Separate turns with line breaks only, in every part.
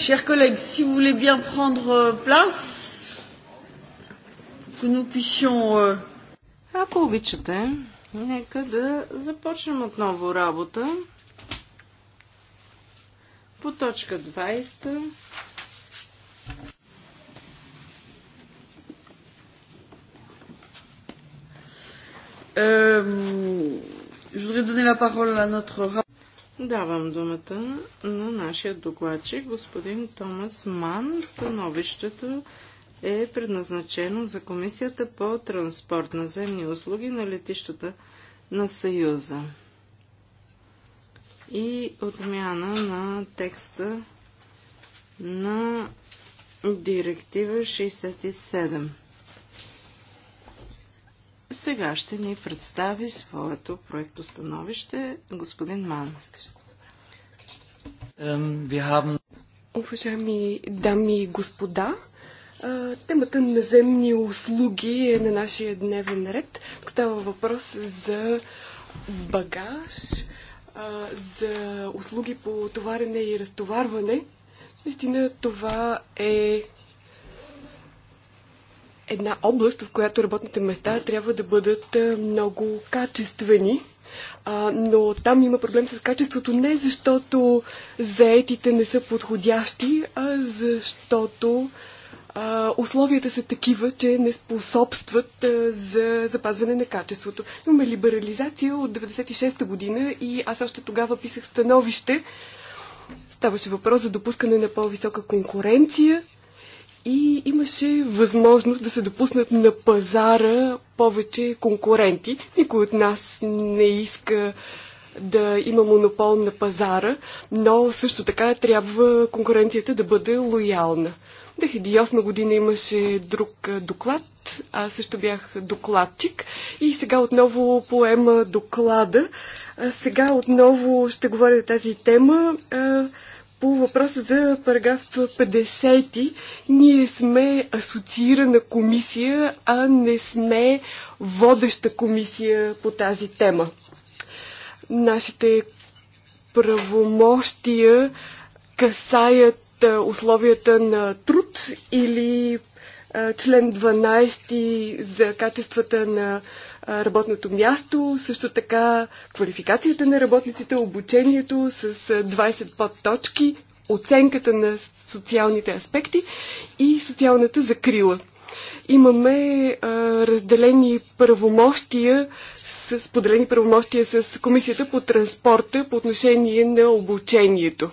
Chers collègues,
si vous voulez bien prendre place, que nous puissions. Ако обичате, нека да започнем отново работа по точка 20. Euh, je voudrais donner la parole à notre rapporteur. Давам думата на нашия докладчик, господин Томас Ман. Становището е предназначено за Комисията по транспорт на земни услуги на летищата на Съюза и отмяна на текста на Директива 67. Сега ще ни представи своето проекто становище господин Ман. Уважаеми
дами и господа, темата наземни услуги е на нашия дневен ред. Тук става въпрос за багаж, за услуги по товарене и разтоварване. Наистина това е една област, в която работните места трябва да бъдат е, много качествени. А, но там има проблем с качеството не защото заетите не са подходящи, а защото а, условията са такива, че не способстват а, е, за запазване на качеството. Имаме либерализация от 96-та година и аз още тогава писах становище. Ставаше въпрос за допускане на по-висока конкуренция и имаше възможност да се допуснат на пазара повече конкуренти. Никой от нас не иска да има монопол на пазара, но също така трябва конкуренцията да бъде лоялна. 2008 година имаше друг доклад, аз също бях докладчик и сега отново поема доклада. Сега отново ще говоря тази тема. По въпроса за параграф 50, ние сме асоциирана комисия, а не сме водеща комисия по тази тема. Нашите правомощия касаят условията на труд или член 12 за качествата на работното място, също така квалификацията на работниците, обучението с 20 подточки, оценката на социалните аспекти и социалната закрила. Имаме а, разделени правомощия с поделени правомощия с Комисията по транспорта по отношение на обучението.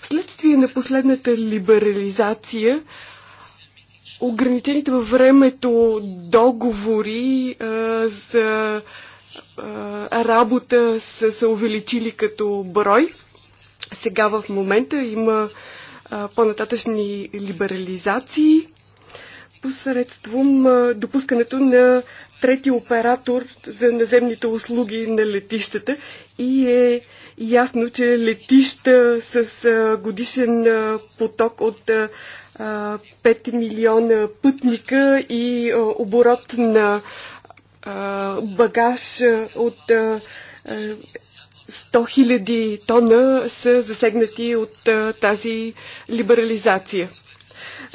Вследствие на последната либерализация, ограничените във времето договори а, за а, работа са се увеличили като брой. Сега в момента има по-нататъчни либерализации посредством допускането на трети оператор за наземните услуги на летищата и е ясно, че летища с годишен поток от 5 милиона пътника и оборот на багаж от 100 хиляди тона са засегнати от тази либерализация.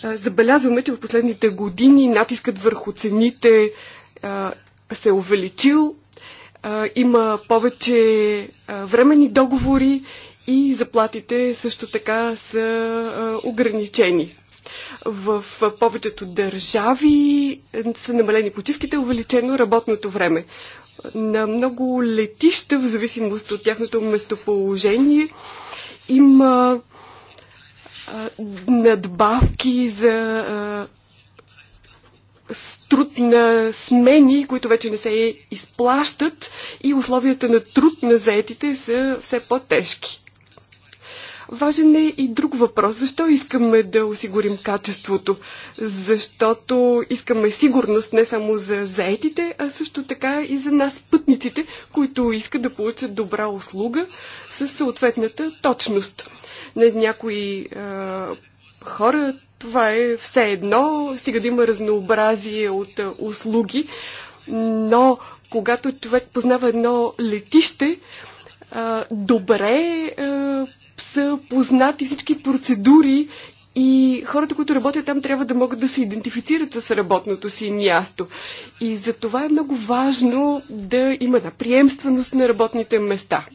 Забелязваме, че в последните години натискът върху цените се е увеличил, има повече времени договори и заплатите също така са ограничени. В повечето държави са намалени почивките, е увеличено работното време. На много летища, в зависимост от тяхното местоположение, има надбавки за труд на смени, които вече не се изплащат и условията на труд на заетите са все по-тежки. Важен е и друг въпрос. Защо искаме да осигурим качеството? Защото искаме сигурност не само за заетите, а също така и за нас пътниците, които искат да получат добра услуга с съответната точност. На някои е, хора това е все едно, стига да има разнообразие от е, услуги, но когато човек познава едно летище, добре са познати всички процедури и хората, които работят там, трябва да могат да се идентифицират с работното си място. И за това е много важно да има да, приемственост на работните места.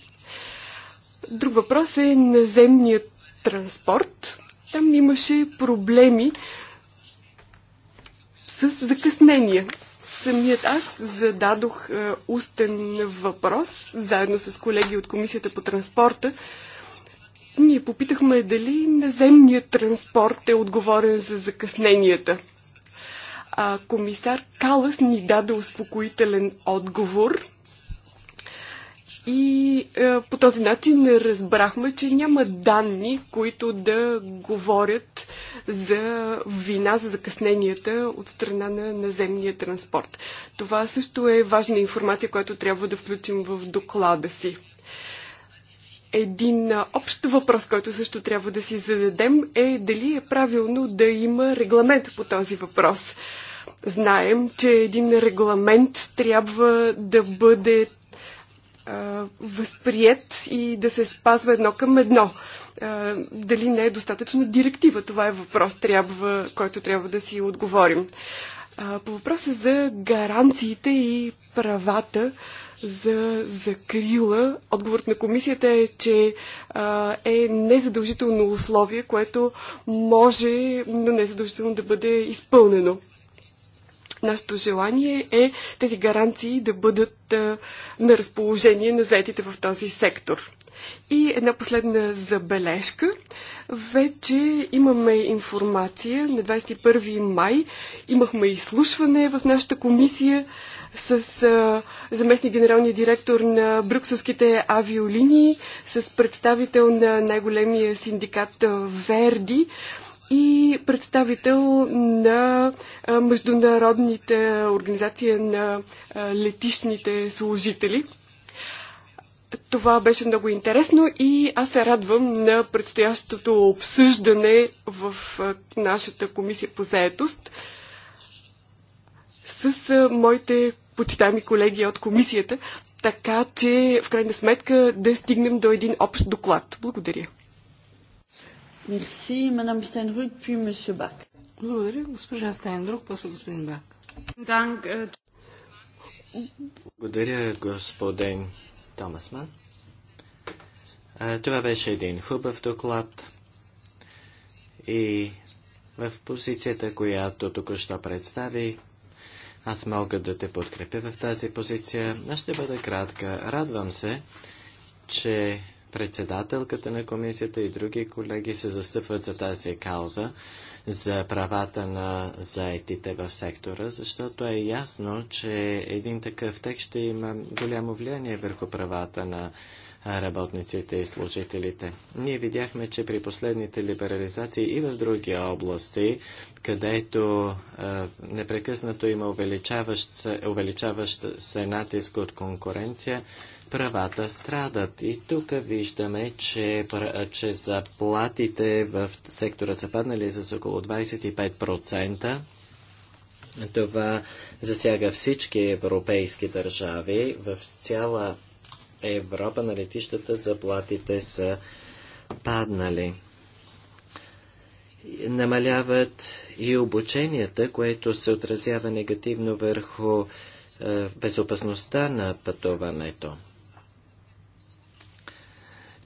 Друг въпрос е наземният транспорт. Там имаше проблеми с закъснения самият аз зададох е, устен въпрос, заедно с колеги от Комисията по транспорта. Ние попитахме дали наземният транспорт е отговорен за закъсненията. А комисар Калас ни даде успокоителен отговор. И е, по този начин разбрахме, че няма данни, които да говорят за вина за закъсненията от страна на наземния транспорт. Това също е важна информация, която трябва да включим в доклада си. Един общ въпрос, който също трябва да си зададем е дали е правилно да има регламент по този въпрос. Знаем, че един регламент трябва да бъде а, възприят и да се спазва едно към едно. А, дали не е достатъчна директива? Това е въпрос, трябва, който трябва да си отговорим. А, по въпроса за гаранциите и правата за закрила, отговорът на комисията е, че а, е незадължително условие, което може, но незадължително да бъде изпълнено. Нашето желание е тези гаранции да бъдат на разположение на заетите в този сектор. И една последна забележка. Вече имаме информация. На 21 май имахме изслушване в нашата комисия с а, заместник генералния директор на брюкселските авиолинии, с представител на най-големия синдикат Верди и представител на Международните организация на летишните служители. Това беше много интересно и аз се радвам на предстоящото обсъждане в нашата комисия по заетост с моите почитами колеги от комисията, така че в крайна сметка да стигнем до един общ доклад. Благодаря.
Мерси, мадам Стенрук, пи месье Бак. Благодаря, госпожа Стенрук, после господин Бак.
Е,
Благодаря, господин Томасман. Е, това беше един хубав доклад и в позицията, която току-що представи, аз мога да те подкрепя в тази позиция. Аз ще бъда кратка. Радвам се, че председателката на комисията и други колеги се застъпват за тази кауза, за правата на заетите в сектора, защото е ясно, че един такъв текст ще има голямо влияние върху правата на работниците и служителите. Ние видяхме, че при последните либерализации и в други области, където е, непрекъснато има увеличаващ се, увеличаващ се натиск от конкуренция, правата страдат. И тук виждаме, че, че заплатите в сектора са паднали с около 25%. Това засяга всички европейски държави. В цяла Европа на летищата заплатите са паднали. Намаляват и обученията, което се отразява негативно върху е, безопасността на пътуването.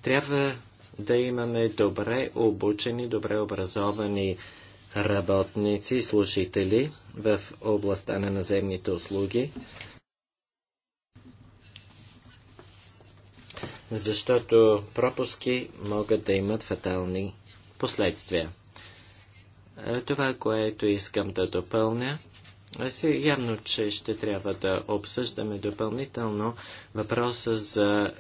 Трябва да имаме добре обучени, добре образовани работници и служители в областта на наземните услуги, защото пропуски могат да имат фатални последствия. Това, което искам да допълня, е явно, че ще трябва да обсъждаме допълнително въпроса за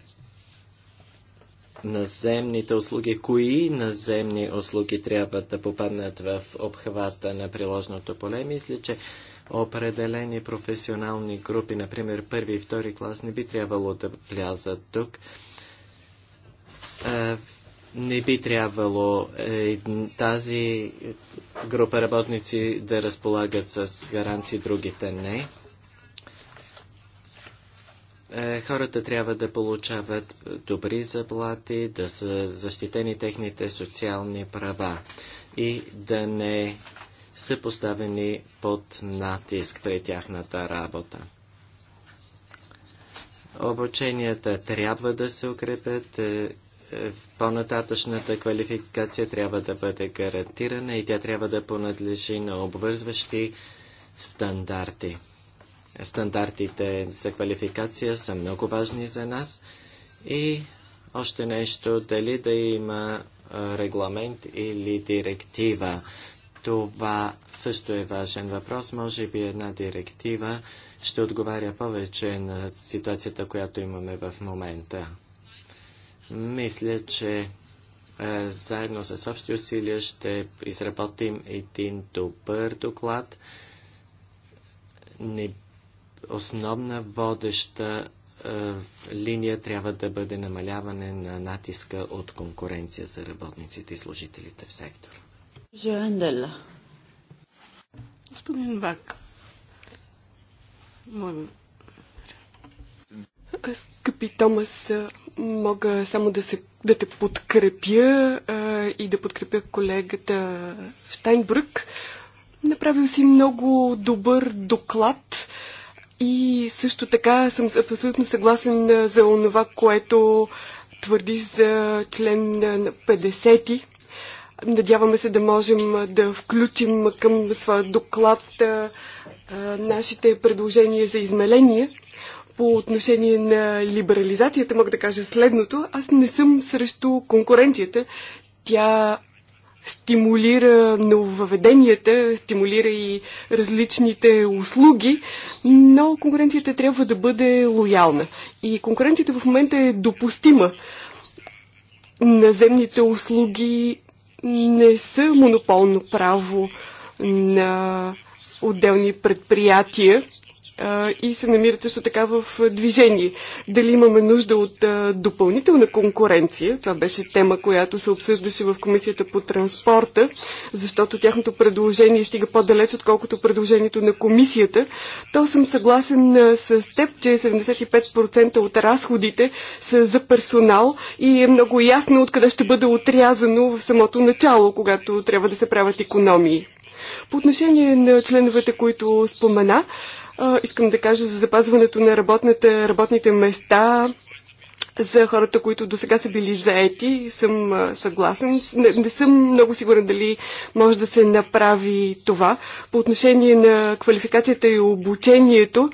наземните услуги, кои наземни услуги трябва да попаднат в обхвата на приложното поле. Мисля, че определени професионални групи, например първи и втори клас, не би трябвало да влязат тук. Не би трябвало е, тази група работници да разполагат с гаранции, другите не. Е, хората трябва да получават добри заплати, да са защитени техните социални права и да не са поставени под натиск при тяхната работа. Обученията трябва да се укрепят, е, е, по-нататъчната квалификация трябва да бъде гарантирана и тя трябва да понадлежи на обвързващи стандарти. Стандартите за квалификация са много важни за нас. И още нещо, дали да има регламент или директива. Това също е важен въпрос. Може би една директива ще отговаря повече на ситуацията, която имаме в момента. Мисля, че заедно с общи усилия ще изработим един добър доклад. Не основна водеща е, линия трябва да бъде намаляване на натиска от конкуренция за работниците и служителите в сектора.
Жандела. Господин Бак, моля.
Скъпи Томас, мога само да, се, да те подкрепя а, и да подкрепя колегата Штайнбрък. Направил си много добър доклад. А, и също така съм абсолютно съгласен за онова, което твърдиш за член 50. Надяваме се да можем да включим към своя доклад нашите предложения за измеления По отношение на либерализацията мога да кажа следното. Аз не съм срещу конкуренцията. Тя стимулира нововъведенията, стимулира и различните услуги, но конкуренцията трябва да бъде лоялна. И конкуренцията в момента е допустима. Наземните услуги не са монополно право на отделни предприятия и се намират също така в движение. Дали имаме нужда от допълнителна конкуренция? Това беше тема, която се обсъждаше в Комисията по транспорта, защото тяхното предложение стига по-далеч, отколкото предложението на Комисията. То съм съгласен с теб, че 75% от разходите са за персонал и е много ясно откъде ще бъде отрязано в самото начало, когато трябва да се правят економии. По отношение на членовете, които спомена, Искам да кажа за запазването на работните, работните места, за хората, които до сега са били заети, съм съгласен. Не, не съм много сигурен дали може да се направи това. По отношение на квалификацията и обучението,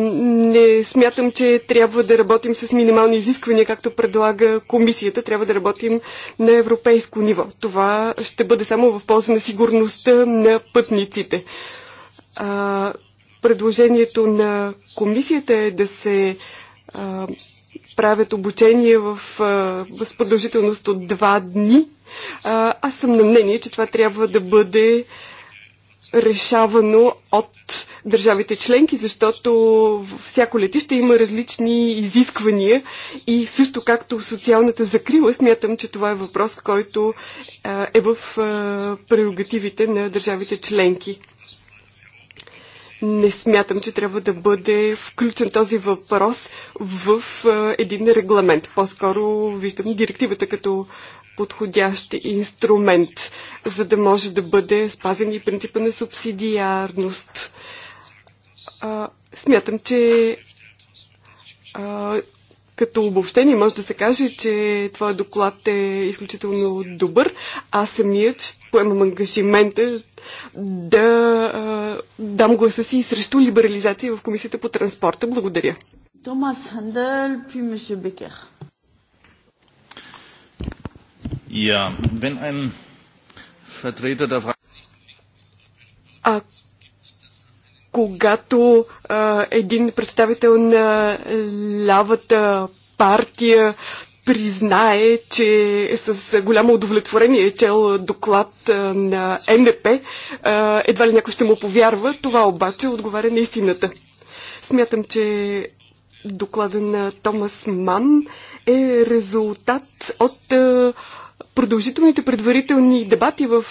не смятам, че трябва да работим с минимални изисквания, както предлага комисията. Трябва да работим на европейско ниво. Това ще бъде само в полза на сигурността на пътниците. Предложението на комисията е да се а, правят обучение в, а, с продължителност от два дни. А, аз съм на мнение, че това трябва да бъде решавано от държавите членки, защото всяко летище има различни изисквания и също както социалната закрила, смятам, че това е въпрос, който е в прерогативите на държавите членки не смятам, че трябва да бъде включен този въпрос в един регламент. По-скоро виждам директивата като подходящ инструмент, за да може да бъде спазен и принципа на субсидиарност. смятам, че като обобщение може да се каже, че твой доклад е изключително добър. Аз самият ще поемам ангажимента да а, дам гласа си срещу либерализация в Комисията по транспорта. Благодаря.
Томас Хандел, пимеше Бекер. Ja, wenn ein Vertreter der Frage...
Ако когато а, един представител на лявата партия признае, че с голямо удовлетворение е чел доклад на НДП, едва ли някой ще му повярва, това обаче отговаря на истината. Смятам, че доклада на Томас Ман е резултат от продължителните предварителни дебати в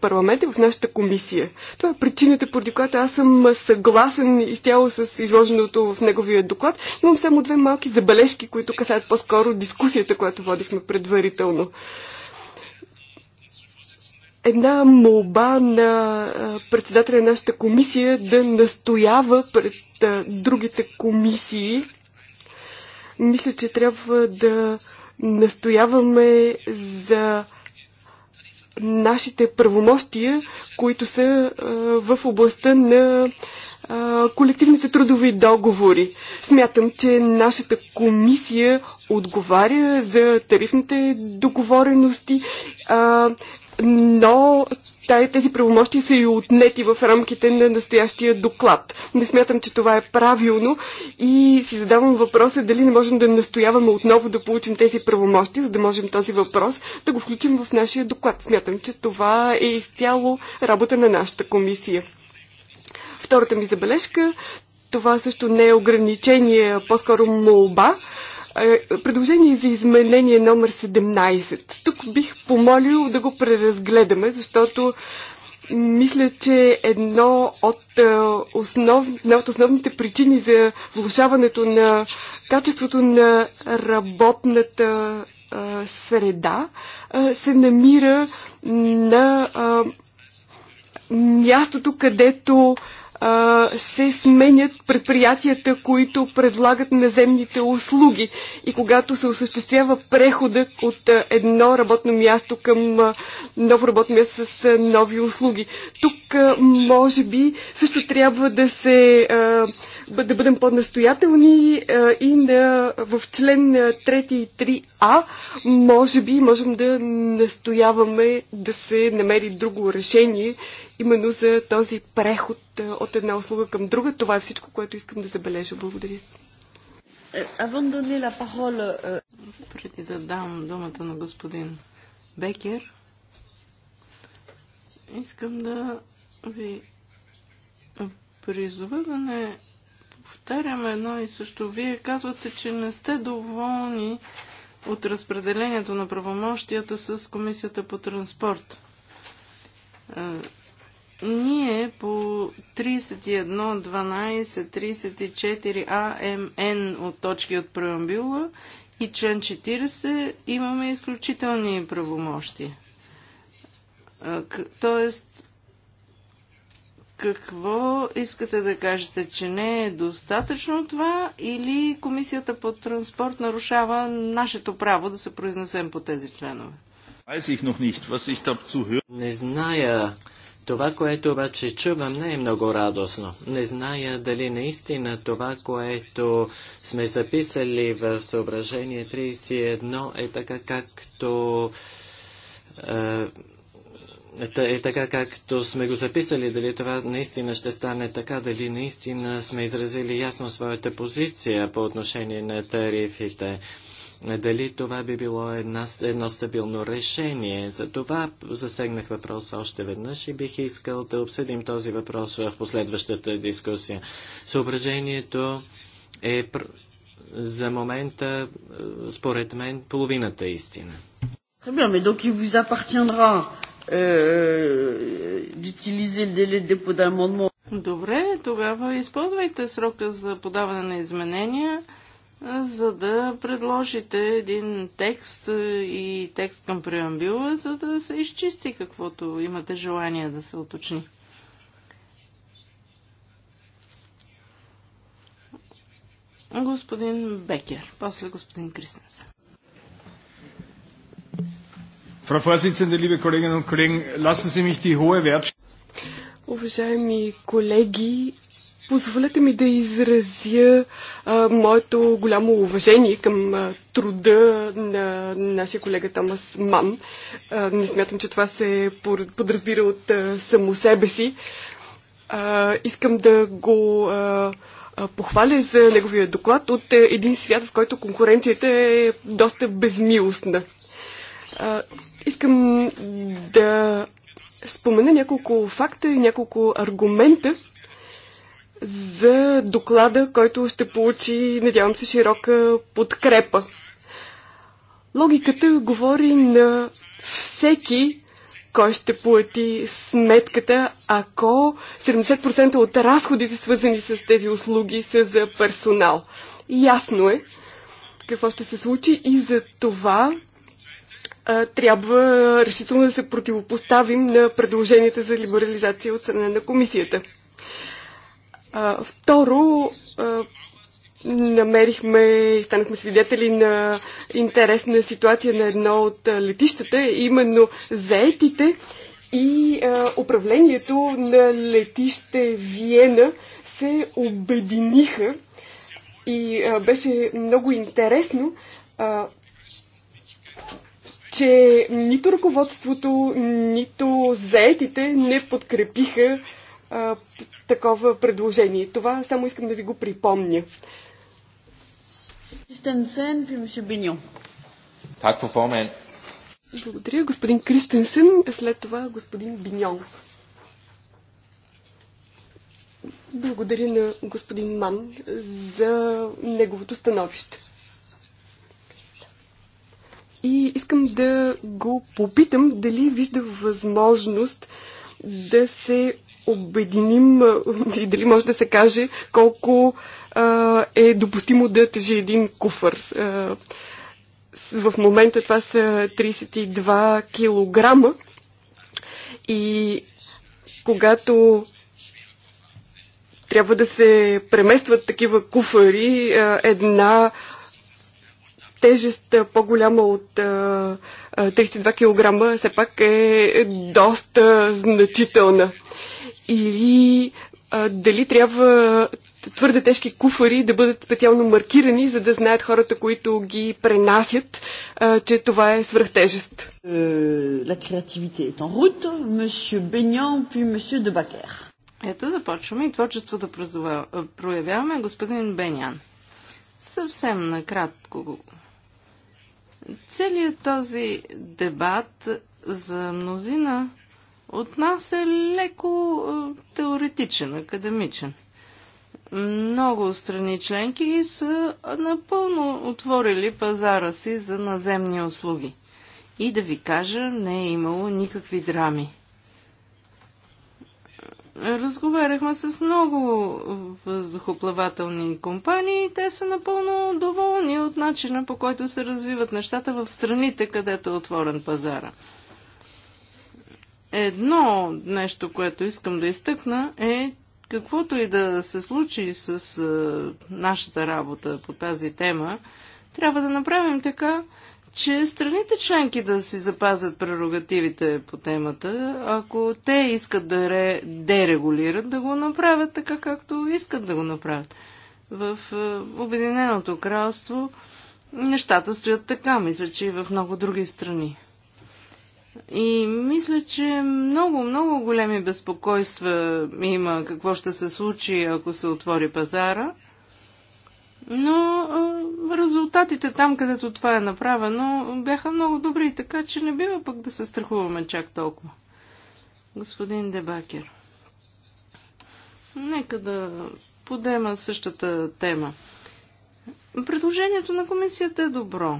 парламента, в нашата комисия. Това е причината, поради която аз съм съгласен изцяло с изложеното в неговия доклад. Имам само две малки забележки, които касаят по-скоро дискусията, която водихме предварително. Една молба на председателя на нашата комисия да настоява пред другите комисии. Мисля, че трябва да Настояваме за нашите правомощия, които са а, в областта на а, колективните трудови договори. Смятам, че нашата комисия отговаря за тарифните договорености, а, но тези правомощи са и отнети в рамките на настоящия доклад. Не смятам, че това е правилно и си задавам въпроса дали не можем да настояваме отново да получим тези правомощи, за да можем този въпрос да го включим в нашия доклад. Смятам, че това е изцяло работа на нашата комисия. Втората ми забележка, това също не е ограничение, по-скоро молба. Е, предложение за изменение номер 17. Тук бих помолил да го преразгледаме, защото мисля, че едно от, е, основ... една от основните причини за влушаването на качеството на работната е, среда се намира на мястото, където се сменят предприятията, които предлагат наземните услуги. И когато се осъществява прехода от едно работно място към ново работно място с нови услуги. Тук може би също трябва да се да бъдем по-настоятелни и на, в член 3 и 3а може би можем да настояваме да се намери друго решение именно за този преход е, от една услуга към друга. Това е всичко, което искам да
забележа. Благодаря. Е, е, Преди да дам думата на господин Бекер, искам да ви призова да не повтаряме едно и също. Вие казвате, че не сте доволни от разпределението на правомощията с Комисията по транспорт. Ние по 31.12.34 АМН от точки от преамбюла и член 40 имаме изключителни правомощи. Тоест, какво искате да кажете, че не е достатъчно това или Комисията по транспорт нарушава нашето право да се
произнесем по тези членове? Не зная това, което обаче чувам, не е много радостно. Не зная дали наистина това, което сме записали в съображение 31 е така както е, е така както сме го записали, дали това наистина ще стане така, дали наистина сме изразили ясно своята позиция по отношение на тарифите дали това би било една, едно стабилно решение. За това засегнах въпроса още веднъж и бих искал да обсъдим този въпрос в последващата дискусия. Съображението е за момента, е, според мен, половината истина.
Euh, euh, Добре, тогава използвайте срока за подаване на изменения за да предложите един текст и текст към преамбила, за да се изчисти каквото имате желание да се уточни. Господин Бекер, после господин Кристенс.
Frau Vorsitzende, liebe Kolleginnen und Kollegen, lassen Sie mich die hohe Wertschätzung.
Уважаеми колеги, Позволете ми да изразя а, моето голямо уважение към а, труда на нашия колега Томас Ман. А, не смятам, че това се подразбира от а, само себе си. А, искам да го а, а, похваля за неговия доклад от а, един свят, в който конкуренцията е доста безмилостна. А, искам да спомена няколко факта и няколко аргумента, за доклада, който ще получи, надявам се, широка подкрепа. Логиката говори на всеки, кой ще плати сметката, ако 70% от разходите, свързани с тези услуги, са за персонал. Ясно е какво ще се случи и за това а, трябва решително да се противопоставим на предложенията за либерализация от страна на комисията. А, второ, а, намерихме и станахме свидетели на интересна ситуация на едно от летищата, именно заетите и а, управлението на летище Виена се обединиха и а, беше много интересно, а, че нито ръководството, нито заетите не подкрепиха а, такова предложение. Това само искам да ви го припомня.
Так, формен.
Благодаря, господин Кристенсен. След това господин Биньон. Благодаря на господин Ман за неговото становище. И искам да го попитам дали вижда възможност да се обединим и дали може да се каже колко а, е допустимо да тежи един куфър. А, в момента това са 32 килограма и когато трябва да се преместват такива куфари, една тежест по-голяма от 32 кг все пак е доста значителна или а, дали трябва твърде тежки куфари да бъдат специално маркирани, за да знаят хората, които ги пренасят, а, че това е свръхтежест. Е, la est en route.
puis Monsieur Ето започваме и творчеството да проявяваме господин Бенян. Съвсем накратко. Целият този дебат за мнозина от нас е леко е, теоретичен, академичен. Много страни членки са напълно отворили пазара си за наземни услуги. И да ви кажа, не е имало никакви драми. Разговаряхме с много въздухоплавателни компании и те са напълно доволни от начина по който се развиват нещата в страните, където е отворен пазара. Едно нещо, което искам да изтъкна е, каквото и да се случи с е, нашата работа по тази тема, трябва да направим така, че страните членки да си запазят прерогативите по темата. Ако те искат да ре, дерегулират, да го направят така, както искат да го направят. В е, Обединеното кралство нещата стоят така, мисля, че и в много други страни. И мисля, че много, много големи безпокойства има какво ще се случи, ако се отвори пазара. Но резултатите там, където това е направено, бяха много добри, така че не бива пък да се страхуваме чак толкова. Господин Дебакер, нека да подема същата тема. Предложението на комисията е добро.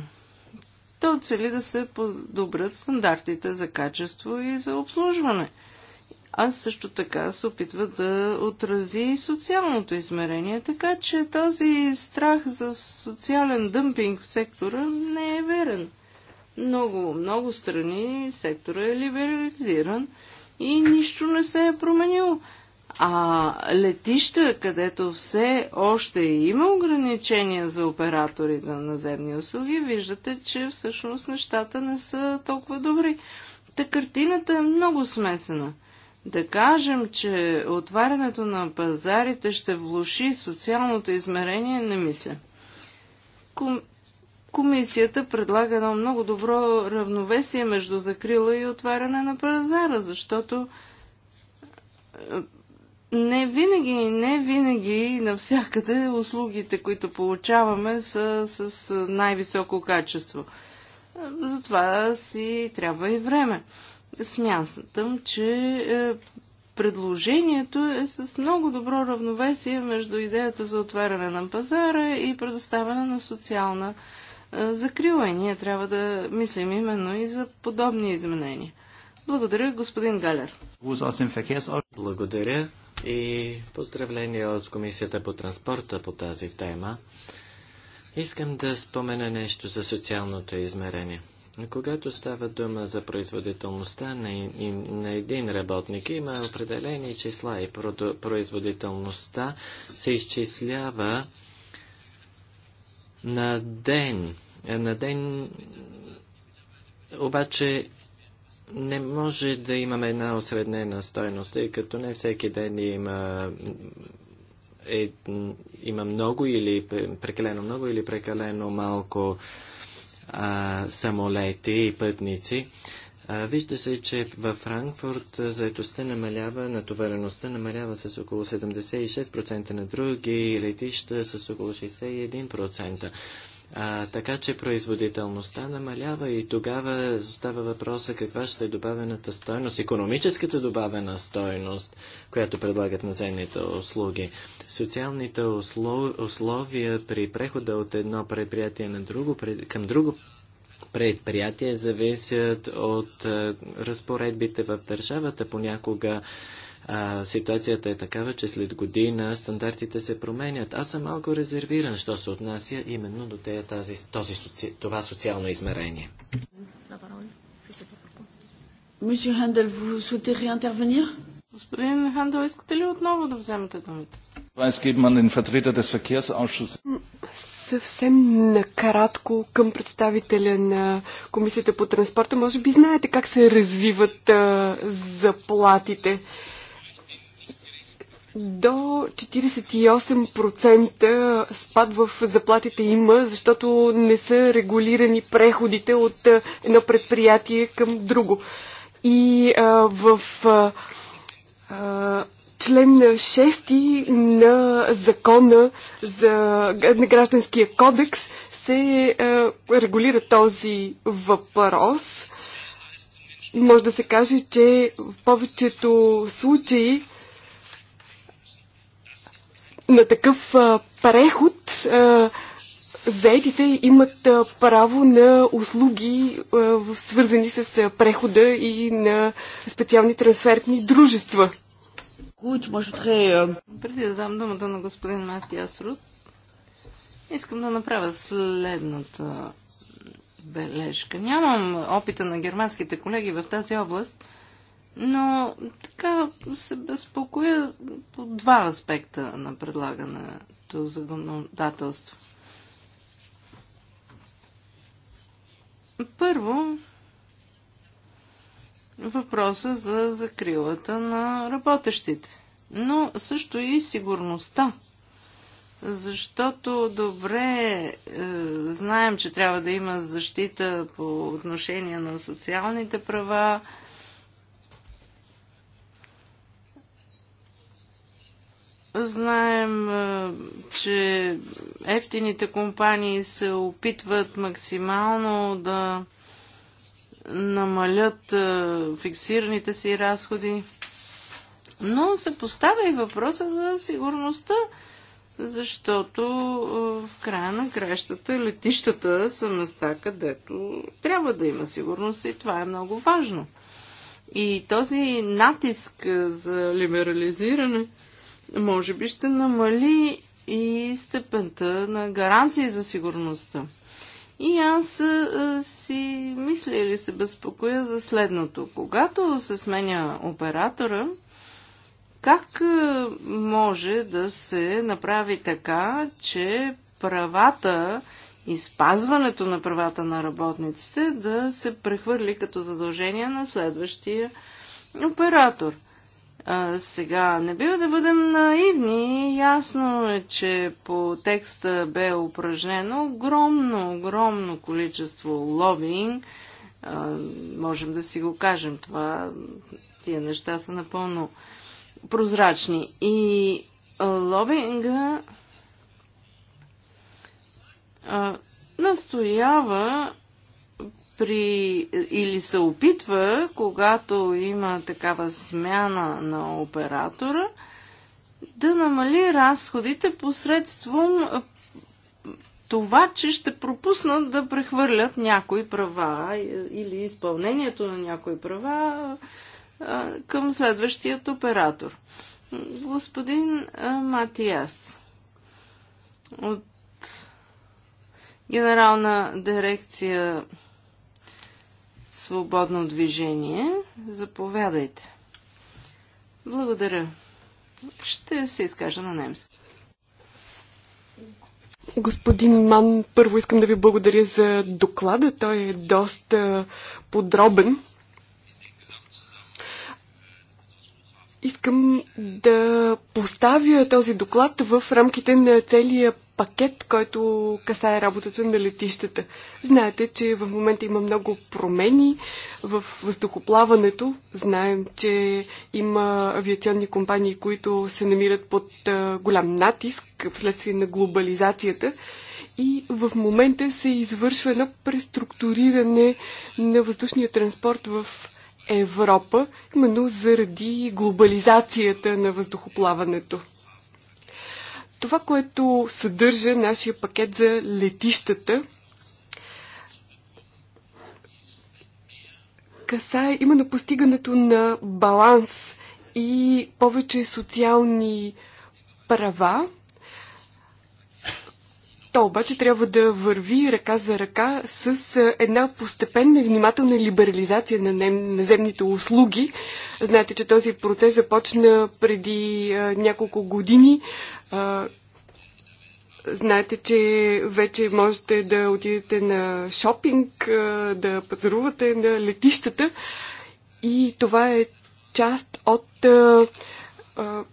То цели да се подобрят стандартите за качество и за обслужване. А също така се опитва да отрази и социалното измерение, така че този страх за социален дъмпинг в сектора не е верен. Много, много страни сектора е либерализиран и нищо не се е променило. А летища, където все още има ограничения за оператори на наземни услуги, виждате, че всъщност нещата не са толкова добри. Та картината е много смесена. Да кажем, че отварянето на пазарите ще влуши социалното измерение, не мисля. Ком... Комисията предлага едно много добро равновесие между закрила и отваряне на пазара, защото не винаги, не винаги навсякъде услугите, които получаваме, са с най-високо качество. Затова си трябва и време. Смятам, че е, предложението е с много добро равновесие между идеята за отваряне на пазара и предоставяне на социална е, закрила. И ние трябва да мислим именно и за подобни изменения. Благодаря, господин Галер.
Благодаря и поздравления от Комисията по транспорта по тази тема. Искам да спомена нещо за социалното измерение. Когато става дума за производителността на, на един работник, има определени числа и производителността се изчислява на ден. На ден обаче не може да имаме една осреднена стойност, тъй като не всеки ден има, е, има много или прекалено много или прекалено малко а, самолети и пътници. А, вижда се, че във Франкфурт заедостта намалява, натовареността намалява с около 76% на други летища с около 61%. А, така че производителността намалява и тогава остава въпроса каква ще е добавената стойност, економическата добавена стойност, която предлагат наземните услуги. Социалните услов... условия при прехода от едно предприятие на друго, пред... към друго предприятие зависят от а, разпоредбите в държавата. Понякога а, ситуацията е такава, че след година стандартите се променят. Аз съм малко резервиран, що се отнася именно до тези тази, този, това социално измерение.
Мисю Хендел, Господин Хендел, искате ли отново да вземете думите?
Съвсем накратко към представителя на Комисията по транспорта. Може би знаете как се развиват а, заплатите до 48% спад в заплатите има, защото не са регулирани преходите от едно предприятие към друго. И а, в а, член 6 на закона за на гражданския кодекс се а, регулира този въпрос. Може да се каже, че в повечето случаи на такъв а, преход а, заедите имат а, право на услуги, а, свързани с а, прехода и на специални трансфертни дружества.
Е, Преди да дам думата на господин Матиас Руд, искам да направя следната бележка. Нямам опита на германските колеги в тази област, но така се безпокоя по два аспекта на предлагането законодателство. Първо, въпроса за закрилата на работещите, но също и сигурността. Защото добре е, знаем, че трябва да има защита по отношение на социалните права, Знаем, е, че ефтините компании се опитват максимално да намалят е, фиксираните си разходи, но се поставя и въпроса за сигурността, защото е, в края на кращата летищата са места, където трябва да има сигурност и това е много важно. И този натиск за либерализиране – може би ще намали и степента на гаранции за сигурността. И аз а, си мисля или се безпокоя за следното. Когато се сменя оператора, как може да се направи така, че правата и спазването на правата на работниците да се прехвърли като задължение на следващия оператор? А, сега, не бива да бъдем наивни. Ясно е, че по текста бе упражнено огромно, огромно количество лобинг. можем да си го кажем това. Тия неща са напълно прозрачни. И лобинга а, настоява при, или се опитва, когато има такава смяна на оператора, да намали разходите посредством това, че ще пропуснат да прехвърлят някои права или изпълнението на някои права към следващият оператор. Господин Матиас от Генерална дирекция свободно движение. Заповядайте. Благодаря. Ще се изкажа на немски.
Господин Ман, първо искам да ви благодаря за доклада. Той е доста подробен. Искам да поставя този доклад в рамките на целия пакет, който касае работата на летищата. Знаете, че в момента има много промени в въздухоплаването. Знаем, че има авиационни компании, които се намират под голям натиск вследствие на глобализацията. И в момента се извършва едно преструктуриране на въздушния транспорт в Европа, именно заради глобализацията на въздухоплаването. Това, което съдържа нашия пакет за летищата, касае именно постигането на баланс и повече социални права. То обаче трябва да върви ръка за ръка с една постепенна и внимателна либерализация на наземните услуги. Знаете, че този процес започна преди няколко години знаете, че вече можете да отидете на шопинг, да пазарувате на летищата. И това е част от а, а,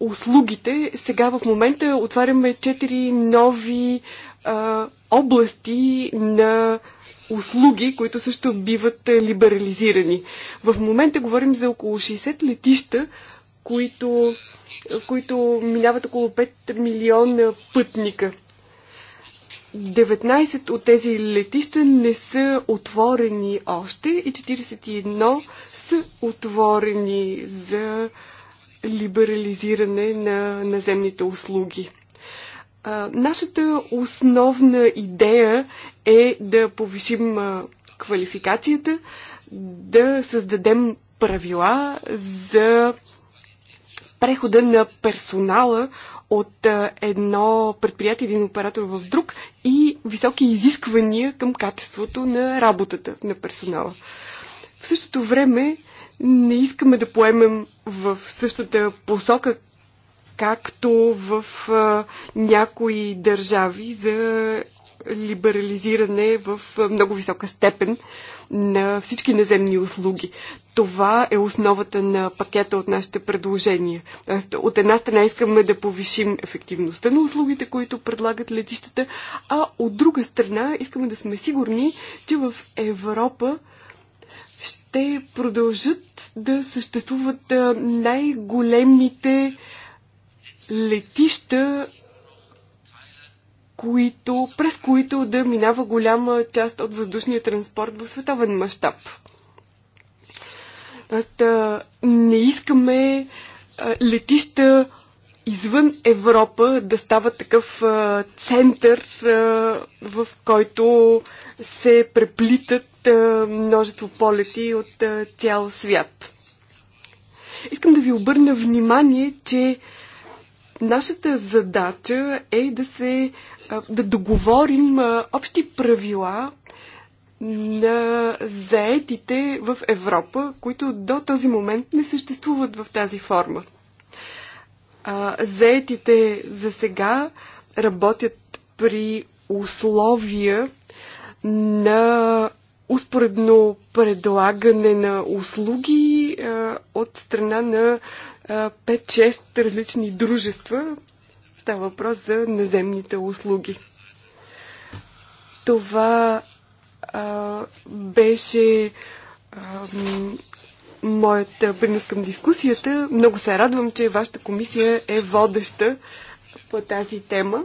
услугите. Сега в момента отваряме четири нови а, области на услуги, които също биват либерализирани. В момента говорим за около 60 летища, които, които минават около 5 милиона пътника. 19 от тези летища не са отворени още и 41 са отворени за либерализиране на наземните услуги. А, нашата основна идея е да повишим а, квалификацията, да създадем правила за прехода на персонала от едно предприятие, един оператор в друг и високи изисквания към качеството на работата на персонала. В същото време не искаме да поемем в същата посока, както в а, някои държави за либерализиране в много висока степен на всички наземни услуги. Това е основата на пакета от нашите предложения. От една страна искаме да повишим ефективността на услугите, които предлагат летищата, а от друга страна искаме да сме сигурни, че в Европа ще продължат да съществуват най-големите летища които, през които да минава голяма част от въздушния транспорт в световен мащаб. Не искаме летища извън Европа да става такъв а, център, а, в който се преплитат а, множество полети от а, цял свят. Искам да ви обърна внимание, че нашата задача е да се да договорим общи правила на заетите в Европа, които до този момент не съществуват в тази форма. Заетите за сега работят при условия на успоредно предлагане на услуги от страна на 5-6 различни дружества, Става въпрос за наземните услуги. Това а, беше а, моята принос към дискусията. Много се радвам, че вашата комисия е водеща по тази тема.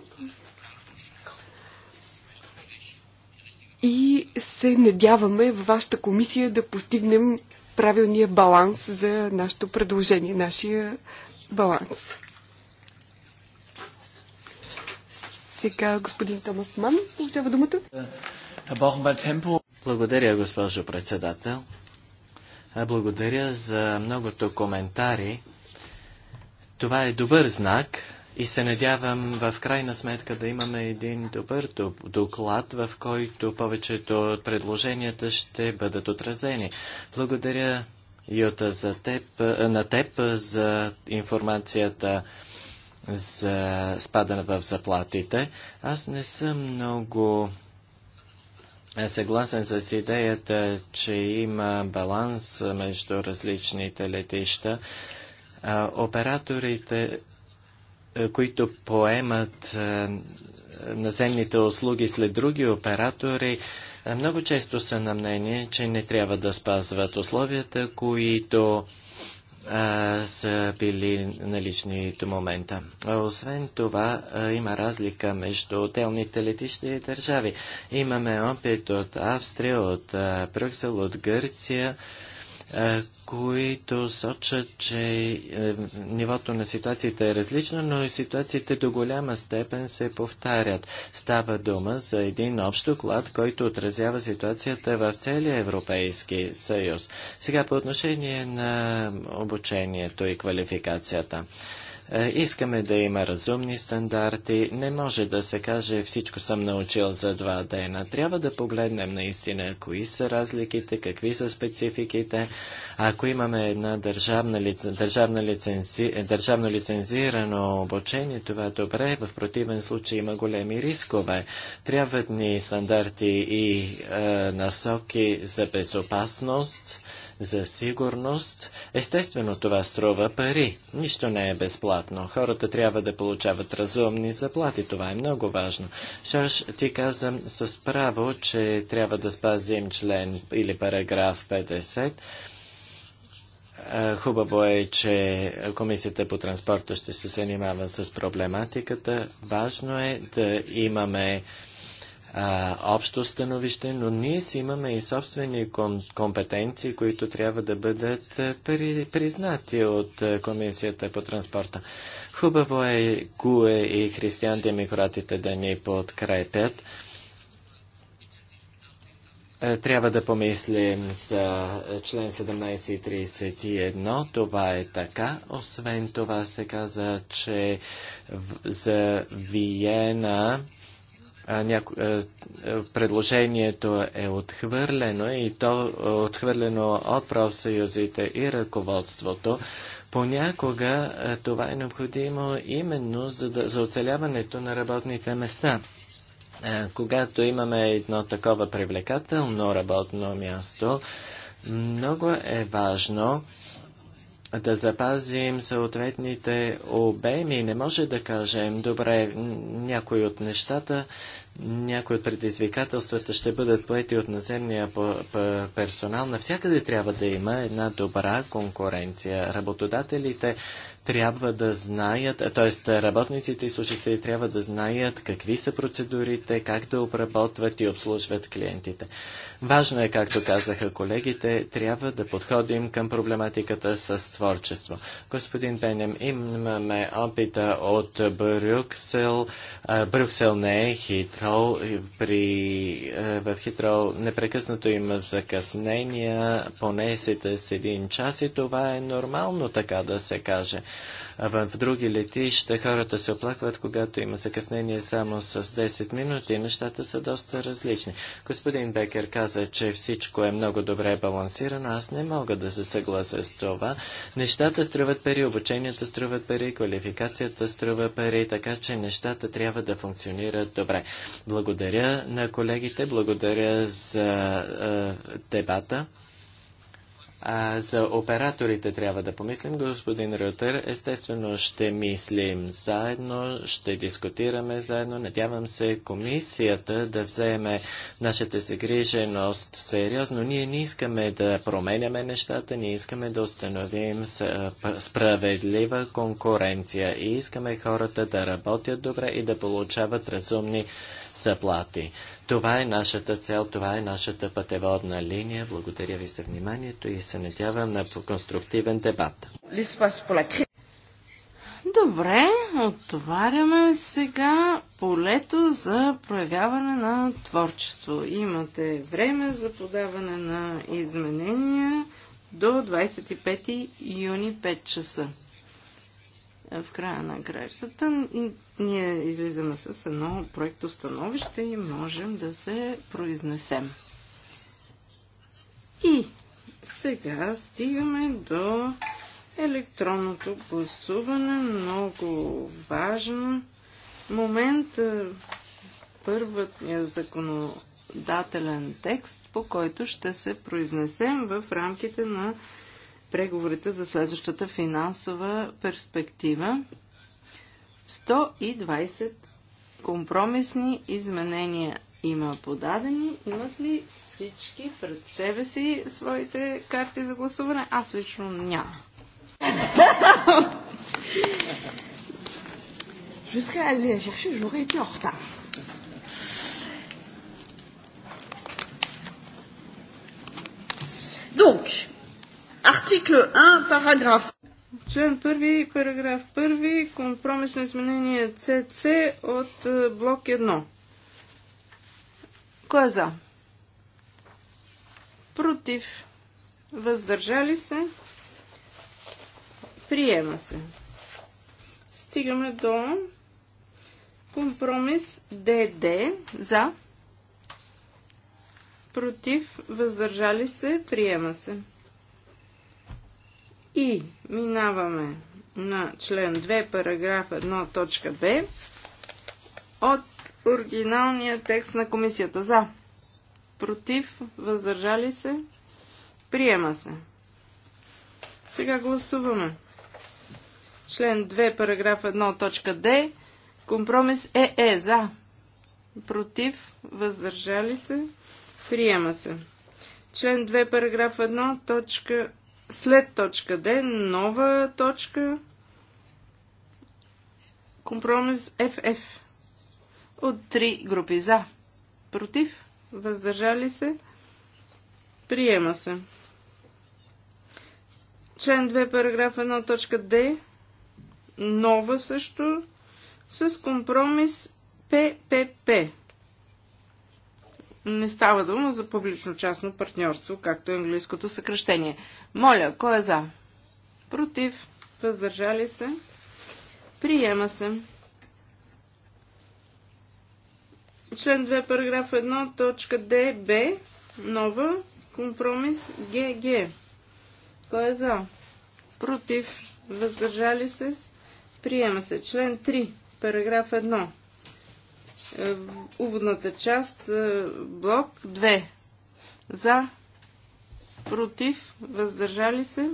И се надяваме в вашата комисия да постигнем правилния баланс за нашето предложение, нашия баланс. Сега господин Томас Ман получава думата.
Благодаря, госпожо председател. Благодаря за многото коментари. Това е добър знак и се надявам в крайна сметка да имаме един добър доклад, в който повечето от предложенията ще бъдат отразени. Благодаря, Юта, за теб, на теб за информацията за спадане в заплатите. Аз не съм много е, съгласен с идеята, че има баланс между различните летища. операторите, е, които поемат е, наземните услуги след други оператори, много често са на мнение, че не трябва да спазват условията, които а, са били налични до момента. Освен това, а, има разлика между отделните летища и държави. Имаме опит от Австрия, от Брюксел, от Гърция, които сочат, че е, нивото на ситуацията е различно, но ситуациите до голяма степен се повтарят. Става дума за един общ доклад, който отразява ситуацията в целия Европейски съюз. Сега по отношение на обучението и квалификацията. Е, искаме да има разумни стандарти. Не може да се каже всичко съм научил за два дена. Трябва да погледнем наистина кои са разликите, какви са спецификите. Ако имаме една държавна, държавна лицензи... държавно лицензирано обучение, това е добре. В противен случай има големи рискове. Трябват ни стандарти и е, насоки за безопасност за сигурност. Естествено, това струва пари. Нищо не е безплатно. Хората трябва да получават разумни заплати. Това е много важно. Шаш, ти казам с право, че трябва да спазим член или параграф 50. Хубаво е, че Комисията по транспорта ще се занимава с проблематиката. Важно е да имаме а, общо становище, но ние си имаме и собствени ком- компетенции, които трябва да бъдат при- признати от Комисията по транспорта. Хубаво е Гуе и християн демократите да ни подкрепят. Трябва да помислим за член 17 и 31. Това е така. Освен това се каза, че за Виена няко... предложението е отхвърлено и то отхвърлено от профсъюзите и ръководството. Понякога това е необходимо именно за, да, за оцеляването на работните места. Когато имаме едно такова привлекателно работно място, много е важно да запазим съответните обеми. Не може да кажем, добре, някои от нещата някои от предизвикателствата ще бъдат поети от наземния персонал. Навсякъде трябва да има една добра конкуренция. Работодателите трябва да знаят, т.е. работниците и служители трябва да знаят какви са процедурите, как да обработват и обслужват клиентите. Важно е, както казаха колегите, трябва да подходим към проблематиката с творчество. Господин Бенем, имаме опита от Брюксел. Брюксел не е хитро е, Хитрол, при, в хитро непрекъснато има закъснения, поне с един час и това е нормално така да се каже. А в други летища хората се оплакват, когато има закъснение само с 10 минути. Нещата са доста различни. Господин Бекер каза, че всичко е много добре балансирано. Аз не мога да се съглася с това. Нещата струват пари, обученията струват пари, квалификацията струва пари, така че нещата трябва да функционират добре. Благодаря на колегите, благодаря за е, дебата. А, за операторите трябва да помислим, господин Рютер. Естествено ще мислим заедно, ще дискутираме заедно. Надявам се комисията да вземе нашата загриженост сериозно. Ние не искаме да променяме нещата, ние искаме да установим справедлива конкуренция и искаме хората да работят добре и да получават разумни заплати. Това е нашата цел, това е нашата пътеводна линия. Благодаря ви за вниманието и се надявам на конструктивен дебат.
Добре, отваряме сега полето за проявяване на творчество. Имате време за подаване на изменения до 25 юни 5 часа в края на краищата ние излизаме с едно проекто становище и можем да се произнесем. И сега стигаме до електронното гласуване. Много важен момент. Първият е законодателен текст, по който ще се произнесем в рамките на преговорите за следващата финансова перспектива. 120 компромисни изменения има подадени. Имат ли всички пред себе си своите карти за гласуване? Аз лично нямам. la chercher, j'aurais été en retard. Donc, Article 1, параграф. Член 1, параграф 1, компромисно изменение CC от е, блок 1. Кой е за? Против. Въздържали се. Приема се. Стигаме до компромис ДД за против, въздържали се, приема се. И минаваме на член 2, параграф 1, точка 2 от оригиналния текст на комисията. За. Против. Въздържали се. Приема се. Сега гласуваме. Член 2, параграф 1, точка Д. Компромис е Е. За. Против. Въздържали се. Приема се. Член 2, параграф 1, точка след точка Д, нова точка, компромис FF от три групи за, против, въздържали се, приема се. Член 2, параграф 1, точка Д, нова също, с компромис ППП не става дума за публично-частно партньорство, както е английското съкръщение. Моля, кой е за? Против. Въздържали се. Приема се. Член 2, параграф 1, точка Д, Б, нова, компромис, Г, Г. Кой е за? Против. Въздържали се. Приема се. Член 3, параграф 1, е, уводната част, е, блок 2. За, против, въздържали се,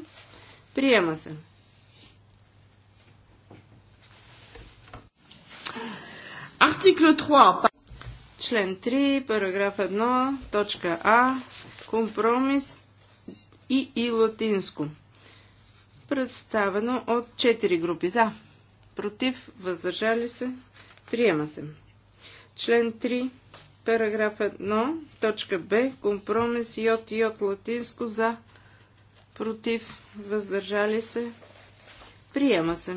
приема се. Артикл 3. Член 3, параграф 1, точка А, компромис и и латинско. Представено от 4 групи за. Против, въздържали се, приема се. Член 3, параграф 1, точка Б, компромис йод и йод латинско за, против, въздържали се, приема се.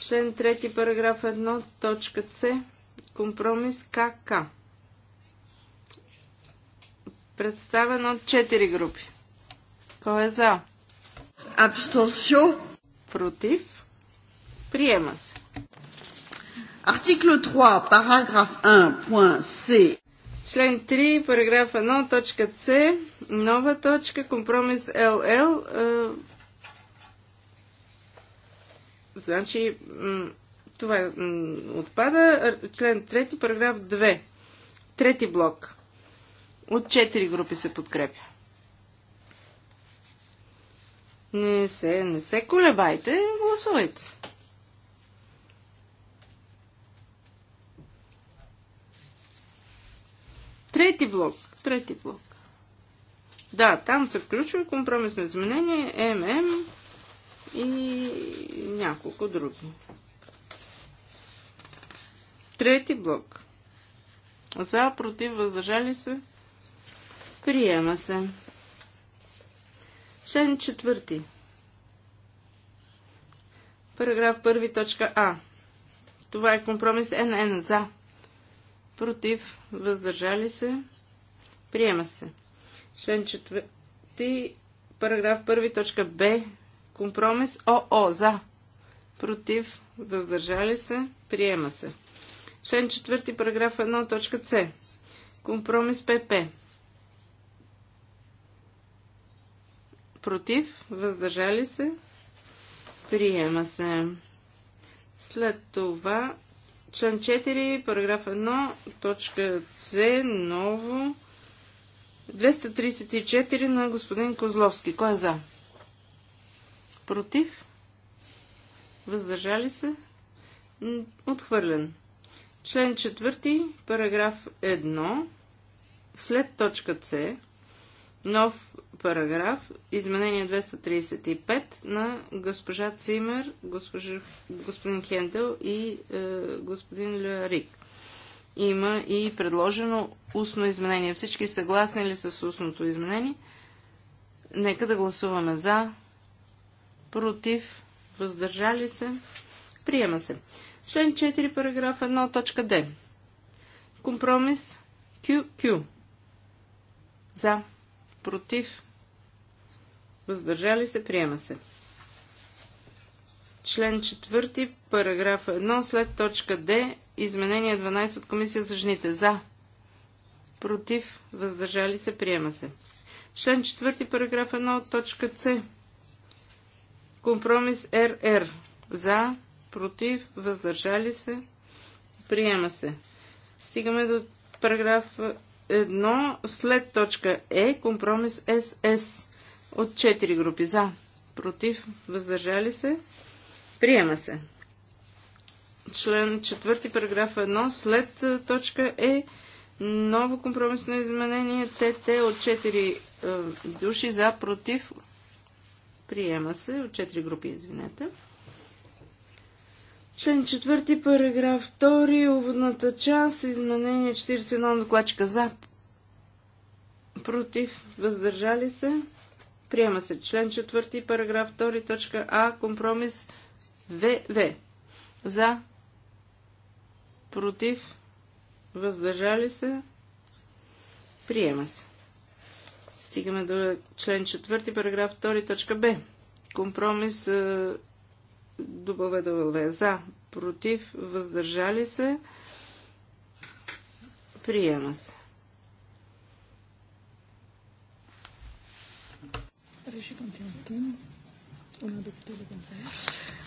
Член 3, параграф 1, точка С, компромис КК. Представен от 4 групи. Кой е за? Абстенсио. Против. Приема се. Article 3, paragraphe 1, point C. Член 3, параграф 1, точка С, нова точка, компромис ЛЛ. Е, значи, това отпада. Член 3, параграф 2. Трети блок. От 4 групи се подкрепя. Не се, не се колебайте, гласувайте. Трети блок. Трети блок. Да, там се включва компромисно изменение, ММ и няколко други. Трети блок. За, против, въздържали се. Приема се. Член четвърти. Параграф първи, точка А. Това е компромис НН за против, въздържали се, приема се. Член 4, параграф 1, точка Б, компромис ОО, за, против, въздържали се, приема се. Член 4, параграф 1, точка С, компромис ПП, против, въздържали се, приема се. След това Член 4, параграф 1, точка С, ново. 234 на господин Козловски. Кой е за? Против? Въздържали се? Отхвърлен. Член 4, параграф 1, след точка С, нов параграф, изменение 235 на госпожа Цимер, госпожа, господин Хендел и е, господин Лярик. Има и предложено устно изменение. Всички съгласни ли с устното изменение? Нека да гласуваме за, против, въздържали се. Приема се. Член 4, параграф 1, точка Д. Компромис QQ. За, против, въздържали се, приема се. Член 4, параграф 1, след точка Д, изменение 12 от Комисия за жените. За. Против. Въздържали се. Приема се. Член 4, параграф 1 от точка С. Компромис РР. За. Против. Въздържали се. Приема се. Стигаме до параграф 1 след точка Е. Компромис СС от 4 групи за, против, въздържали се, приема се. Член 4, параграф 1, след е, точка Е, ново компромисно изменение, ТТ от 4 е, души за, против, приема се, от 4 групи, извинете. Член 4, параграф 2, уводната част, изменение 41 докладчика за, против, въздържали се, Приема се член 4, параграф 2, точка А, компромис ВВ. За, против, въздържали се, приема се. Стигаме до член 4, параграф 2, точка Б. Компромис W е, за, против, въздържали се, приема се.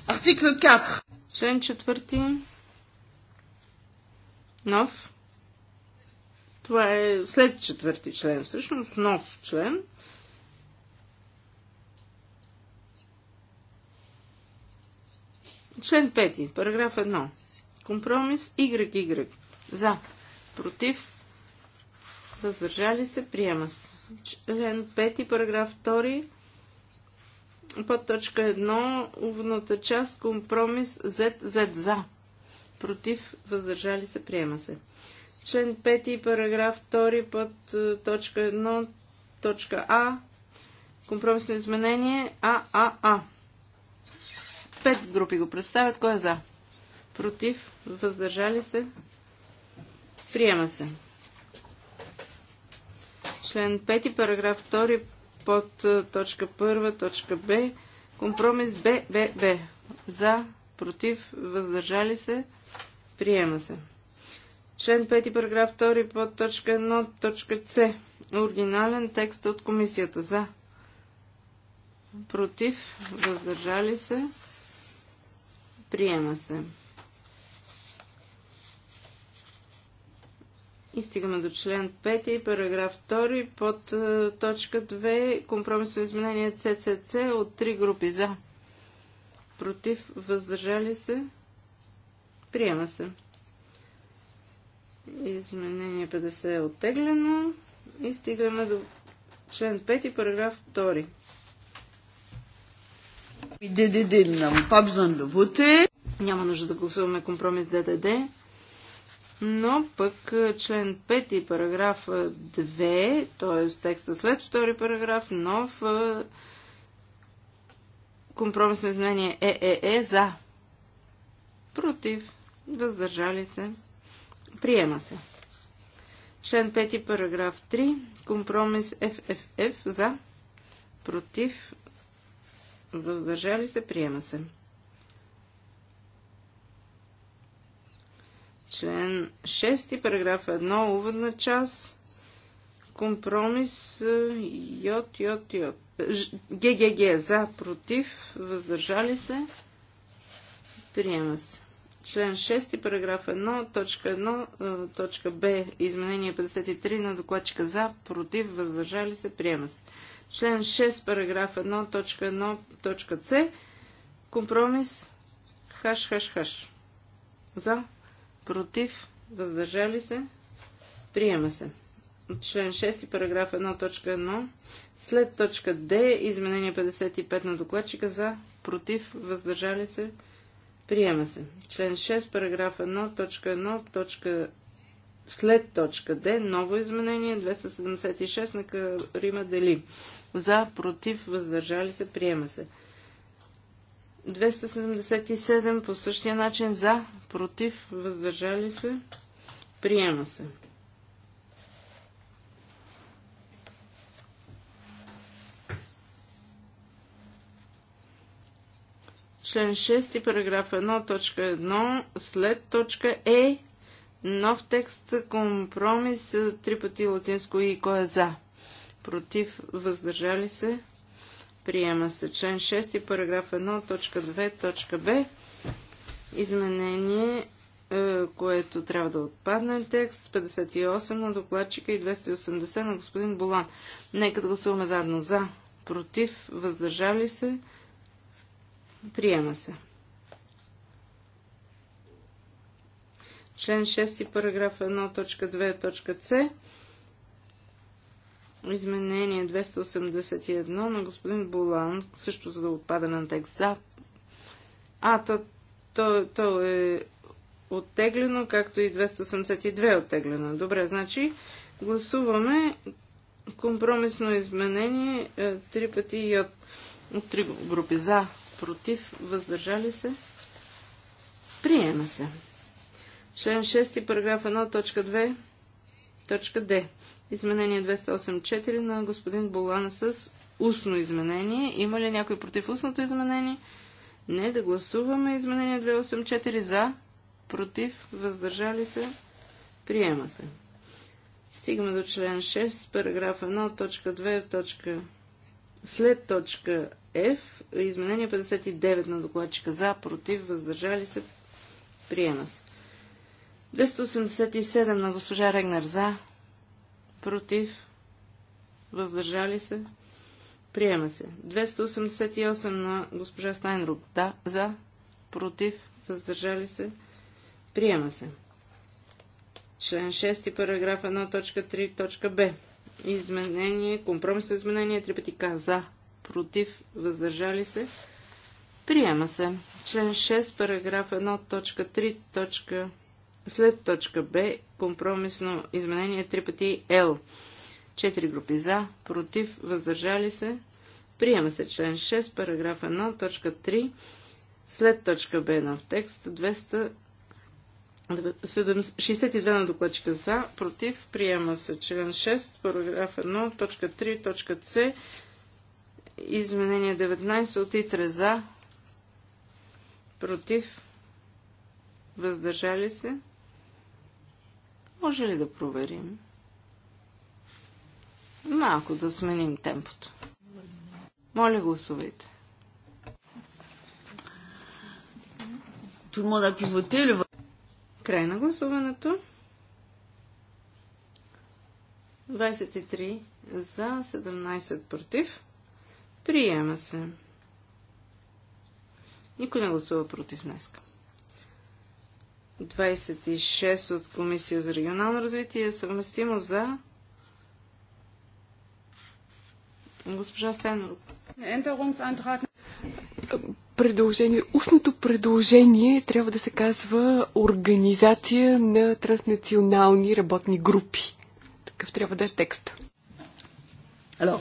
Артикъл 4. Член 4. Нов. Това е след четвърти член, всъщност нов член. Член 5, параграф 1. Компромис YY. За. Против. Създържали се. Приема се. Член 5, параграф 2. Под точка 1, увната част, компромис Z, Z за. Против, въздържали се, приема се. Член 5, параграф 2, под е, точка 1, точка А, компромисно изменение А А. Пет групи го представят. Кой е за? Против, въздържали се, приема се. Член 5, параграф 2, под точка 1, точка Б. Компромис Б, Б, Б. За, против, въздържали се, приема се. Член 5, параграф 2, под точка 1, точка С. Оригинален текст от комисията. За, против, въздържали се, приема се. И стигаме до член 5, параграф 2, под е, точка 2, компромисно изменение ЦЦЦ от три групи за. Против, въздържали се, приема се. Изменение 50 е оттеглено. И стигаме до член 5, параграф 2. Няма нужда да гласуваме компромис ДДД но пък е, член 5 и параграф 2, е, т.е. текста след втори параграф, нов е, компромисно изменение е за. Против. Въздържали се. Приема се. Член 5, параграф 3. Компромис ФФФ за. Против. Въздържали се. Приема се. Член 6, параграф 1, уводна част. Компромис Йот, е, йот, йот. ГГГ за, против, въздържали се. Приема се. Член 6, параграф 1, точка 1, е, точка Б, изменение 53 на докладчика за, против, въздържали се, приема се. Член 6, параграф 1, точка 1, точка С, компромис, хаш, хаш, хаш. За, против, въздържали се, приема се. Член 6, параграф 1, точка 1, след точка Д, изменение 55 на докладчика за, против, въздържали се, приема се. Член 6, параграф 1, точка 1, точка след точка Д, ново изменение 276 на Карима Дели. За, против, въздържали се, приема се. 277 по същия начин за, против, въздържали се, приема се. Член 6, параграф 1, точка 1, след точка Е, нов текст, компромис, три пъти латинско и кой е за. Против, въздържали се, Приема се член 6, параграф 1, точка 2, точка Б. Изменение, е, което трябва да отпадне текст, 58 на докладчика и 280 на господин Болан. Нека да гласуваме заедно за, против, въздържали се. Приема се. Член 6, параграф 1, точка 2, точка С. Изменение 281 на господин Болан, също за да отпада на текст да. А, то, то, то е оттеглено, както и 282 е оттеглено. Добре, значи гласуваме компромисно изменение е, три пъти и от, от три групи за, против, въздържали се. Приема се. Член 6, параграф 1, точка 2, точка Д. Изменение 284 на господин Болана с устно изменение. Има ли някой против устното изменение? Не, да гласуваме изменение 284 за, против, въздържали се, приема се. Стигаме до член 6, параграф 1, точка 2, точка... след точка F, изменение 59 на докладчика за, против, въздържали се, приема се. 287 на госпожа Регнар за, против, въздържали се, приема се. 288 на госпожа Стайнрук, да, за, против, въздържали се, приема се. Член 6, параграф 1, точка 3, точка Б. Изменение, компромисно изменение, три пъти за, против, въздържали се, приема се. Член 6, параграф 1, точка 3, точка след точка Б, компромисно изменение 3 пъти Л. 4 групи за, против, въздържали се. Приема се член 6, параграф 1, точка 3. След точка Б на текст 262 на докладчика за, против, приема се член 6, параграф 1, точка 3, точка С, изменение 19 от ИТРЕ за, против, въздържали се. Може ли да проверим? Малко да сменим темпото. Моля, гласувайте. Турмона пивотели. Край на гласуването. 23 за, 17 против. Приема се. Никой не гласува против днеска. 26 от Комисия за регионално развитие, е съвместимо за госпожа Стенрук. Предложение,
устното предложение трябва да се казва Организация на транснационални работни групи. Такъв трябва да е текст.
Алло,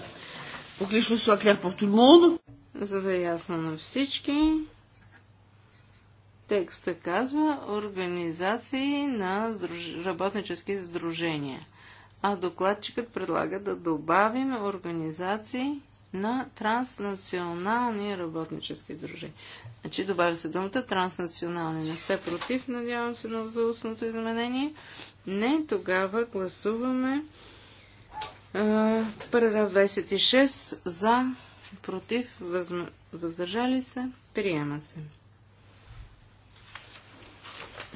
За да е ясно на всички. Текста казва организации на сдруж... работнически сдружения. А докладчикът предлага да добавим организации на транснационални работнически дружения. Значи добавя се думата транснационални. Не сте против, надявам се, на заустното изменение. Не, тогава гласуваме параграф 26 за, против, въздържали се, приема се.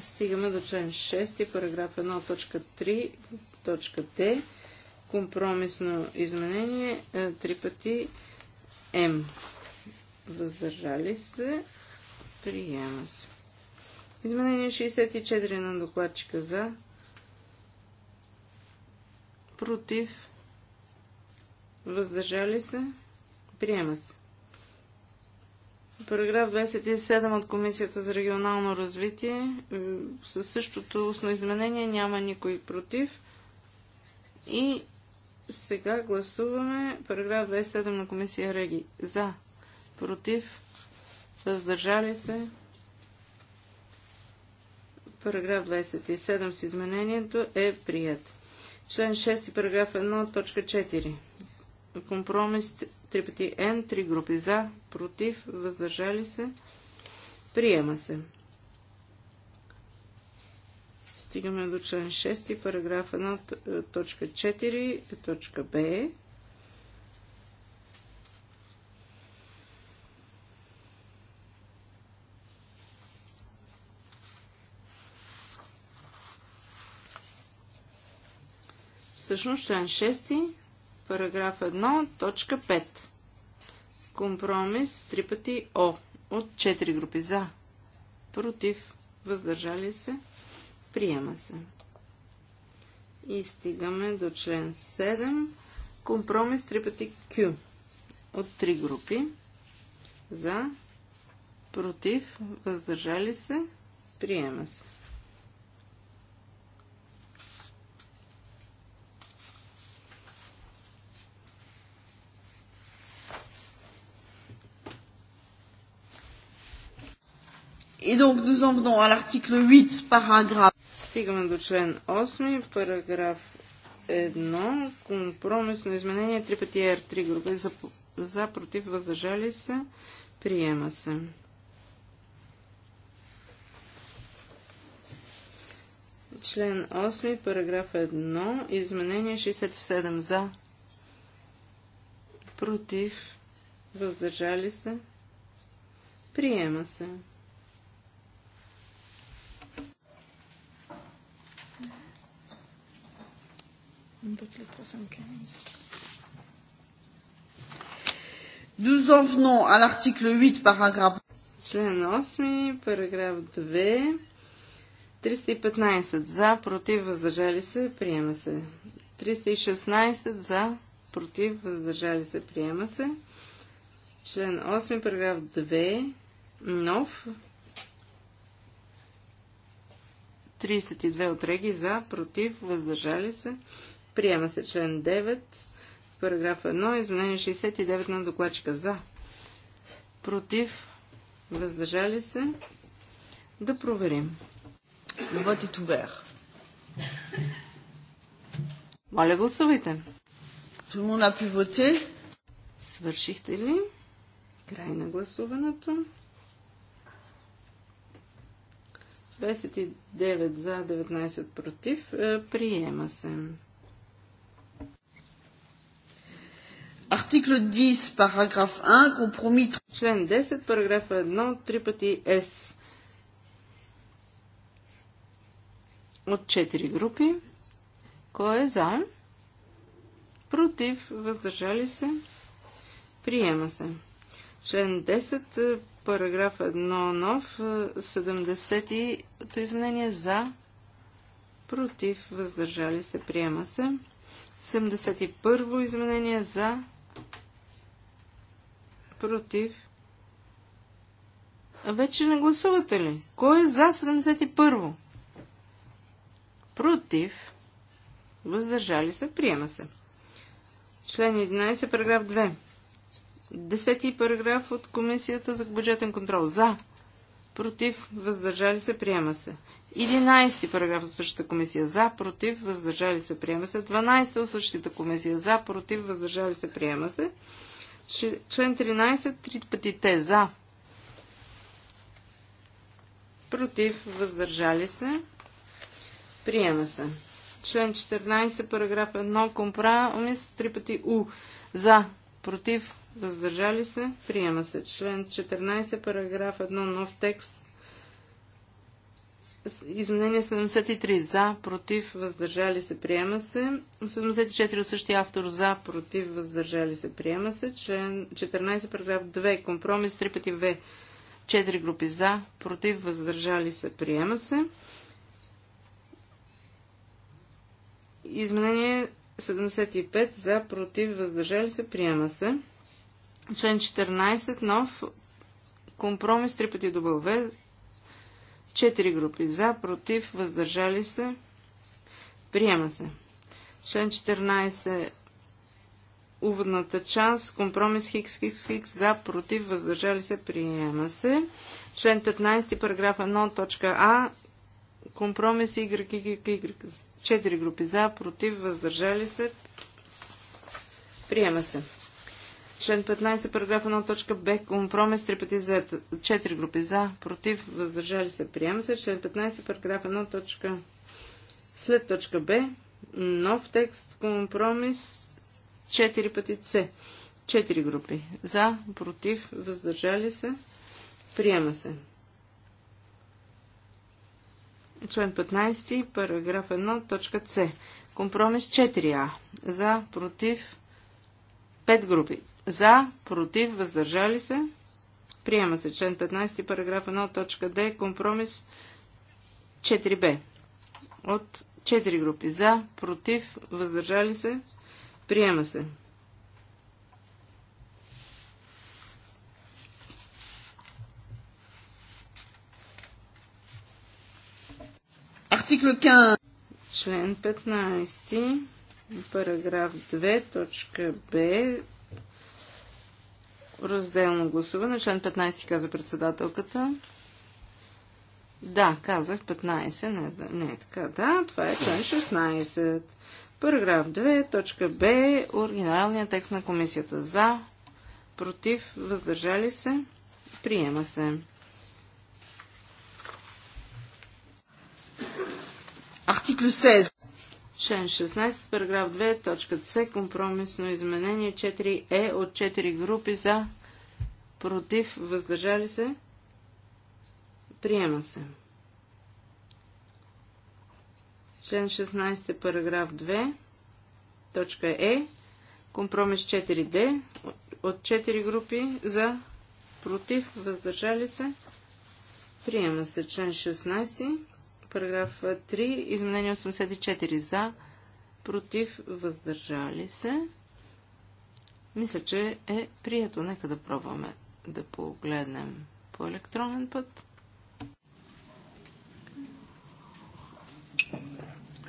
Стигаме до член 6, параграф 1, точка 3, точка Т. Компромисно изменение е, три пъти М. Въздържали се. Приема се. Изменение 64 на докладчика за. Против. Въздържали се. Приема се. Параграф 27 от Комисията за регионално развитие. Със същото устно изменение няма никой против. И сега гласуваме параграф 27 на Комисия Реги. За, против, въздържали се. Параграф 27 с изменението е прият. Член 6, параграф 1, точка 4. Компромис 3 пъти N, 3 групи за, против, въздържали се, приема се. Стигаме до член 6, параграф 1, е, точка 4, точка Б. Всъщност член 6 Параграф 1, точка 5. Компромис 3 пъти О. От 4 групи за. Против. Въздържали се. Приема се. И стигаме до член 7. Компромис 3 пъти Q. От три групи. За. Против. Въздържали се. Приема се. Et donc nous en venons à l'article 8, paragraphe. Стигаме до член 8, параграф 1, компромисно изменение, 3 пъти R3 групи за, за против въздържали се, приема се. Член 8, параграф 1, изменение 67 за против въздържали се, приема се. Un peu plus Nous en venons à l'article 8, paragraphe. Член 8, параграф 2. 315 за, против, въздържали се, приема се. 316 за, против, въздържали се, приема се. Член 8, параграф 2, нов. 32 от Реги за, против, въздържали се, Приема се член 9, параграф 1, изменение 69 на докладчика за. Против, въздържали се. Да проверим. Вот и тувер. Моля, гласувайте. Тому на пивоте. Свършихте ли? Край на гласуването. 29 за, 19 против. Е, приема се. Артикъл 10, параграф 1, компромис... Член 10, параграф 1, 3 пъти С. От 4 групи. Кой е за? Против, въздържали се. Приема се. Член 10, параграф 1 нов, 70-то изменение за, против, въздържали се, приема се. 71-во изменение за, против. А вече не гласувате ли? Кой е за 71? Против. Въздържали се. Приема се. Член 11, параграф 2. Десети параграф от Комисията за бюджетен контрол. За. Против. Въздържали се. Приема се. 11 параграф от същата комисия за, против, въздържали се, приема се. 12 от същата комисия за, против, въздържали се, приема се. Член 13, три пъти те за. Против, въздържали се. Приема се. Член 14, параграф 1, компромис, три пъти У. За, против, въздържали се. Приема се. Член 14, параграф 1, нов текст, Изменение 73 за, против, въздържали се, приема се. 74 от същия автор за, против, въздържали се, приема се. Член 14, параграф 2, компромис 3 пъти В. 4 групи за, против, въздържали се, приема се. Изменение 75 за, против, въздържали се, приема се. Член 14, нов компромис 3 пъти W 4 групи за, против, въздържали се, приема се. Член 14, уводната част, компромис хикс, хикс, хикс, за, против, въздържали се, приема се. Член 15, параграф 1, точка А, компромис Y, Y, Y, 4 групи за, против, въздържали се, приема се. Член 15, параграф 1, точка Б, компромис, 3 пъти за 4 групи за, против, въздържали се, приема се. Член 15, параграф 1, точка след точка Б, нов текст, компромис, 4 пъти С. 4 групи. За, против, въздържали се, приема се. Член 15, параграф 1, точка С. Компромис 4А. За, против, 5 групи. За, против, въздържали се. Приема се член 15, параграф 1, точка Д, компромис 4Б. От 4 групи. За, против, въздържали се. Приема се. Артикл 15. Член 15, параграф 2, точка Б, Разделно гласуване. Член 15 каза председателката. Да, казах 15. Не, не е така. Да, това е член 16. Параграф 2, точка Б, оригиналният текст на комисията за, против, въздържали се, приема се. Артикл 16. Член 16, параграф 2, точка С, компромисно изменение 4Е от 4 групи за, против, въздържали се, приема се. Член 16, параграф 2, точка Е, компромис 4Д от 4 групи за, против, въздържали се, приема се. Член 16, Параграф 3. Изменение 84. За. Против. Въздържали се. Мисля, че е прието. Нека да пробваме да погледнем по електронен път.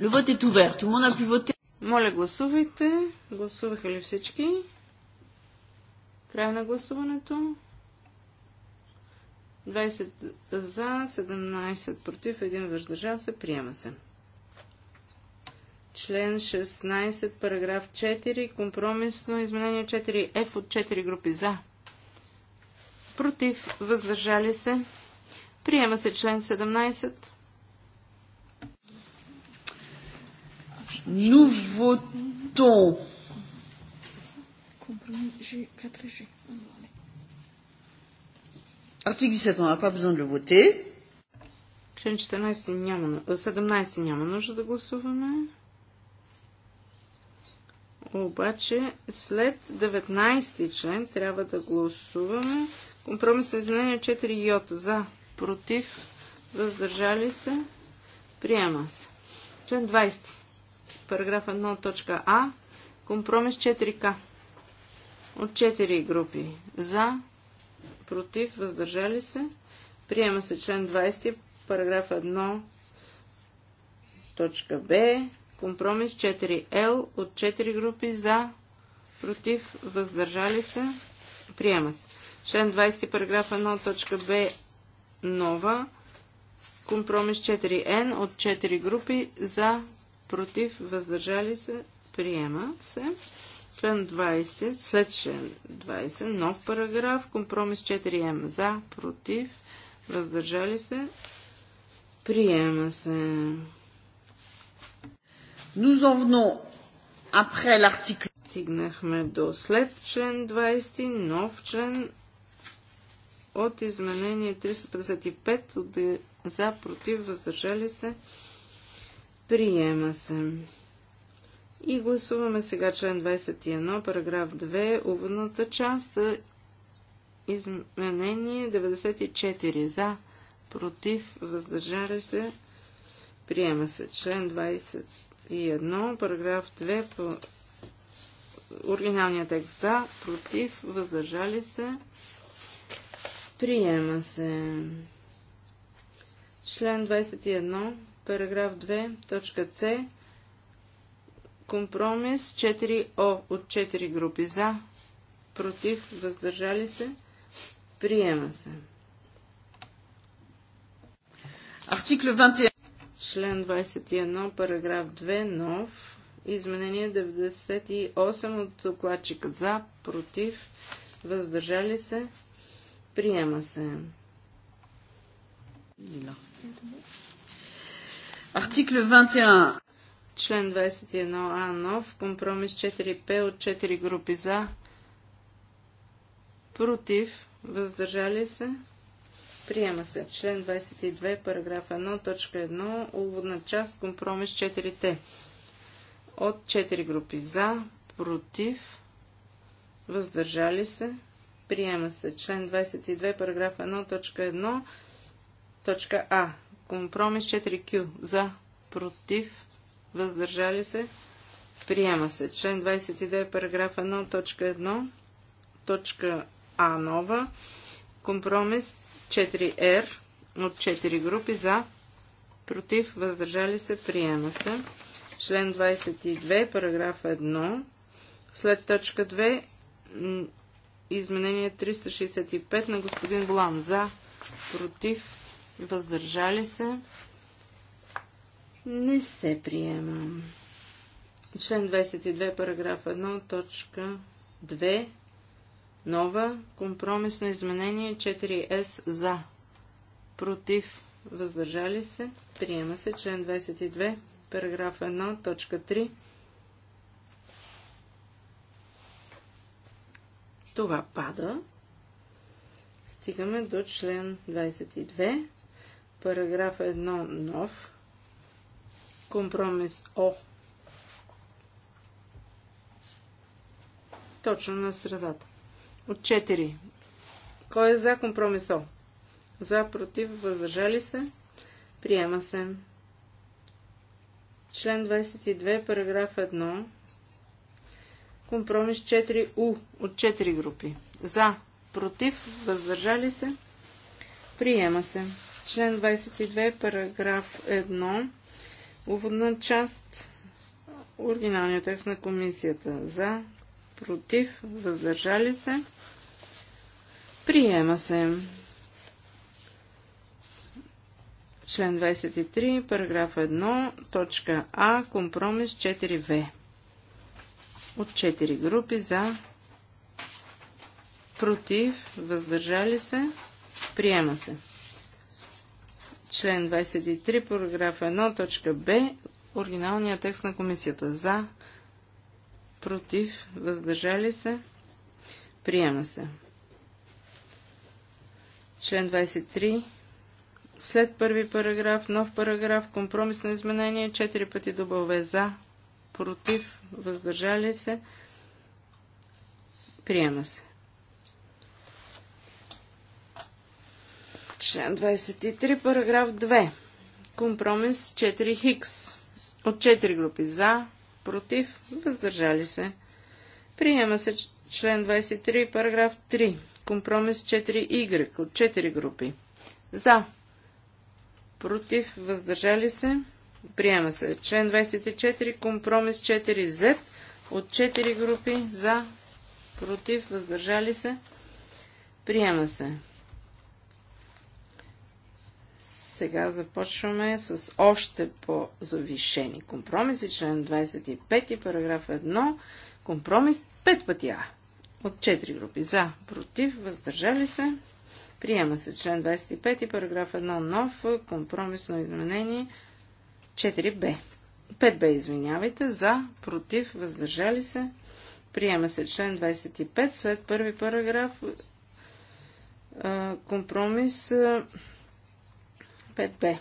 Le е est на Tout Моля, гласувайте. Гласуваха ли всички? Край на гласуването. 20 за, 17 против, 1 въздържал се, приема се. Член 16, параграф 4, компромисно изменение 4F от 4 групи за. Против, въздържали се. Приема се член 17. Nous votons. Compromis
G4G.
Article 17, on n'a pas besoin de le voter. Член 14 няма, 17 няма нужда да гласуваме. Обаче след 19 член трябва да гласуваме компромисно изменение 4 йота за, против, въздържали се, приема се. Член 20, параграф 1, точка А, компромис 4К от 4 групи за, против, въздържали се. Приема се член 20, параграф 1, точка Б, компромис 4 л от 4 групи за, против, въздържали се. Приема се. Член 20, параграф 1, точка Б, нова, компромис 4 н от 4 групи за, против, въздържали се. Приема се. Член 20, след член 20, нов параграф, компромис 4М. За, против, въздържали се, приема се. Nous en venons après l'article. Стигнахме до след член 20, нов член от изменение 355 за против въздържали се. Приема се. И гласуваме сега член 21, параграф 2, уводната част, изменение 94 за, против, въздържали се, приема се. Член 21, параграф 2, по оригиналния текст за, против, въздържали се, приема се. Член 21, параграф 2, точка С, Компромис 4О от 4 групи за, против, въздържали се, приема се. Артикл 21. Член 21, параграф 2, нов. Изменение 98 от докладчика за, против, въздържали се, приема се. Артикл 21. Член 21А нов, компромис 4П от 4 групи за, против, въздържали се, приема се. Член 22, параграф 1, точка 1, уводна част, компромис 4Т от 4 групи за, против, въздържали се, приема се. Член 22, параграф 1, точка 1, точка А, компромис 4Q за, против, въздържали се, приема се. Член 22, параграф 1, точка 1, точка А нова, компромис 4 р от 4 групи за, против, въздържали се, приема се. Член 22, параграф 1, след точка 2, изменение 365 на господин Блан за, против, въздържали се, не се приема. Член 22, параграф 1, точка 2, нова, компромисно изменение 4С за. Против, въздържали се, приема се член 22, параграф 1, точка 3. Това пада. Стигаме до член 22, параграф 1, нов, Компромис О. Точно на средата. От 4. Кой е за компромис О? За, против, въздържали се. Приема се. Член 22, параграф 1. Компромис 4У от 4 групи. За, против, въздържали се. Приема се. Член 22, параграф 1. Уводна част. Оригиналният текст на комисията. За, против, въздържали се. Приема се. Член 23, параграф 1, точка А, компромис 4В. От 4 групи за, против, въздържали се, приема се. Член 23, параграф 1, точка Б, Оригиналния текст на комисията. За, против, въздържали се, приема се. Член 23, след първи параграф, нов параграф, компромисно изменение, 4 пъти добаве за, против, въздържали се, приема се. Член 23, параграф 2. Компромис 4 Хикс. От 4 групи за, против, въздържали се. Приема се член 23, параграф 3. Компромис 4 Y. От 4 групи. За, против, въздържали се. Приема се член 24, компромис 4 Z. От 4 групи за, против, въздържали се. Приема се. Сега започваме с още по-завишени компромиси, член 25 и параграф 1. Компромис 5 пъти А. От 4 групи за, против, въздържали се. Приема се член 25 параграф 1 нов компромисно изменение 4Б. 5Б, извинявайте, за, против, въздържали се. Приема се член 25 след първи параграф компромис 5б.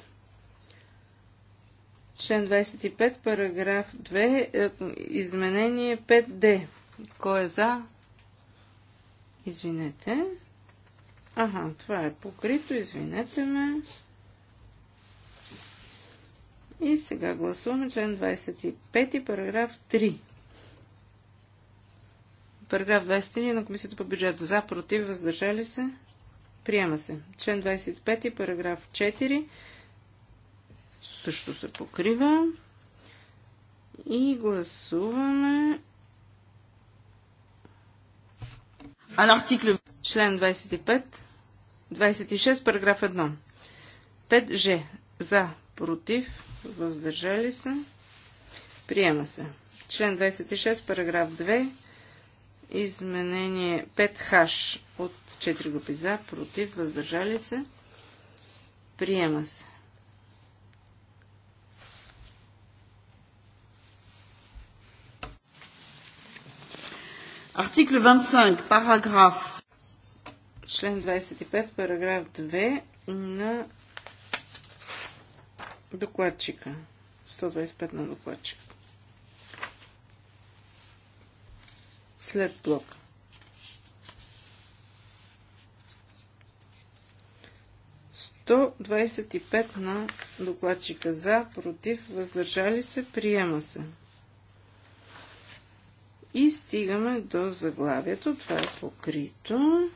Член 25, параграф 2, е, изменение 5D. Кой е за? Извинете. Ага, това е покрито, извинете ме. И сега гласуваме член 25, параграф 3. Параграф 23 на Комисията по бюджета. За, против, въздържали се. Приема се. Член 25, параграф 4 също се покрива. И гласуваме Член 25, 26, параграф 1. 5G. За, против, въздържали се. Приема се. Член 26, параграф 2. Изменение 5H от 4 групи за, против, въздържали се. Приема се. Артикъл 25, параграф. Член 25, параграф 2 на докладчика. 125 на докладчика. След блока. 125 на докладчика за, против, въздържали се, приема се. И стигаме до заглавието. Това е покрито.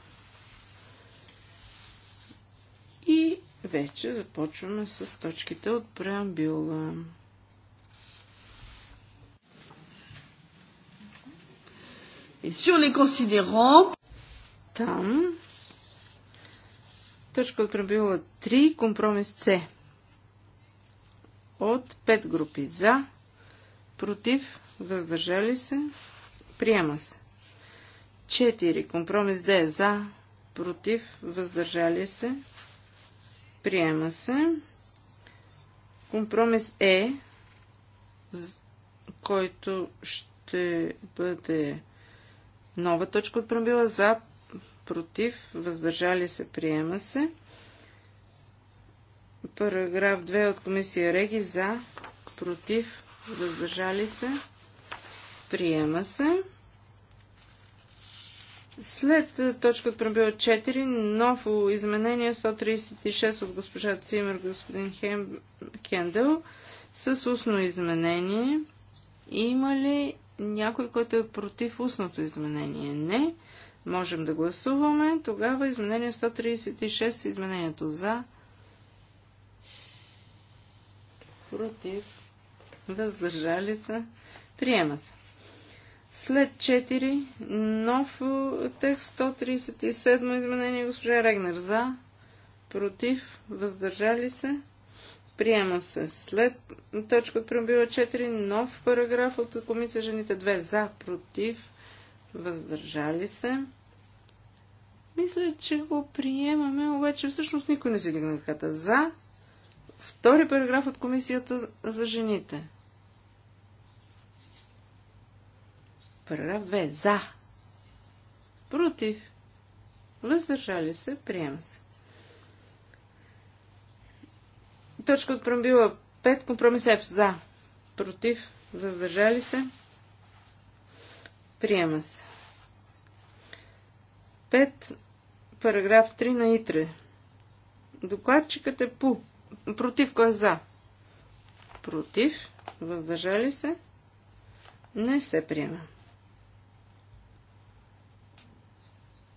И вече започваме с точките от преамбюла. там Точка от правила 3, компромис С. От 5 групи за, против, въздържали се, приема се. 4. Компромис Д за, против, въздържали се, приема се. Компромис Е, който ще бъде нова точка от правила за, против, въздържали се, приема се. Параграф 2 от комисия Реги за, против, въздържали се, приема се. След е, точка от правило 4, ново изменение 136 от госпожа Цимер, господин Хем... Хендел, с устно изменение. Има ли някой, който е против устното изменение? Не. Можем да гласуваме. Тогава изменение 136, изменението за, против, въздържали се, приема се. След 4, нов текст, 137 изменение, госпожа Регнер за, против, въздържали се, приема се. След точка от 4, нов параграф от комисия жените 2 за, против, въздържали се. Мисля, че го приемаме, обаче всъщност никой не се дигна ръката. За втори параграф от комисията за жените. Параграф 2. За. Против. Въздържали се. Приема се. Точка от промбила 5. Компромис F. За. Против. Въздържали се. Приема се. 5. Параграф 3 на ИТРЕ. Докладчикът е по. Против кой е за? Против. Въздържали се? Не се приема.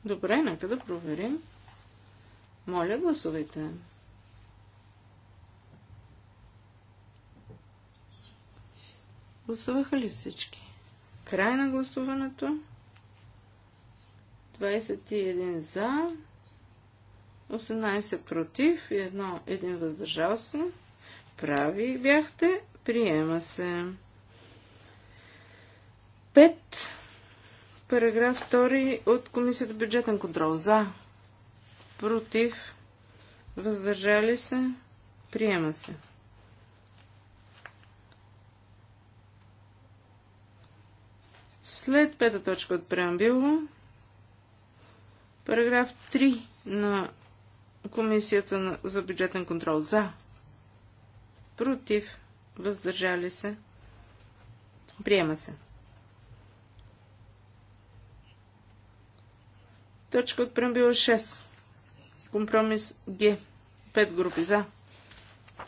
Добре, нека да проверим. Моля, гласувайте. Гласуваха ли всички? Край на гласуването. 21 за, 18 против и едно, един въздържал се. Прави бяхте, приема се. 5. Параграф 2 от Комисията бюджетен контрол. За, против, въздържали се, приема се. След пета точка от преамбило, параграф 3 на Комисията за бюджетен контрол за, против, въздържали се, приема се. Точка от преамбило 6. Компромис Г. Пет групи за.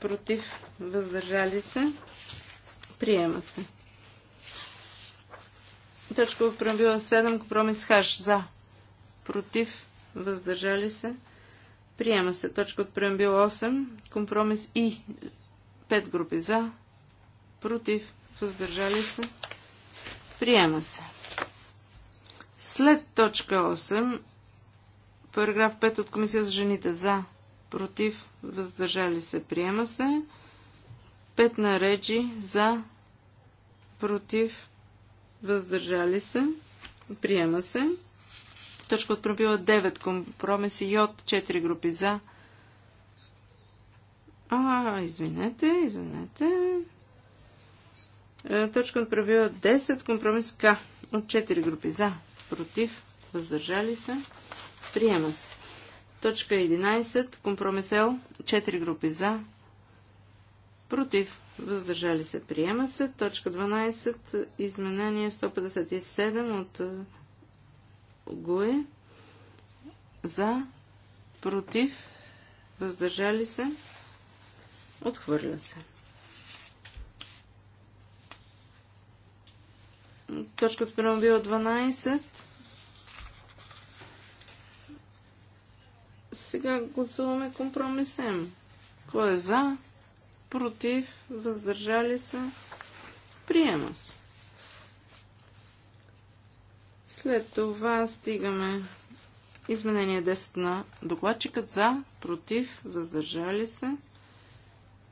Против. Въздържали се. Приема се. Точка в правила 7, компромис хаш. За. Против. Въздържали се. Приема се. Точка от преамбил 8. Компромис и 5 групи за. Против. Въздържали се. Приема се. След точка 8. Параграф 5 от Комисия за жените за. Против. Въздържали се. Приема се. 5 на Реджи за. Против въздържали се, приема се. Точка от правила 9, компромиси от 4 групи за. А, извинете, извинете. Е, точка от правила 10, компромис К, от 4 групи за, против, въздържали се, приема се. Точка 11, компромис Л, 4 групи за, против, въздържали се, приема се. Точка 12, изменение 157 от е, ГУЕ, за, против, въздържали се, отхвърля се. Точка от преамбила 12. Сега гласуваме компромисем. Кой е за? против, въздържали се, приема се. След това стигаме изменение 10 на докладчикът за, против, въздържали се.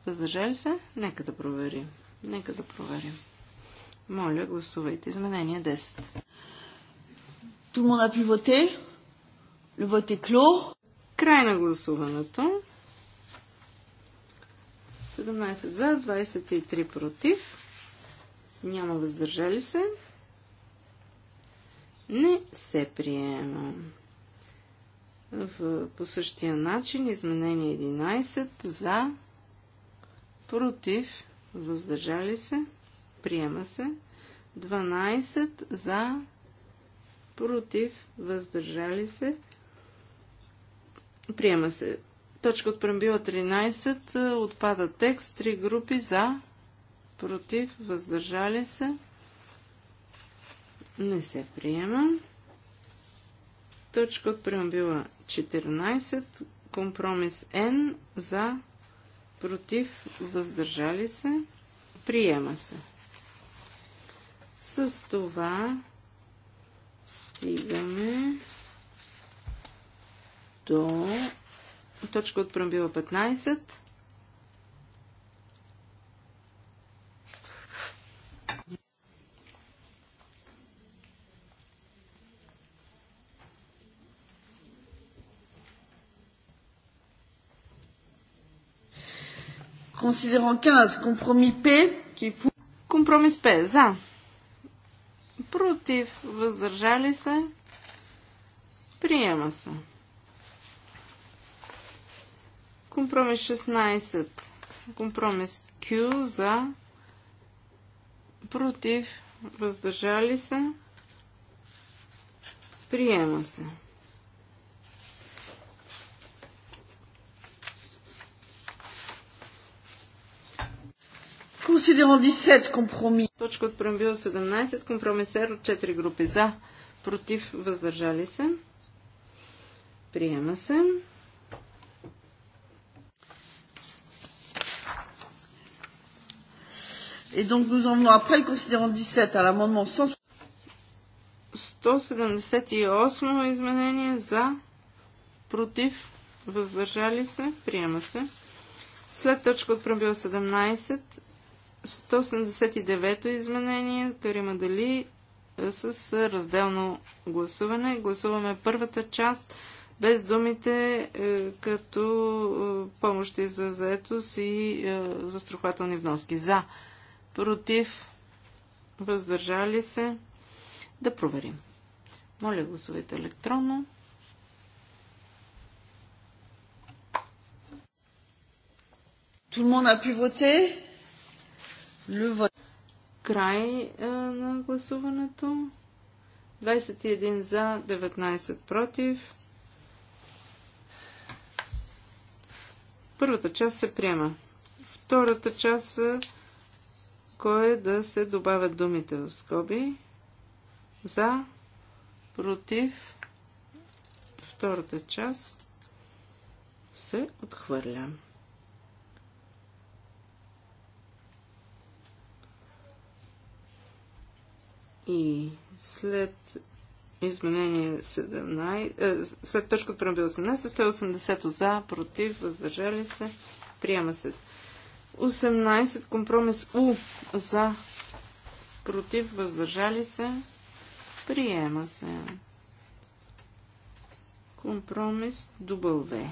Въздържали се? Нека да проверим. Нека да проверим. Моля, гласувайте. Изменение 10. Tout le monde a pu voter. Le vote est clos. Край на гласуването. 17 за, 23 против. Няма въздържали се. Не се приема. В, по същия начин изменение 11 за, против, въздържали се, приема се. 12 за, против, въздържали се, приема се. Точка от прембила 13. Е, отпада текст. Три групи за, против, въздържали се. Не се приема. Точка от прембила 14. Компромис Н за, против, въздържали се. Приема се. С това стигаме до точка от промбила 15. Considérant 15, compromis P, qui est pour... Компромис П, за. Против, въздържали се, приема се. Компромис 16. Компромис Q за против, въздържали се, приема се. Консидерон 17 компромис. Точка от преамбил 17, компромис R от 4 групи за, против, въздържали се, приема се. Et donc nous en venons après le considérant 17 à l'amendement 178 изменение за, против, въздържали се, приема се. След точка от правил 17, 179 изменение, Карима Дали е, с е, разделно гласуване. Гласуваме първата част без думите е, като помощи за заетост и застрахователни вноски. За против, въздържали се. Да проверим. Моля, гласувайте електронно. Tout le monde a pu voter. Le vote. Край е, на гласуването. 21 за, 19 против. Първата част се приема. Втората част е, Ко е да се добавят думите в скоби за, против, втората част се отхвърля. И след изменение 17, е, след точка от 18, 180 за, против, въздържали се, приема се. 18 компромис У за против въздържали се приема се компромис W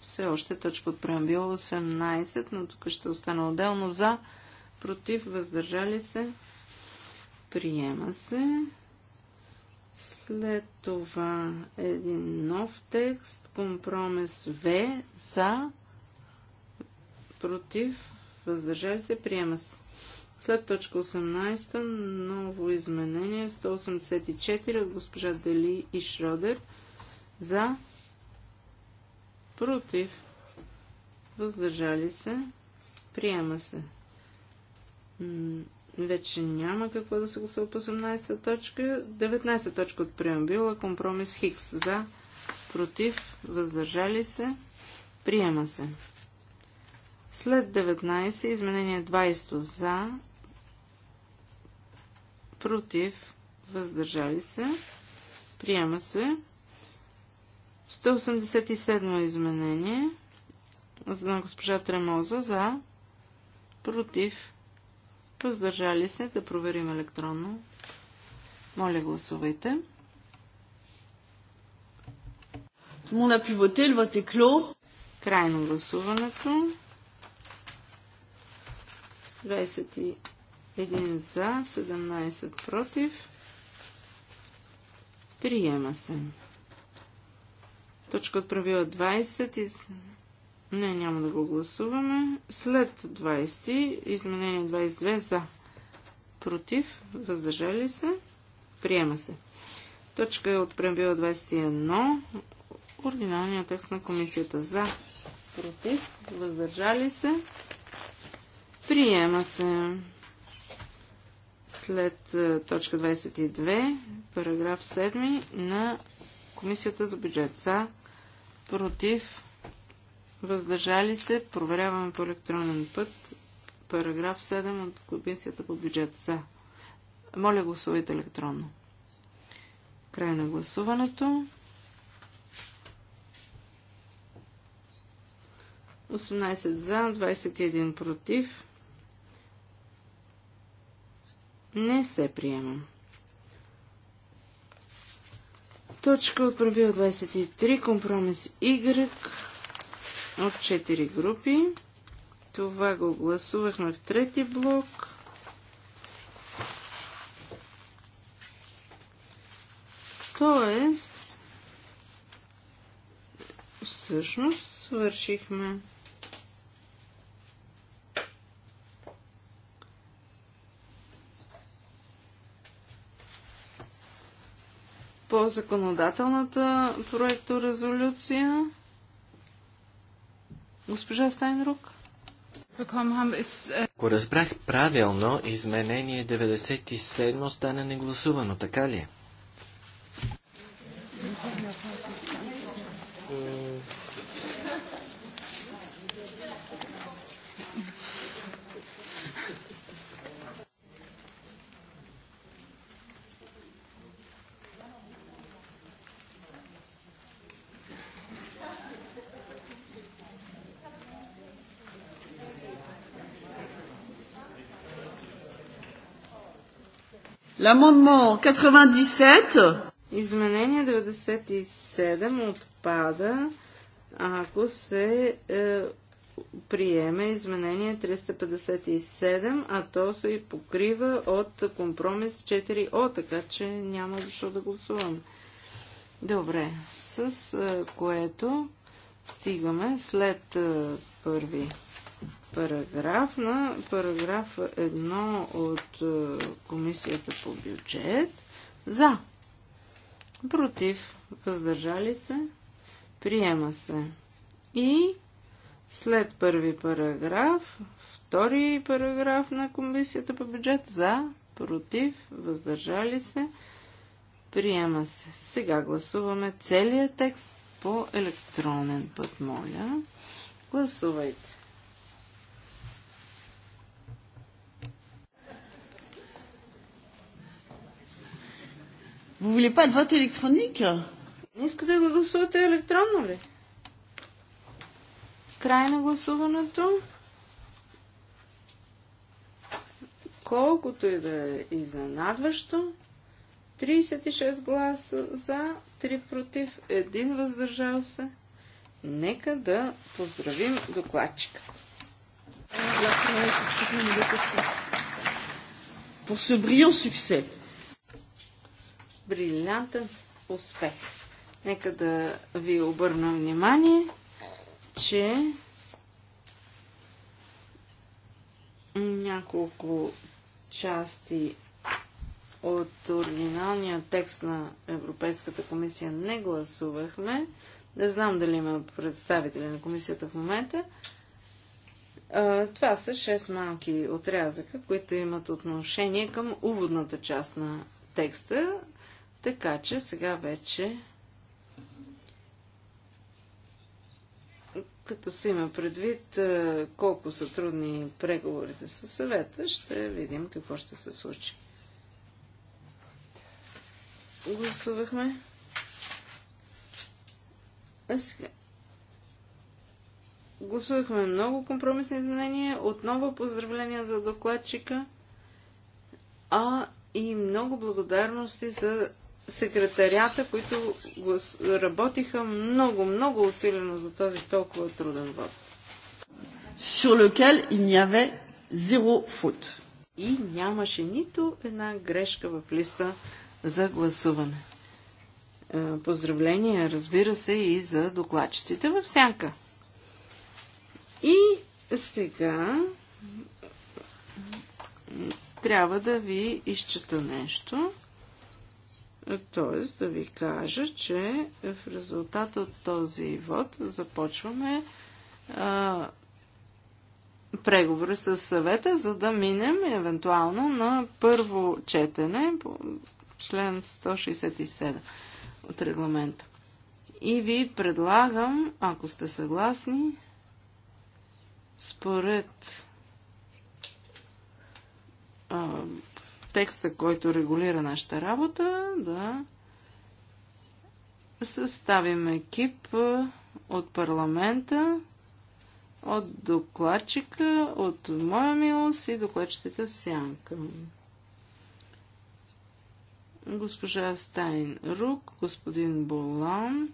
все още точка от преамбил 18, но тук ще остана отделно за против въздържали се приема се след това един нов текст, компромис В, за, против, въздържали се, приема се. След точка 18, ново изменение, 184 от госпожа Дели и Шродер, за, против, въздържали се, приема се. Вече няма какво да се гласува по 18-та точка. 19-та точка от преамбила. Компромис Хикс. За, против, въздържали се. Приема се. След 19 изменение 20 за, против, въздържали се. Приема се. 187 изменение на госпожа Тремоза за, против, Въздържали се да проверим електронно. Моля, гласувайте. Мона пивоте, львате кло. Крайно гласуването. 21 за, 17 против. Приема се. Точка от правила 20 не, няма да го гласуваме. След 20, изменение 22 за. Против, въздържали се, приема се. Точка е от преамбила 21. Оригиналният текст на комисията за. Против, въздържали се, приема се. След е, точка 22, параграф 7 на комисията за бюджет за. Против, въздържали се, проверяваме по електронен път, параграф 7 от Комисията по бюджет за. Моля гласувайте електронно. Край на гласуването. 18 за, 21 против. Не се приема. Точка от правил 23, компромис Y от 4 групи. Това го гласувахме в трети блок. Тоест, всъщност свършихме. По законодателната проекторезолюция Госпожа Стайнрук? Äh,
Ако разбрах правилно, изменение 97 стана негласувано, така ли?
L'amendement 97. Изменение 97 отпада, ако се е, приеме изменение 357, а то се и покрива от компромис 4О, така че няма защо да гласуваме. Добре, с е, което стигаме след е, първи параграф на параграф 1 от е, Комисията по бюджет за против въздържали се приема се и след първи параграф втори параграф на Комисията по бюджет за против въздържали се приема се сега гласуваме целият текст по електронен път моля гласувайте Vous voulez pas de vote électronique Не искате да гласувате електронно ли? Край на гласуването. Колкото и да е изненадващо, 36 гласа за, 3 против, 1 въздържал се. Нека да поздравим докладчика.
Pour ce brillant
succès брилянтен успех. Нека да ви обърна внимание, че няколко части от оригиналния текст на Европейската комисия не гласувахме. Не знам дали има представители на комисията в момента. Това са 6 малки отрязъка, които имат отношение към уводната част на текста. Така че сега вече като си има предвид колко са трудни преговорите със съвета, ще видим какво ще се случи. Гласувахме. сега. Гласувахме много компромисни изменения. Отново поздравления за докладчика. А и много благодарности за секретарията, които работиха много, много усилено за този толкова труден вод. Sur lequel il n'y avait zéro И нямаше нито една грешка в листа за гласуване. Е, поздравления, разбира се, и за докладчиците в сянка. И сега трябва да ви изчета нещо. Т.е. да ви кажа, че в резултат от този вод започваме а, преговори с съвета, за да минем евентуално на първо четене по член 167 от регламента. И ви предлагам, ако сте съгласни, според а, текста, който регулира нашата работа, да съставим екип от парламента, от докладчика, от моя милост и докладчетата в сянка. Госпожа Стайн Рук, господин Болан,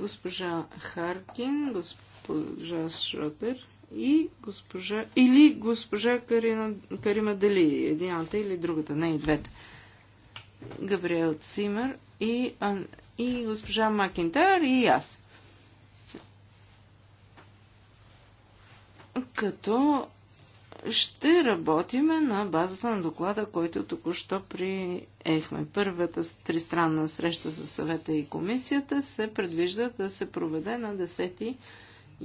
госпожа Харкин, госпожа Шротер – и госпожа, или госпожа Карина, Карима Дали, едината или другата, не и двете. Габриел Цимер и, и госпожа Макинтар и аз. Като ще работиме на базата на доклада, който току-що приехме. Първата тристранна среща с съвета и комисията се предвижда да се проведе на 10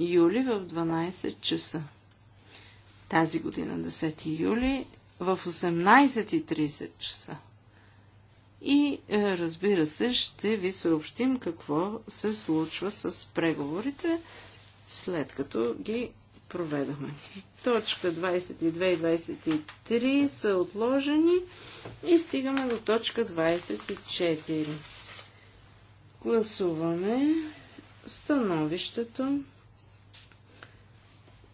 юли в 12 часа. Тази година, 10 юли, в 18.30 часа. И е, разбира се, ще ви съобщим какво се случва с преговорите, след като ги проведахме. Точка 22 и 23 са отложени и стигаме до точка 24. Гласуваме становището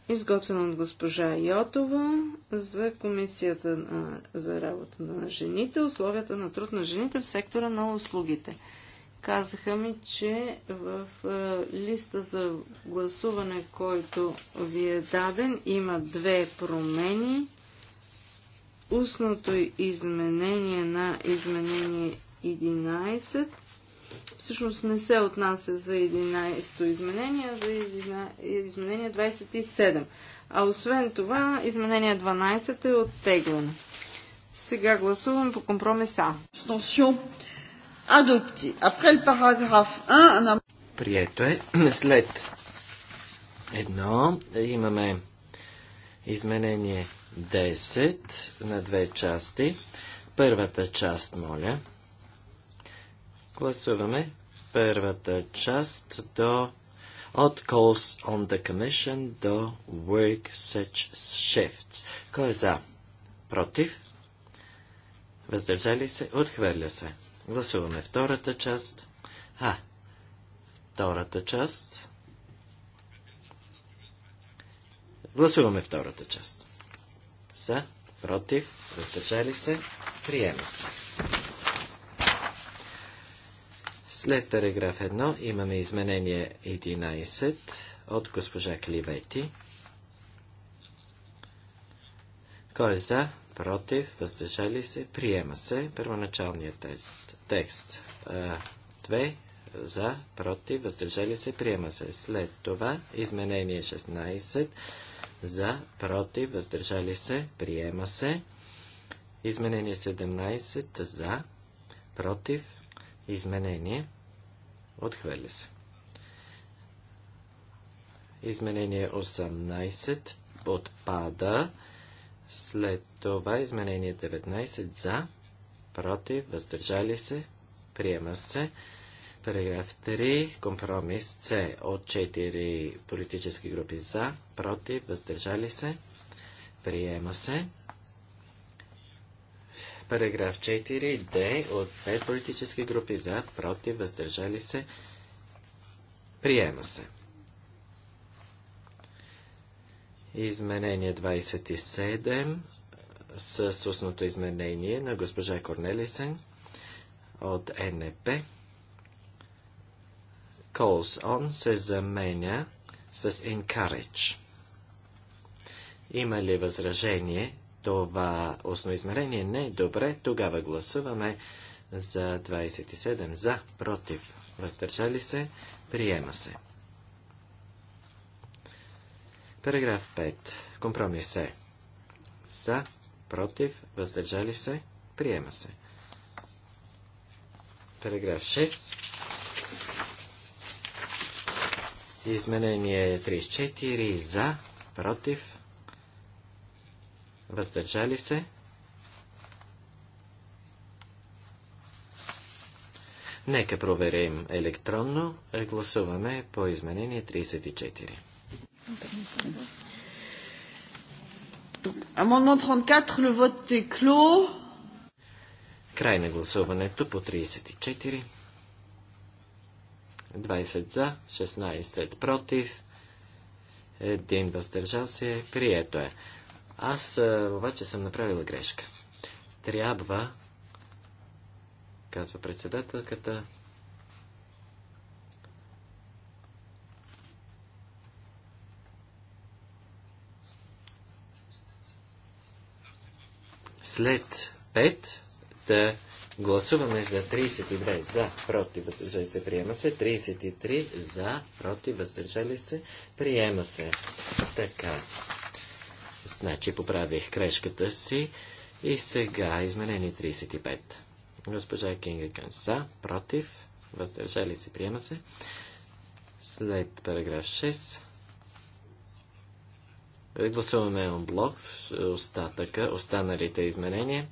Изготвено от госпожа Йотова за Комисията на, за работа на жените, условията на труд на жените в сектора на услугите. Казаха ми, че в е, листа за гласуване, който ви е даден, има две промени. Устното изменение на изменение 11 всъщност не се отнася за 11-то изменение, за изменение 27. А освен това, изменение 12 е оттеглено. Сега гласувам по компромиса. Адопти. Апрел параграф 1.
Прието е. След едно е, имаме изменение 10 на две части. Първата част, моля. Гласуваме първата част до от Calls on the Commission до Work Such Shifts. Кой е за? Против? Въздържали се? Отхвърля се. Гласуваме втората част. А, втората част. Гласуваме втората част. За, против, въздържали се, приема се. След параграф 1 имаме изменение 11 от госпожа Кливети. Кой е за? Против? Въздържали се? Приема се. Първоначалният текст. 2 За? Против? Въздържали се? Приема се. След това изменение 16. За? Против? Въздържали се? Приема се. Изменение 17. За? Против? Изменение. Отхвърля се. Изменение 18 отпада. След това изменение 19 за, против, въздържали се, приема се. Параграф 3. Компромис С от 4 политически групи за, против, въздържали се, приема се. Параграф 4, Д от 5 политически групи за, против, въздържали се, приема се. Изменение 27 с устното изменение на госпожа Корнелисен от НП. Calls on се заменя с encourage. Има ли възражение това осно измерение не е добре, тогава гласуваме за 27 за, против, въздържали се, приема се. Параграф 5. Компромис е. За, против, въздържали се, приема се. Параграф 6. Изменение 34. За, против, въздържали се. Нека проверим електронно. Гласуваме по изменение 34.
Амонмент 34, le vote
Край на гласуването по 34. 20 за, 16 против, един въздържал се, прието е. Аз обаче съм направила грешка. Трябва, казва председателката, след 5 да гласуваме за 32 за, против, въздържали се, приема се, 33 за, против, въздържали се, приема се. Така. Значи поправих крешката си и сега изменение 35. Госпожа Кинга Канса, против, въздържали се, приема се. След параграф 6 гласуваме блок, остатъка, останалите изменения.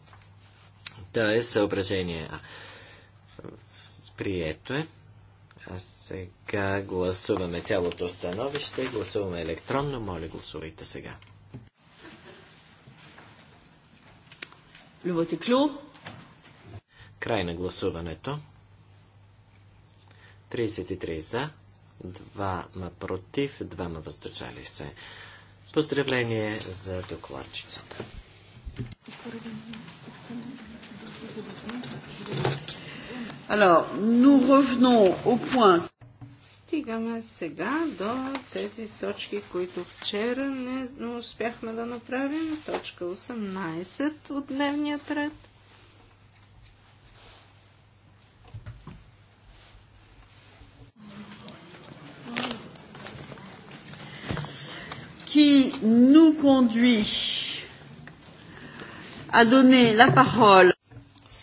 Да е съображение А. Прието е. А сега гласуваме цялото становище. Гласуваме електронно. Моля, гласувайте сега.
Le Клю.
Край на гласуването. 33 за, 2 ма против, 2 ма въздържали се. Поздравление за докладчицата.
Alors, nous revenons au point стигаме сега до тези точки, които вчера не успяхме да направим. Точка 18 от дневния ред. qui nous conduit à donner la parole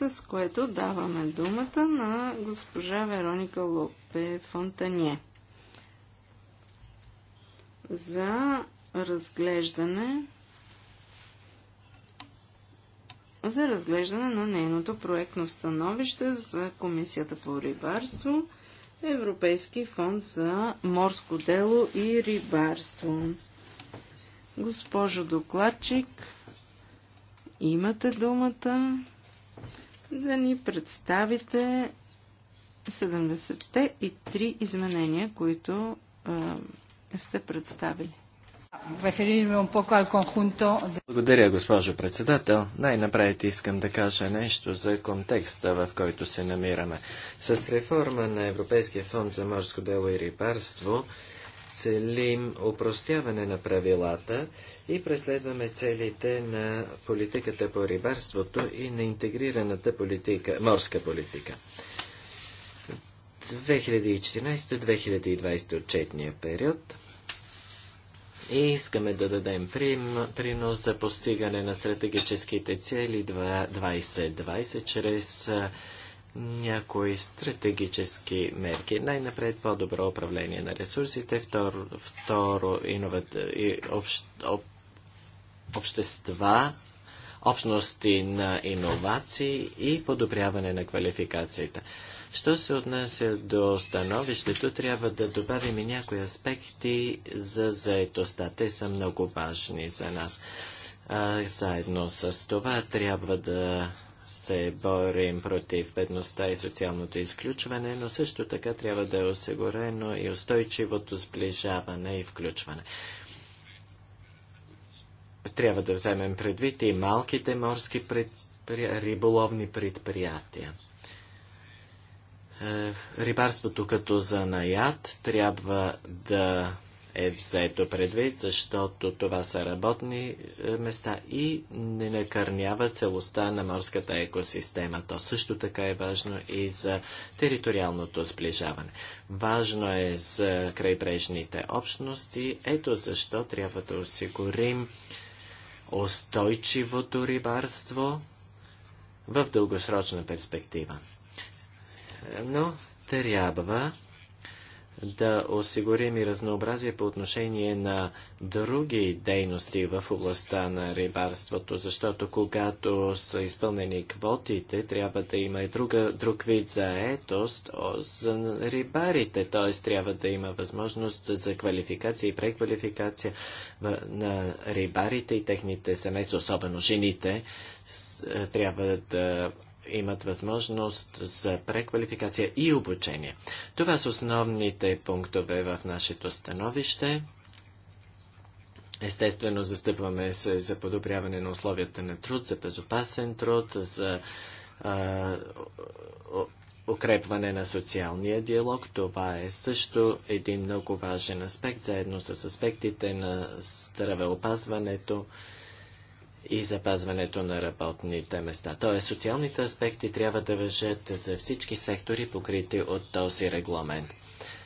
с което даваме думата на госпожа Вероника Лопе Фонтанье за разглеждане за разглеждане на нейното проектно становище за Комисията по рибарство, Европейски фонд за морско дело и рибарство. Госпожо докладчик, имате думата да ни представите 70-те и 3 изменения, които сте представили.
Благодаря, госпожо председател. Най-напред искам да кажа нещо за контекста, в който се намираме. С реформа на Европейския фонд за морско дело и рибарство, целим упростяване на правилата и преследваме целите на политиката по рибарството и на интегрираната политика, морска политика. 2014-2020 отчетния период и искаме да дадем принос за постигане на стратегическите цели 2020 чрез някои стратегически мерки. Най-напред по-добро управление на ресурсите, второ, второ иноват, и общ, об, общества, общности на иновации и подобряване на квалификацията. Що се отнася до становището, трябва да добавим и някои аспекти за заетостта. Те са много важни за нас. А, заедно с това трябва да се борим против бедността и социалното изключване, но също така трябва да е осигурено и устойчивото сближаване и включване. Трябва да вземем предвид и малките морски предпри... риболовни предприятия. Е, рибарството като занаят трябва да е взето предвид, защото това са работни е, места и не накърнява целостта на морската екосистема. То също така е важно и за териториалното сближаване. Важно е за крайбрежните общности. Ето защо трябва да осигурим устойчивото рибарство в дългосрочна перспектива. Но трябва да осигурим и разнообразие по отношение на други дейности в областта на рибарството, защото когато са изпълнени квотите, трябва да има и друга, друг вид заетост за рибарите, т.е. трябва да има възможност за квалификация и преквалификация на рибарите и техните семейства, особено жените, е, трябва да имат възможност за преквалификация и обучение. Това са основните пунктове в нашето становище. Естествено, застъпваме се за подобряване на условията на труд, за безопасен труд, за а, укрепване на социалния диалог. Това е също един много важен аспект, заедно с аспектите на здравеопазването. опазването и запазването на работните места. Тоест, социалните аспекти трябва да въжат за всички сектори, покрити от този регламент.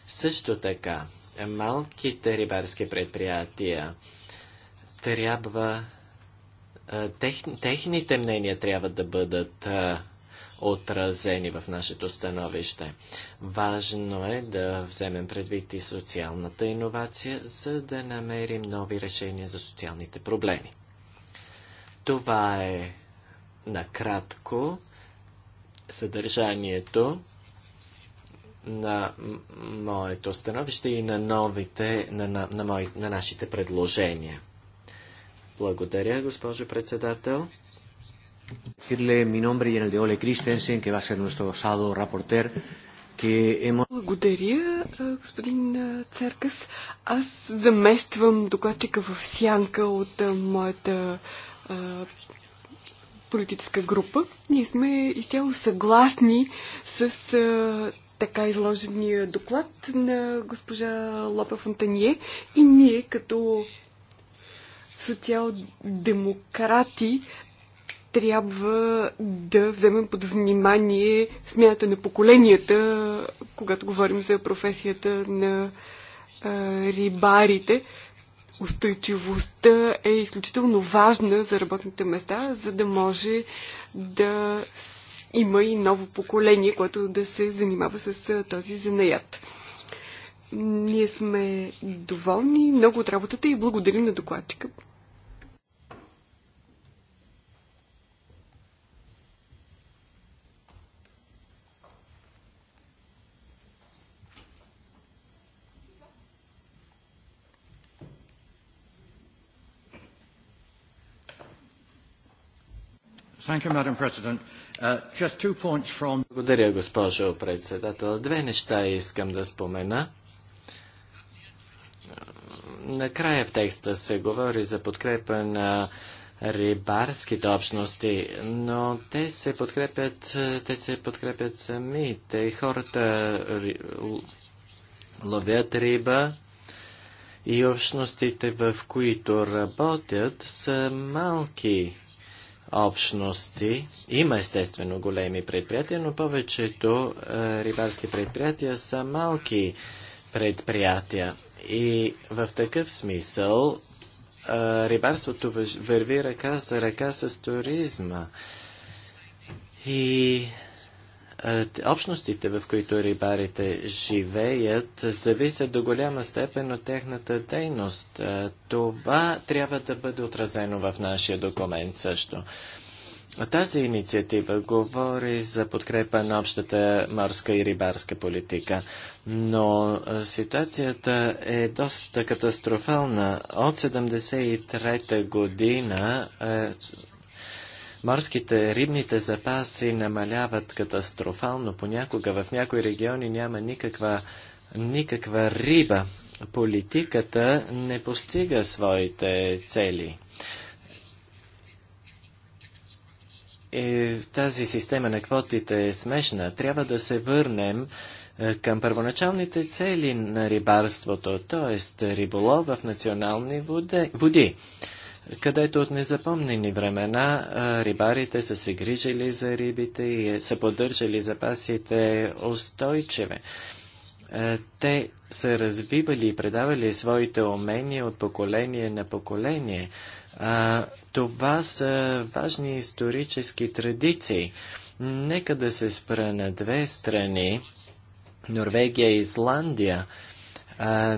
Също така, малките рибарски предприятия трябва тех, техните мнения трябва да бъдат а, отразени в нашето становище. Важно е да вземем предвид и социалната иновация, за да намерим нови решения за социалните проблеми. Това е накратко съдържанието на моето становище и на новите, на, на, на, мои, на нашите предложения. Благодаря, госпожо председател. благодаря,
господин Церкас. Аз замествам докладчика в сянка от моята политическа група. Ние сме изцяло съгласни с а, така изложения доклад на госпожа Лопе Фонтание и ние като социал-демократи трябва да вземем под внимание смяната на поколенията, когато говорим за професията на а, рибарите, устойчивостта е изключително важна за работните места, за да може да има и ново поколение, което да се занимава с този занаят. Ние сме доволни много от работата и благодарим на докладчика.
Uh, Благодаря, госпожо председател. Две неща искам да спомена. Накрая в текста се говори за подкрепа на рибарските общности, но те се подкрепят, те се подкрепят сами. Те хората ри, ловят риба и общностите, в които работят, са малки общности. Има естествено големи предприятия, но повечето е, рибарски предприятия са малки предприятия. И в такъв смисъл е, рибарството върви ръка за ръка с туризма. И е, общностите, в които рибарите живеят, зависят до голяма степен от техната дейност. Е, това трябва да бъде отразено в нашия документ също. Тази инициатива говори за подкрепа на общата морска и рибарска политика, но е, ситуацията е доста катастрофална. От 1973 година Морските рибните запаси намаляват катастрофално. Понякога в някои региони няма никаква, никаква риба. Политиката не постига своите цели. И е, тази система на квотите е смешна. Трябва да се върнем е, към първоначалните цели на рибарството, т.е. риболов в национални води където от незапомнени времена рибарите са се грижили за рибите и е, са поддържали запасите устойчиве. те са развивали и предавали своите умения от поколение на поколение. това са важни исторически традиции. Нека да се спра на две страни Норвегия и Исландия.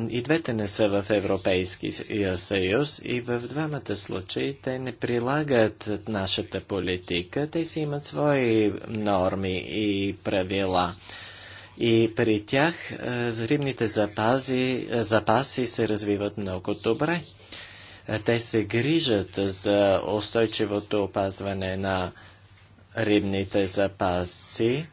И двете не са в Европейския съюз и в двамата случаи те не прилагат нашата политика. Те си имат свои норми и правила. И при тях рибните запаси, запаси се развиват много добре. Те се грижат за устойчивото опазване на рибните запаси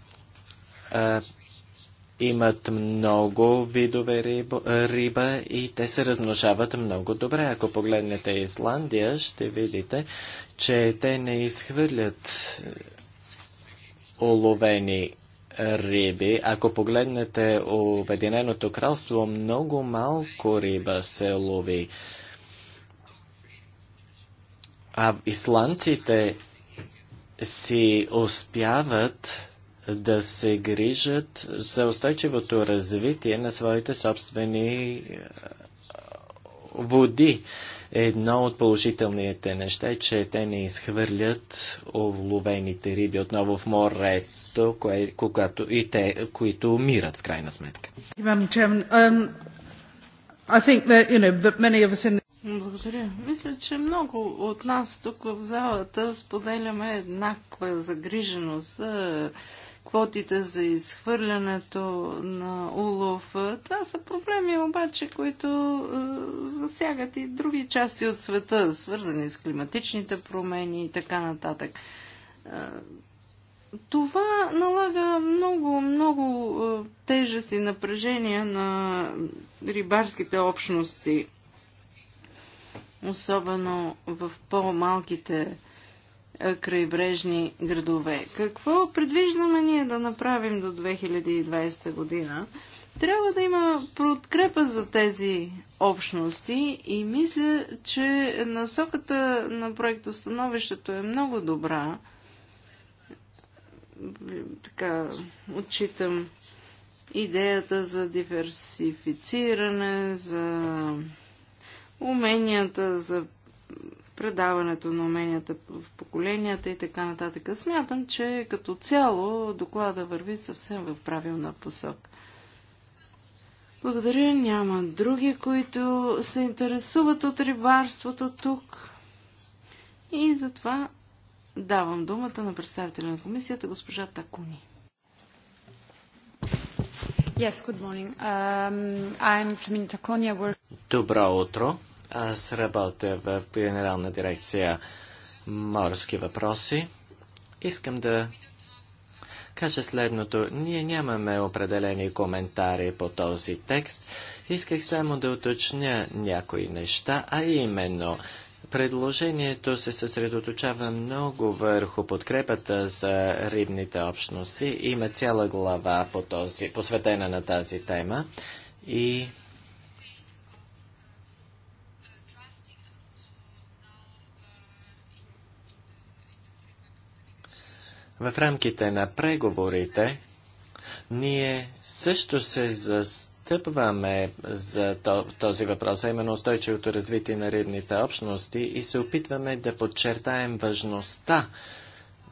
имат много видове риба, риба и те се размножават много добре. Ако погледнете Исландия, ще видите, че те не изхвърлят оловени е, риби. Ако погледнете Обединеното кралство, много малко риба се лови. А исландците си успяват да се грижат за устойчивото развитие на своите собствени води. Едно от положителните неща е, че те не изхвърлят овловените риби отново в морето, кое, когато и те, които умират в крайна сметка.
Um, Благодаря. Мисля, че много от нас тук в залата споделяме еднаква загриженост за квотите за изхвърлянето на улов. Това са проблеми обаче, които е, засягат и други части от света, свързани с климатичните промени и така нататък. Е, това налага много, много е, тежести и напрежения на рибарските общности, особено в по-малките крайбрежни градове. Какво предвиждаме ние да направим до 2020 година? Трябва да има подкрепа за тези общности и мисля, че насоката на проектостановището е много добра. Така, отчитам идеята за диверсифициране, за уменията за предаването на уменията в поколенията и така нататък. Смятам, че като цяло доклада върви съвсем в правилна посока. Благодаря. Няма други, които се интересуват от рибарството тук. И затова давам думата на представителя на комисията, госпожа Такуни. Yes, good morning. Um,
I'm Flamin Takonia. Work...
Добро утро. Аз работя в Генерална дирекция морски въпроси. Искам да кажа следното. Ние нямаме определени коментари по този текст. Исках само да уточня някои неща, а именно предложението се съсредоточава много върху подкрепата за рибните общности. Има цяла глава по този, посветена на тази тема. И В рамките на преговорите ние също се застъпваме за този въпрос, а именно устойчивото развитие на ридните общности и се опитваме да подчертаем важността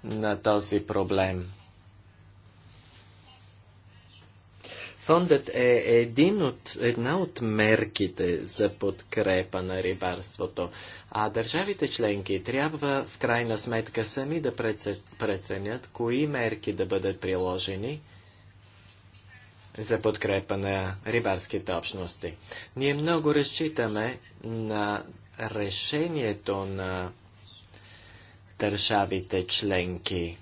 на този проблем. Фондът е един от, една от мерките за подкрепа на рибарството, а държавите членки трябва в крайна сметка сами да преценят кои мерки да бъдат приложени за подкрепа на рибарските общности. Ние много разчитаме на решението на държавите членки.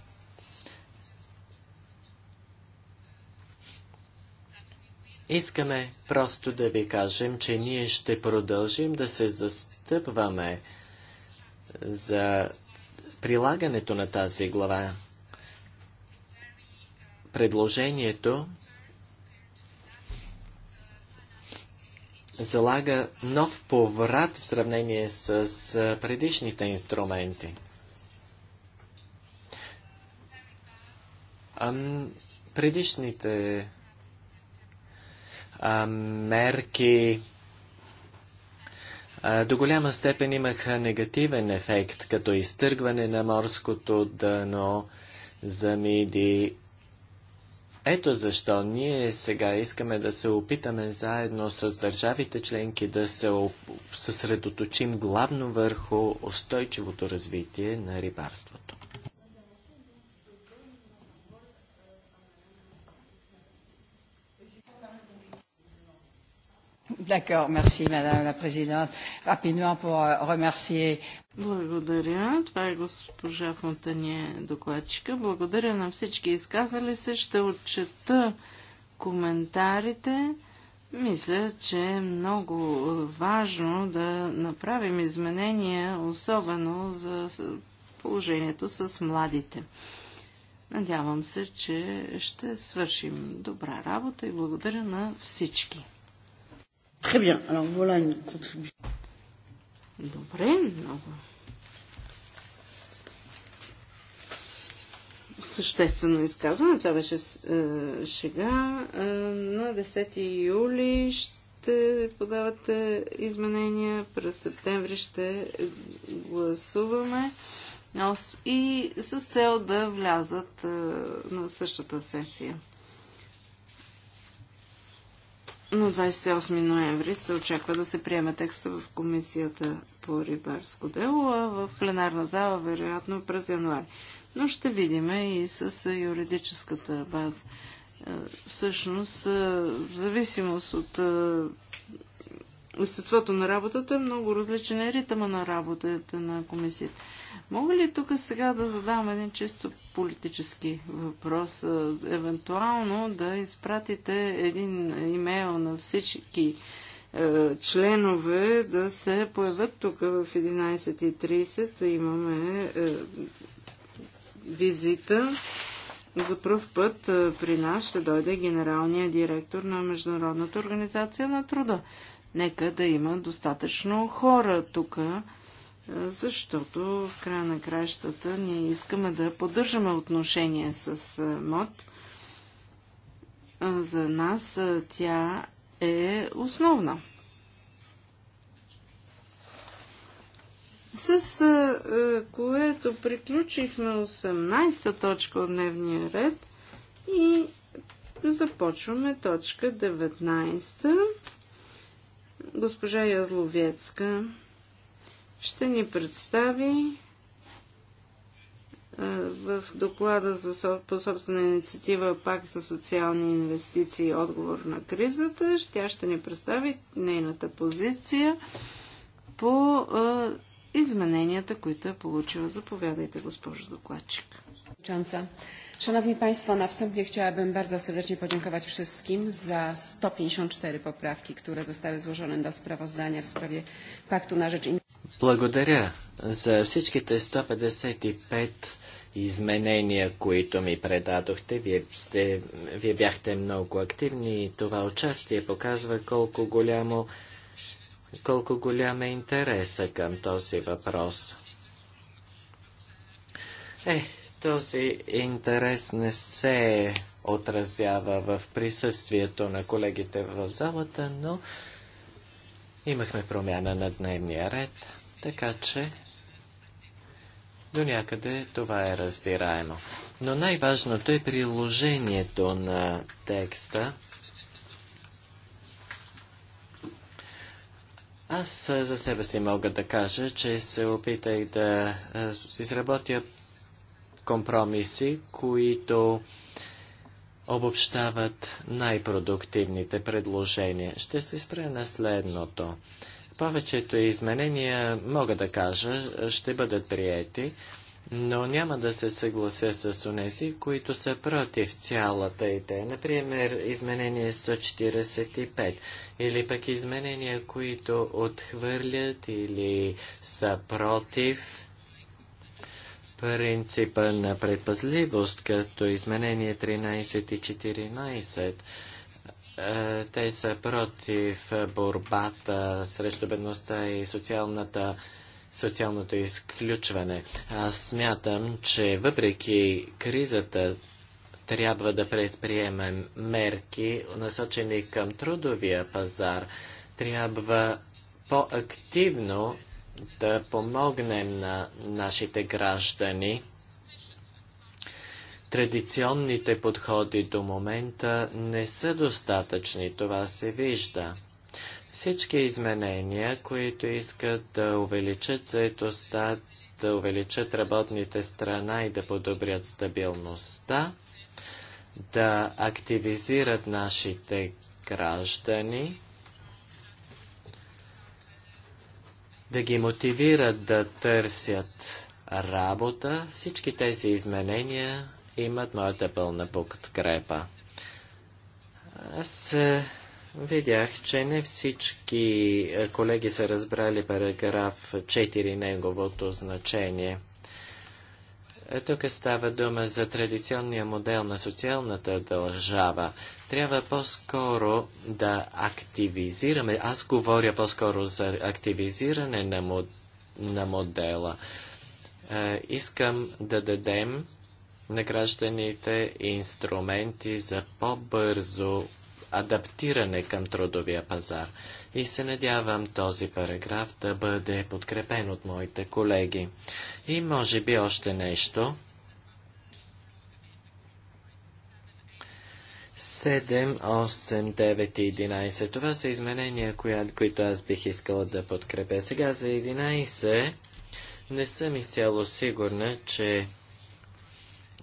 Искаме просто да ви кажем, че ние ще продължим да се застъпваме за прилагането на тази глава. Предложението залага нов поврат в сравнение с, предишните инструменти. предишните а, мерки до голяма степен имаха негативен ефект, като изтъргване на морското дъно за миди. Ето защо ние сега искаме да се опитаме заедно с държавите членки да се съсредоточим главно върху устойчивото развитие на рибарството.
D'accord, merci Madame la Présidente. Rapidement pour euh, remercier. Благодаря. Това е госпожа Фонтания докладчика. Благодаря на всички изказали се. Ще отчета коментарите. Мисля, че е много важно да направим изменения, особено за положението с младите. Надявам се, че ще свършим добра работа и благодаря на всички. Très bien. Alors voilà une contribution. Добре, много. Съществено изказване, това беше е, шега. Е, на 10 юли ще подавате изменения, през септември ще гласуваме и с цел да влязат е, на същата сесия. На 28 ноември се очаква да се приеме текста в комисията по рибарско дело, а в пленарна зала вероятно през януари. Но ще видим и с юридическата база. Е, всъщност, е, в зависимост от е, естеството на работата е много различен е ритъма на работата на комисията. Мога ли тук сега да задам един чисто политически въпрос. Евентуално да изпратите един имейл на всички е, членове да се появят тук в 11.30. имаме е, визита. За първ път е, при нас ще дойде генералния директор на Международната организация на труда. Нека да има достатъчно хора тук защото в края на краищата ние искаме да поддържаме отношение с МОД. За нас тя е основна. С което приключихме 18-та точка от дневния ред и започваме точка 19. -та. Госпожа Язловецка ще ни представи в доклада за, по собствена инициатива Пак за социални инвестиции и отговор на кризата. Тя ще ни представи нейната позиция по а, измененията, които е получила. Заповядайте, госпожо докладчик. Szanowni Państwo, na wstępie chciałabym bardzo serdecznie podziękować wszystkim za 154 poprawki, które zostały złożone do sprawozdania w sprawie Paktu na rzecz Inwestycji.
Благодаря за всичките 155 изменения, които ми предадохте. Вие, сте, вие бяхте много активни и това участие показва колко, голямо, колко голям е интереса към този въпрос. Е, този интерес не се отразява в присъствието на колегите в залата, но имахме промяна на дневния ред. Така че до някъде това е разбираемо. Но най-важното е приложението на текста. Аз за себе си мога да кажа, че се опитах да изработя компромиси, които обобщават най-продуктивните предложения. Ще се спре на следното. Повечето изменения, мога да кажа, ще бъдат приети, но няма да се съглася с унези, които са против цялата идея. Например, изменение 145 или пък изменения, които отхвърлят или са против принципа на предпазливост, като изменение 13 и 14. Е, те са против борбата срещу бедността и социалната социалното изключване. Аз смятам, че въпреки кризата трябва да предприемем мерки, насочени към трудовия пазар. Трябва по-активно да помогнем на нашите граждани традиционните подходи до момента не са достатъчни. Това се вижда. Всички изменения, които искат да увеличат заетостта, да увеличат работните страна и да подобрят стабилността, да активизират нашите граждани, да ги мотивират да търсят работа, всички тези изменения имат моята пълна подкрепа. Аз е, видях, че не всички е, колеги са разбрали параграф 4 неговото значение. Е, тук става дума за традиционния модел на социалната държава. Трябва по-скоро да активизираме. Аз говоря по-скоро за активизиране на, мод... на модела. искам да дадем на гражданите инструменти за по-бързо адаптиране към трудовия пазар. И се надявам този параграф да бъде подкрепен от моите колеги. И може би още нещо. Седем, осем, девет и единайсет. Това са изменения, коя, които аз бих искала да подкрепя. Сега за единайсет не съм изцяло сигурна, че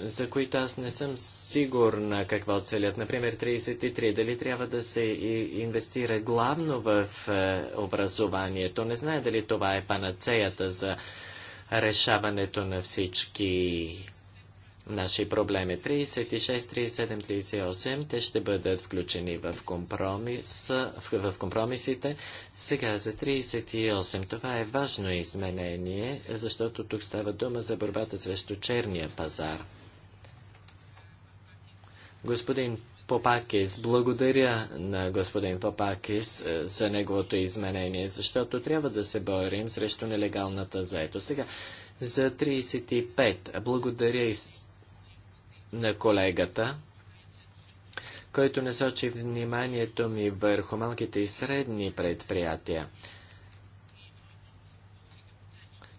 за които аз не съм сигурна какво целят. Например, 33. Дали трябва да се инвестира главно в е, образованието? Не знае дали това е панацеята за решаването на всички наши проблеми. 36, 37, 38, те ще бъдат включени в, компромис, в, в компромисите. Сега за 38. Това е важно изменение, защото тук става дума за борбата срещу черния пазар. Господин Попакис, благодаря на господин Попакис е, за неговото изменение, защото трябва да се борим срещу нелегалната заето. Сега, за 35. Благодаря и на колегата, който насочи вниманието ми върху малките и средни предприятия.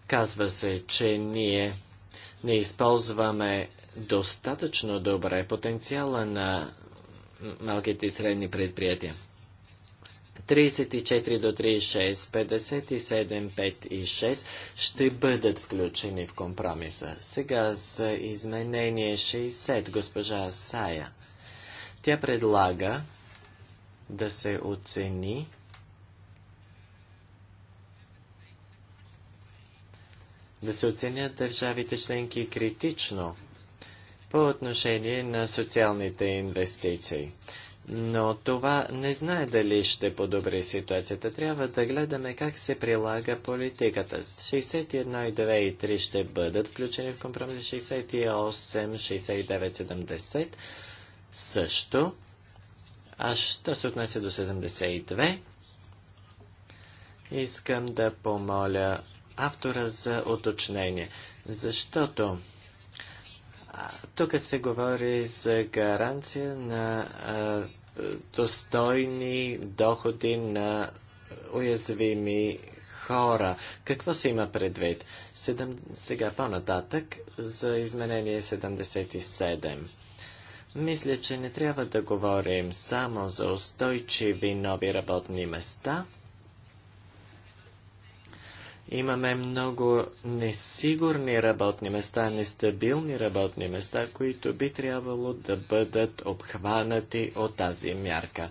Казва се, че ние не използваме достатъчно добре потенциала на малките и средни предприятия. 34 до 36, 57, 5 и 6 ще бъдат включени в компромиса. Сега за изменение 60 госпожа Сая. Тя предлага да се оцени да се оценят държавите членки критично по отношение на социалните инвестиции. Но това не знае дали ще подобри ситуацията. Трябва да гледаме как се прилага политиката. 61 и и 3 ще бъдат включени в компромис 68, 69, 70 също. А що се отнася до 72? Искам да помоля автора за уточнение, защото тук се говори за гаранция на а, достойни доходи на уязвими хора. Какво се има предвид? Седем... Сега по-нататък за изменение 77. Мисля, че не трябва да говорим само за устойчиви нови работни места – Имаме много несигурни работни места, нестабилни работни места, които би трябвало да бъдат обхванати от тази мярка.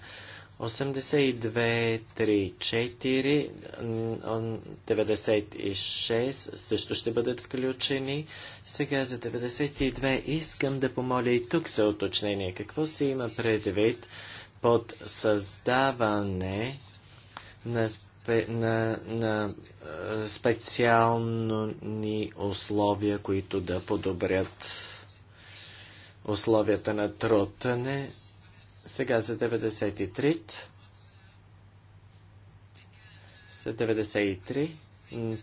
82-34-96 също ще бъдат включени. Сега за 92 искам да помоля и тук за уточнение. Какво се има предвид под създаване на, на, на специални условия, които да подобрят условията на трутане. Сега за 93. За 93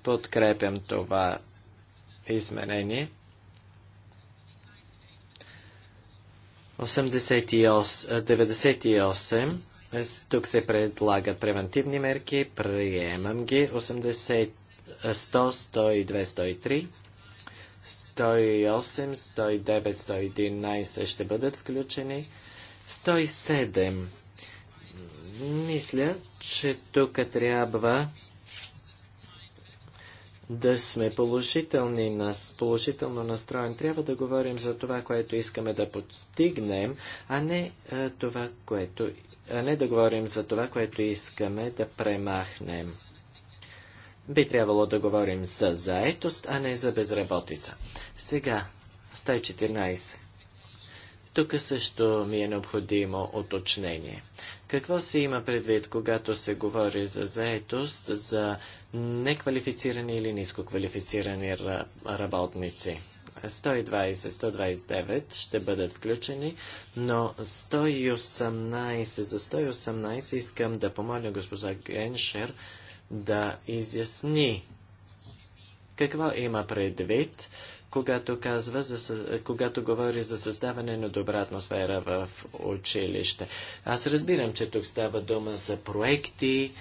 подкрепям това изменение. 88, тук се предлагат превентивни мерки. Приемам ги. 80, 100, 102, 103. 108, 109, 111 ще бъдат включени. 107. Мисля, че тук трябва да сме положителни, нас, положително настроени. Трябва да говорим за това, което искаме да постигнем, а не а, това, което а не да говорим за това, което искаме да премахнем. Би трябвало да говорим за заетост, а не за безработица. Сега, 114. Тук също ми е необходимо уточнение. Какво се има предвид, когато се говори за заетост, за неквалифицирани или нискоквалифицирани работници? 120, 129 ще бъдат включени, но 118, за 118 искам да помоля госпожа Геншер да изясни какво има предвид, когато, казва за, когато говори за създаване на добра атмосфера в училище. Аз разбирам, че тук става дума за проекти,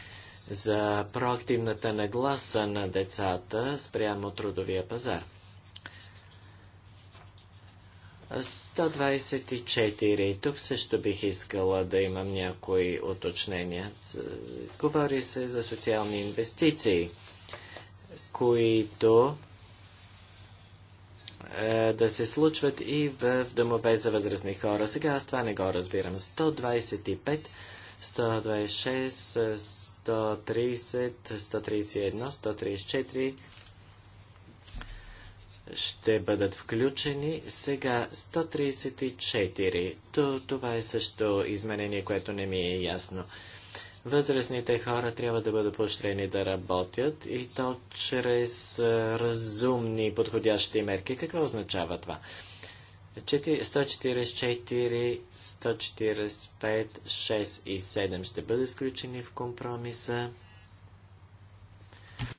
за проактивната нагласа на децата спрямо трудовия пазар. 124. Тук също бих искала да имам някои уточнения. Говори се за социални инвестиции, които е, да се случват и в домове за възрастни хора. Сега аз това не го разбирам. 125, 126, 130, 131, 134, ще бъдат включени. Сега 134. То, това е също изменение, което не ми е ясно. Възрастните хора трябва да бъдат поощрени да работят и то чрез разумни подходящи мерки. Какво означава това? 144, 145, 6 и 7 ще бъдат включени в компромиса.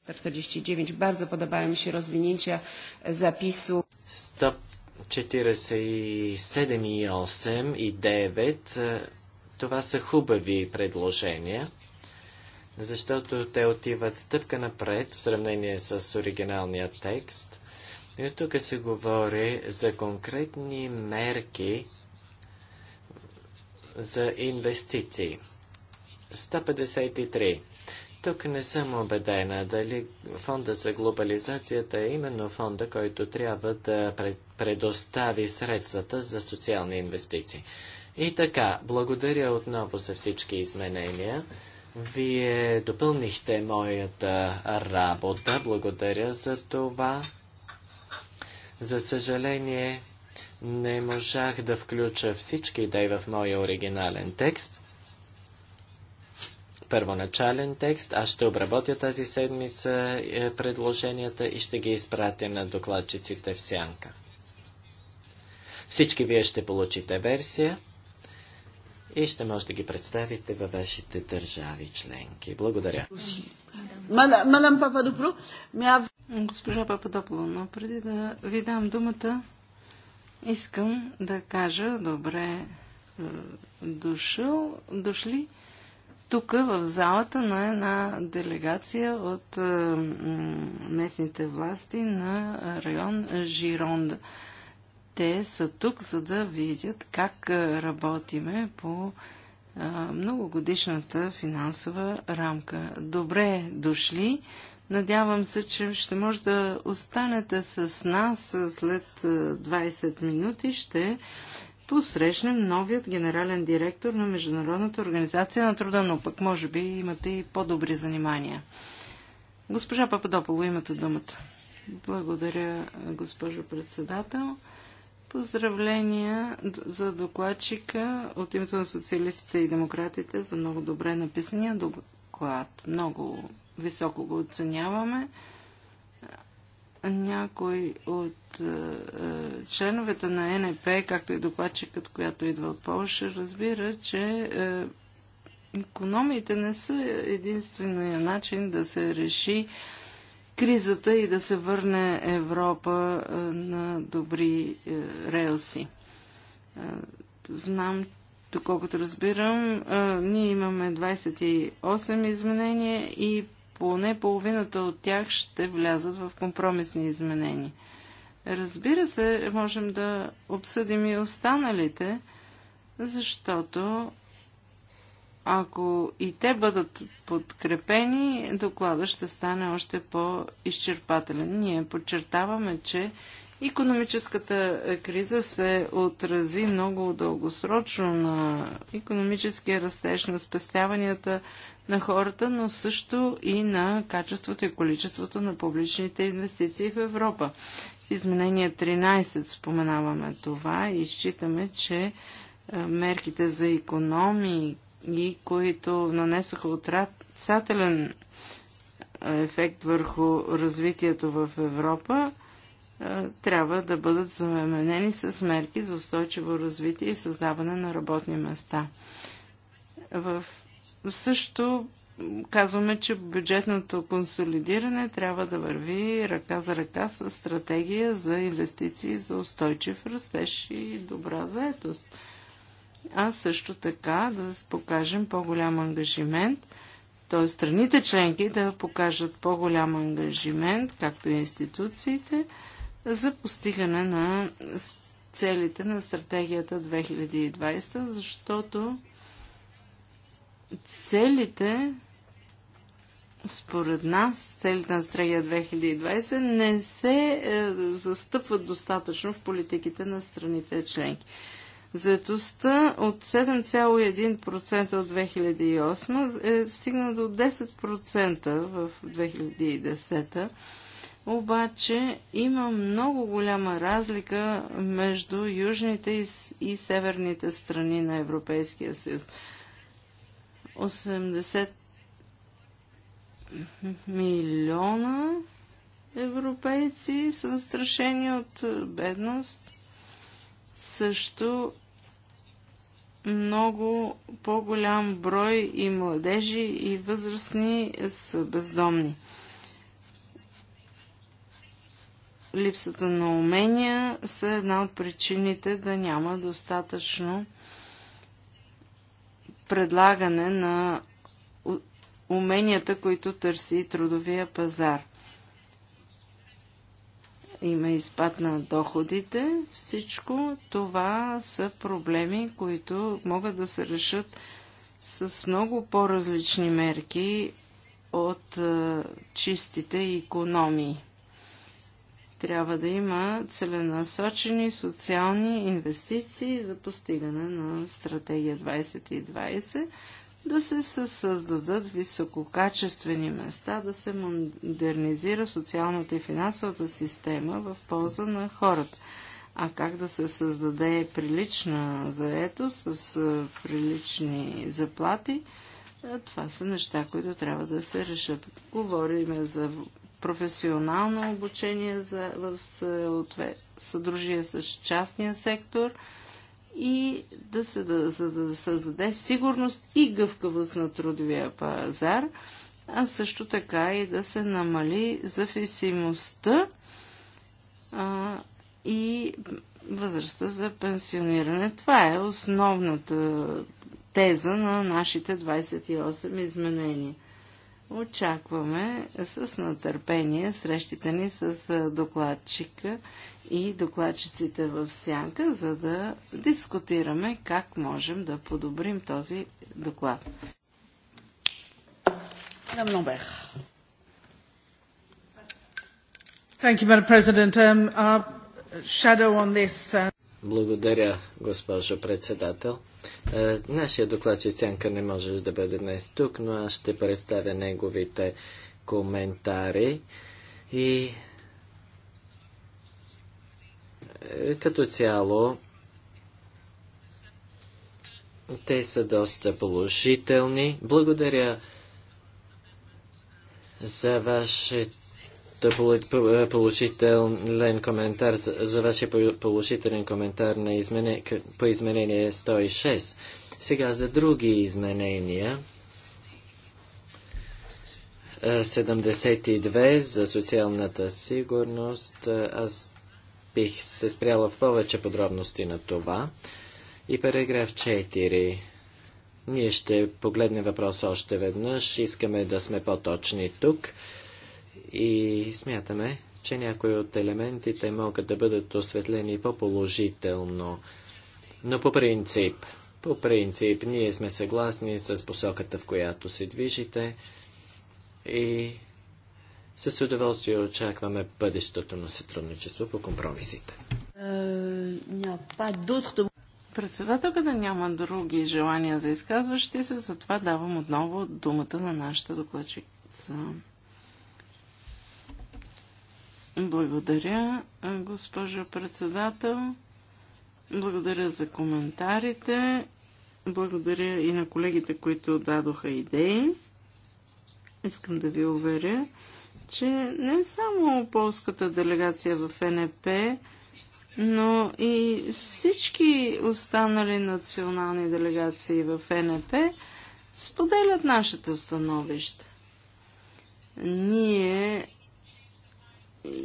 149. Bardzo podobały mi się rozwinięcia zapisu.
147 и 8 и 9. Това са хубави предложения, защото те отиват стъпка напред в сравнение с оригиналния текст. И тук се говори за конкретни мерки за инвестиции. 153. Тук не съм убедена дали фонда за глобализацията е именно фонда, който трябва да предостави средствата за социални инвестиции. И така, благодаря отново за всички изменения. Вие допълнихте моята работа. Благодаря за това. За съжаление, не можах да включа всички идеи в моя оригинален текст, първоначален текст. Аз ще обработя тази седмица е, предложенията и ще ги изпратя на докладчиците в сянка. Всички вие ще получите версия и ще може да ги представите във вашите държави членки. Благодаря.
Мадам Пападопло, Госпожа Пападопло, но преди да ви дам думата, искам да кажа добре е, дошъл, дошли тук в залата на една делегация от е, местните власти на район Жиронда. Те са тук, за да видят как е, работиме по е, многогодишната финансова рамка. Добре дошли! Надявам се, че ще може да останете с нас след 20 минути. Ще когато срещнем новият генерален директор на Международната организация на труда, но пък може би имате и по-добри занимания. Госпожа Пападополо, имате думата. Благодаря, госпожо председател. Поздравления за докладчика от името на социалистите и демократите за много добре написания доклад. Много високо го оценяваме някой от е, е, членовете на НП, както и докладчикът, която идва от Польша, разбира, че економиите не са единствения начин да се реши кризата и да се върне Европа е, на добри релси. знам, доколкото разбирам, ние имаме 28 изменения и поне половината от тях ще влязат в компромисни изменения. Разбира се, можем да обсъдим и останалите, защото ако и те бъдат подкрепени, доклада ще стане още по-изчерпателен. Ние подчертаваме, че економическата криза се отрази много дългосрочно на економическия растеж, на спестяванията, на хората, но също и на качеството и количеството на публичните инвестиции в Европа. В изменение 13 споменаваме това и считаме, че е, мерките за економии, които нанесоха отрицателен е, ефект върху развитието в Европа, е, трябва да бъдат заменени с мерки за устойчиво развитие и създаване на работни места. В също казваме, че бюджетното консолидиране трябва да върви ръка за ръка с стратегия за инвестиции за устойчив растеж и добра заетост. А също така да покажем по-голям ангажимент, т.е. страните членки да покажат по-голям ангажимент, както и институциите, за постигане на целите на стратегията 2020, защото целите, според нас, целите на Стратегия 2020 не се е, застъпват достатъчно в политиките на страните членки. Заетостта от 7,1% от 2008 е стигна до 10% в 2010, обаче има много голяма разлика между южните и северните страни на Европейския съюз. 80 милиона европейци са застрашени от е, бедност. Също много по-голям брой и младежи, и възрастни са бездомни. Липсата на умения са една от причините да няма достатъчно предлагане на уменията, които търси трудовия пазар. Има изпад на доходите. Всичко това са проблеми, които могат да се решат с много по-различни мерки от е, чистите економии. Трябва да има целенасочени социални инвестиции за постигане на стратегия 2020, да се създадат висококачествени места, да се модернизира социалната и финансовата система в полза на хората. А как да се създаде прилична заето с прилични заплати, е, това са неща, които трябва да се решат. Говориме за професионално обучение за, в съдружие с частния сектор и да се да, за да създаде сигурност и гъвкавост на трудовия пазар, а също така и да се намали зависимостта а, и възрастта за пенсиониране. Това е основната теза на нашите 28 изменения. Очакваме с натърпение срещите ни с докладчика и докладчиците в сянка, за да дискутираме как можем да подобрим този доклад. Thank you, Madam President. Um, our shadow on
this. Uh... Благодаря, госпожо председател. Е, нашия докладчик Сянка не може да бъде днес тук, но аз ще представя неговите коментари и е, като цяло те са доста положителни. Благодаря за вашето положителен коментар, за, за вашия положителен коментар на измене, по изменение 106. Сега за други изменения. 72 е, за социалната сигурност. Е, аз бих се спряла в повече подробности на това. И параграф 4. Ние ще погледнем въпрос още веднъж. Искаме да сме по-точни тук. И смятаме, че някои от елементите могат да бъдат осветлени по-положително. Но по принцип, по принцип, ние сме съгласни с посоката, в която се движите и с удоволствие очакваме бъдещото на сътрудничество по компромисите. Е,
Председателката няма други желания за изказващи се, затова давам отново думата на нашата докладчица. Благодаря, госпожо председател. Благодаря за коментарите. Благодаря и на колегите, които дадоха идеи. Искам да ви уверя, че не само полската делегация в НП, но и всички останали национални делегации в НП споделят нашето становище. Ние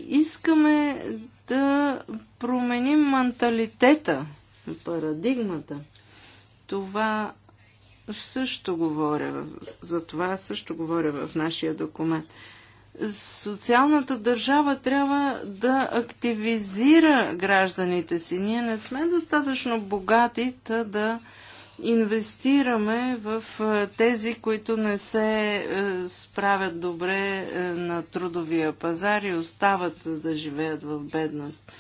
искаме да променим менталитета, парадигмата. Това също говоря, за това също говоря в нашия документ. Социалната държава трябва да активизира гражданите си. Ние не сме достатъчно богати да инвестираме в тези, които не се е, справят добре е, на трудовия пазар и остават да живеят в бедност.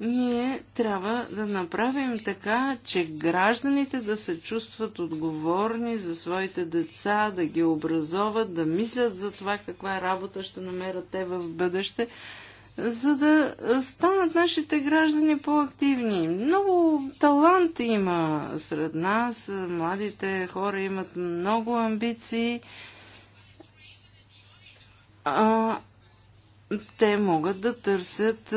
Ние трябва да направим така, че гражданите да се чувстват отговорни за своите деца, да ги образоват, да мислят за това каква работа ще намерят те в бъдеще, за да станат нашите граждани по-активни. Много талант има сред нас, младите хора имат много амбиции. А, те могат да търсят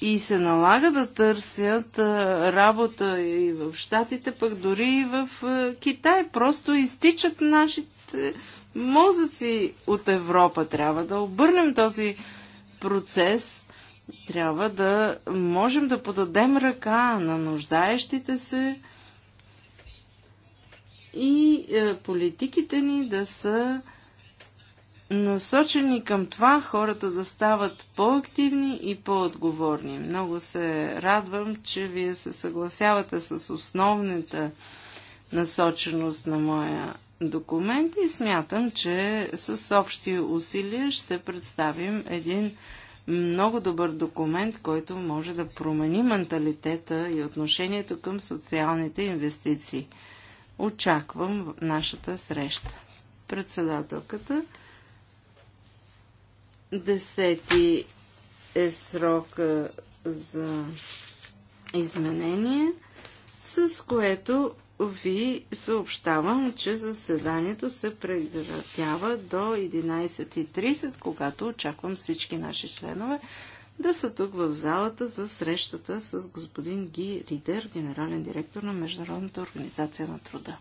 и се налага да търсят работа и в Штатите, пък дори и в Китай. Просто изтичат нашите мозъци от Европа. Трябва да обърнем този процес трябва да можем да подадем ръка на нуждаещите се и е, политиките ни да са насочени към това хората да стават по-активни и по-отговорни. Много се радвам, че вие се съгласявате с основната насоченост на моя документ и смятам, че с общи усилия ще представим един много добър документ, който може да промени менталитета и отношението към социалните инвестиции. Очаквам нашата среща. Председателката 10 е срока за изменение, с което ви съобщавам, че заседанието се прекратява до 11.30, когато очаквам всички наши членове да са тук в залата за срещата с господин Ги Ридер, генерален директор на Международната организация на труда.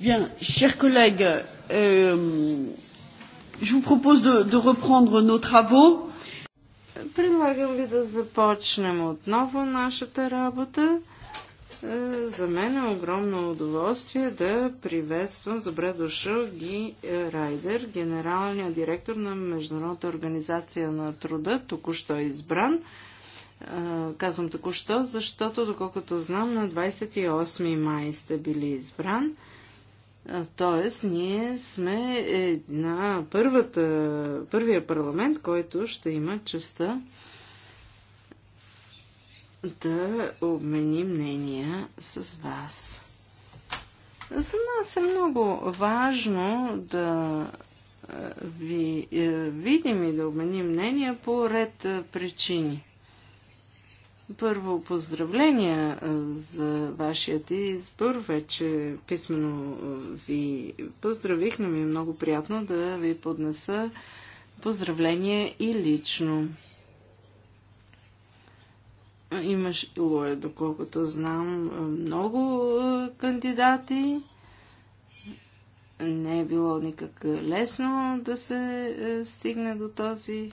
Bien, chers collègues, euh, je vous propose de, de reprendre nos travaux. Предлагам ви да започнем отново нашата работа. Е, за мен е огромно удоволствие да приветствам добре дошъл Ги Райдер, генералният директор на Международната организация на труда, току-що е избран. Казвам току-що, защото, доколкото знам, на 28 май сте били избран. Тоест, ние сме на първата, първия парламент, който ще има честа да обмени мнения с вас. За нас е много важно да ви видим и да обменим мнения по ред причини. Първо поздравления за вашият избор. Вече писменно ви поздравих, но ми е много приятно да ви поднеса поздравление и лично. Имаш, Лоя, доколкото знам, много кандидати. Не е било никак лесно да се стигне до този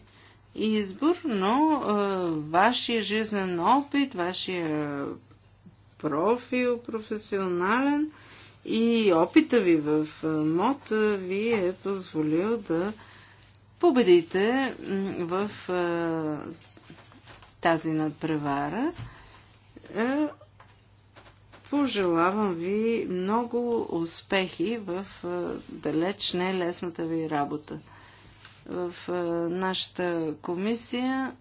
избор, но а, вашия жизнен опит, вашия профил професионален и опита ви в МОД ви е позволил да победите в а, тази надпревара. Е, пожелавам ви много успехи в далеч не лесната ви работа в нашата комисия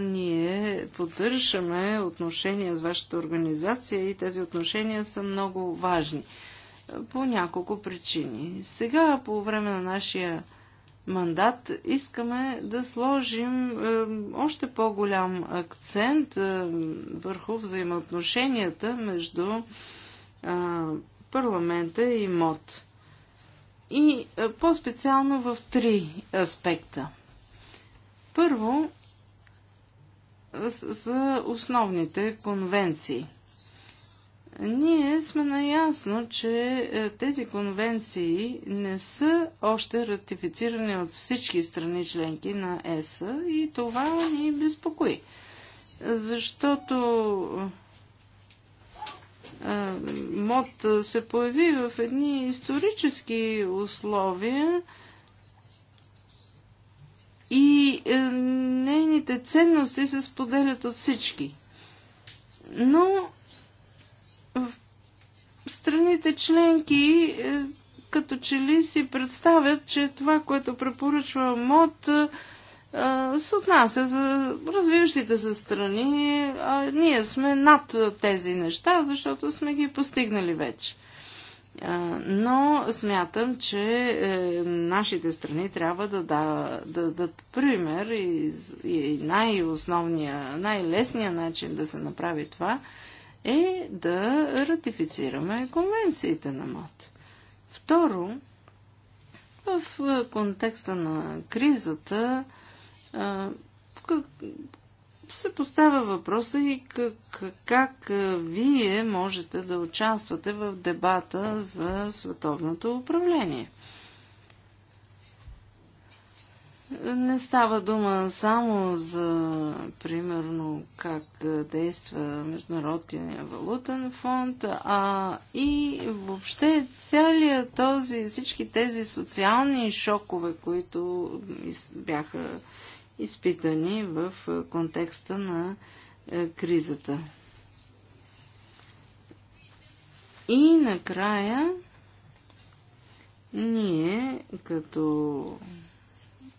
ние поддържаме отношения с вашата организация и тези отношения са много важни по няколко причини. Сега, по време на нашия мандат, искаме да сложим е, още по-голям акцент е, върху взаимоотношенията между е, парламента и МОД и е, по-специално в три аспекта. Първо, за основните конвенции. Ние сме наясно, че е, тези конвенции не са още ратифицирани от всички страни членки на ЕСА и това ни безпокои. Защото МОД се появи в едни исторически условия и е, нейните ценности се споделят от всички. Но в страните членки е, като че ли си представят, че това, което препоръчва МОД, е, се отнася за развиващите се страни, а ние сме над тези неща, защото сме ги постигнали вече. Но смятам, че е, нашите страни трябва да дадат пример и, и най-основния, най-лесният начин да се направи това е да ратифицираме конвенциите на МОД. Второ, в е, контекста на кризата, как, се поставя въпроса и как, как вие можете да участвате в дебата за световното управление. Не става дума само за, примерно, как действа Международния валутен фонд, а и въобще целият този, всички тези социални шокове, които бяха изпитани в контекста на кризата. И накрая ние като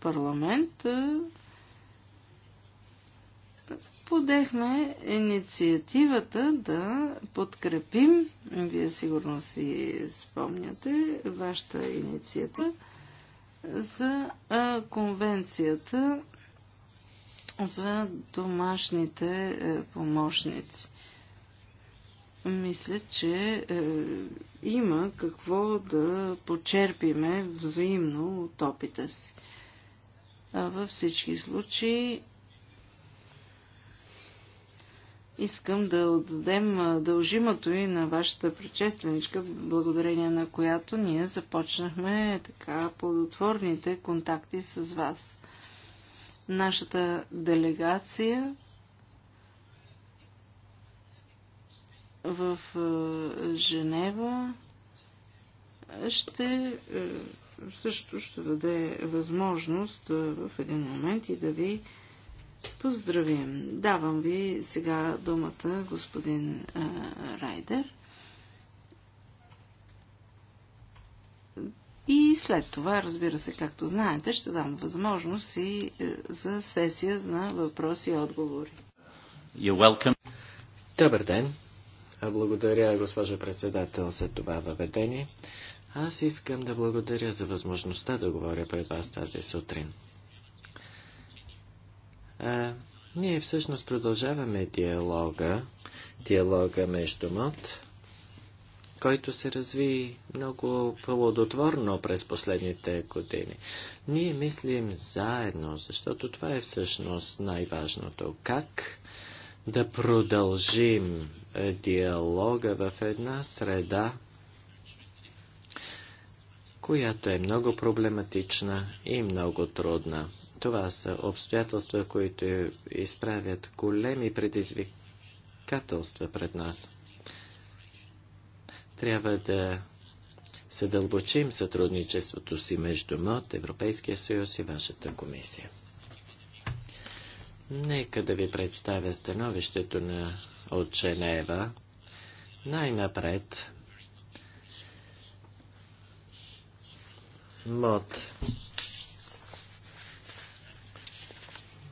парламент подехме инициативата да подкрепим, вие сигурно си спомняте, вашата инициатива за конвенцията за домашните е, помощници. Мисля, че е, има какво да почерпиме взаимно от опита си. А във всички случаи искам да отдадем е, дължимото и на вашата предшественичка, благодарение на която ние започнахме така плодотворните контакти с вас. Нашата делегация в е, Женева ще е, също ще даде възможност е, в един момент и да ви поздравим. Давам ви сега думата, господин Райдер. И след това, разбира се, както знаете, ще дам възможност и е, за сесия на въпроси и отговори.
Добър ден! Благодаря, госпожа председател, за това въведение. Аз искам да благодаря за възможността да говоря пред вас тази сутрин. А, ние всъщност продължаваме диалога, диалога между МОД който се разви много плодотворно през последните години. Ние мислим заедно, защото това е всъщност най-важното. Как да продължим диалога в една среда, която е много проблематична и много трудна. Това са обстоятелства, които изправят големи предизвикателства пред нас. Трябва да съдълбочим сътрудничеството си между МОД, Европейския съюз и вашата комисия. Нека да ви представя становището на от Женева. Най-напред МОД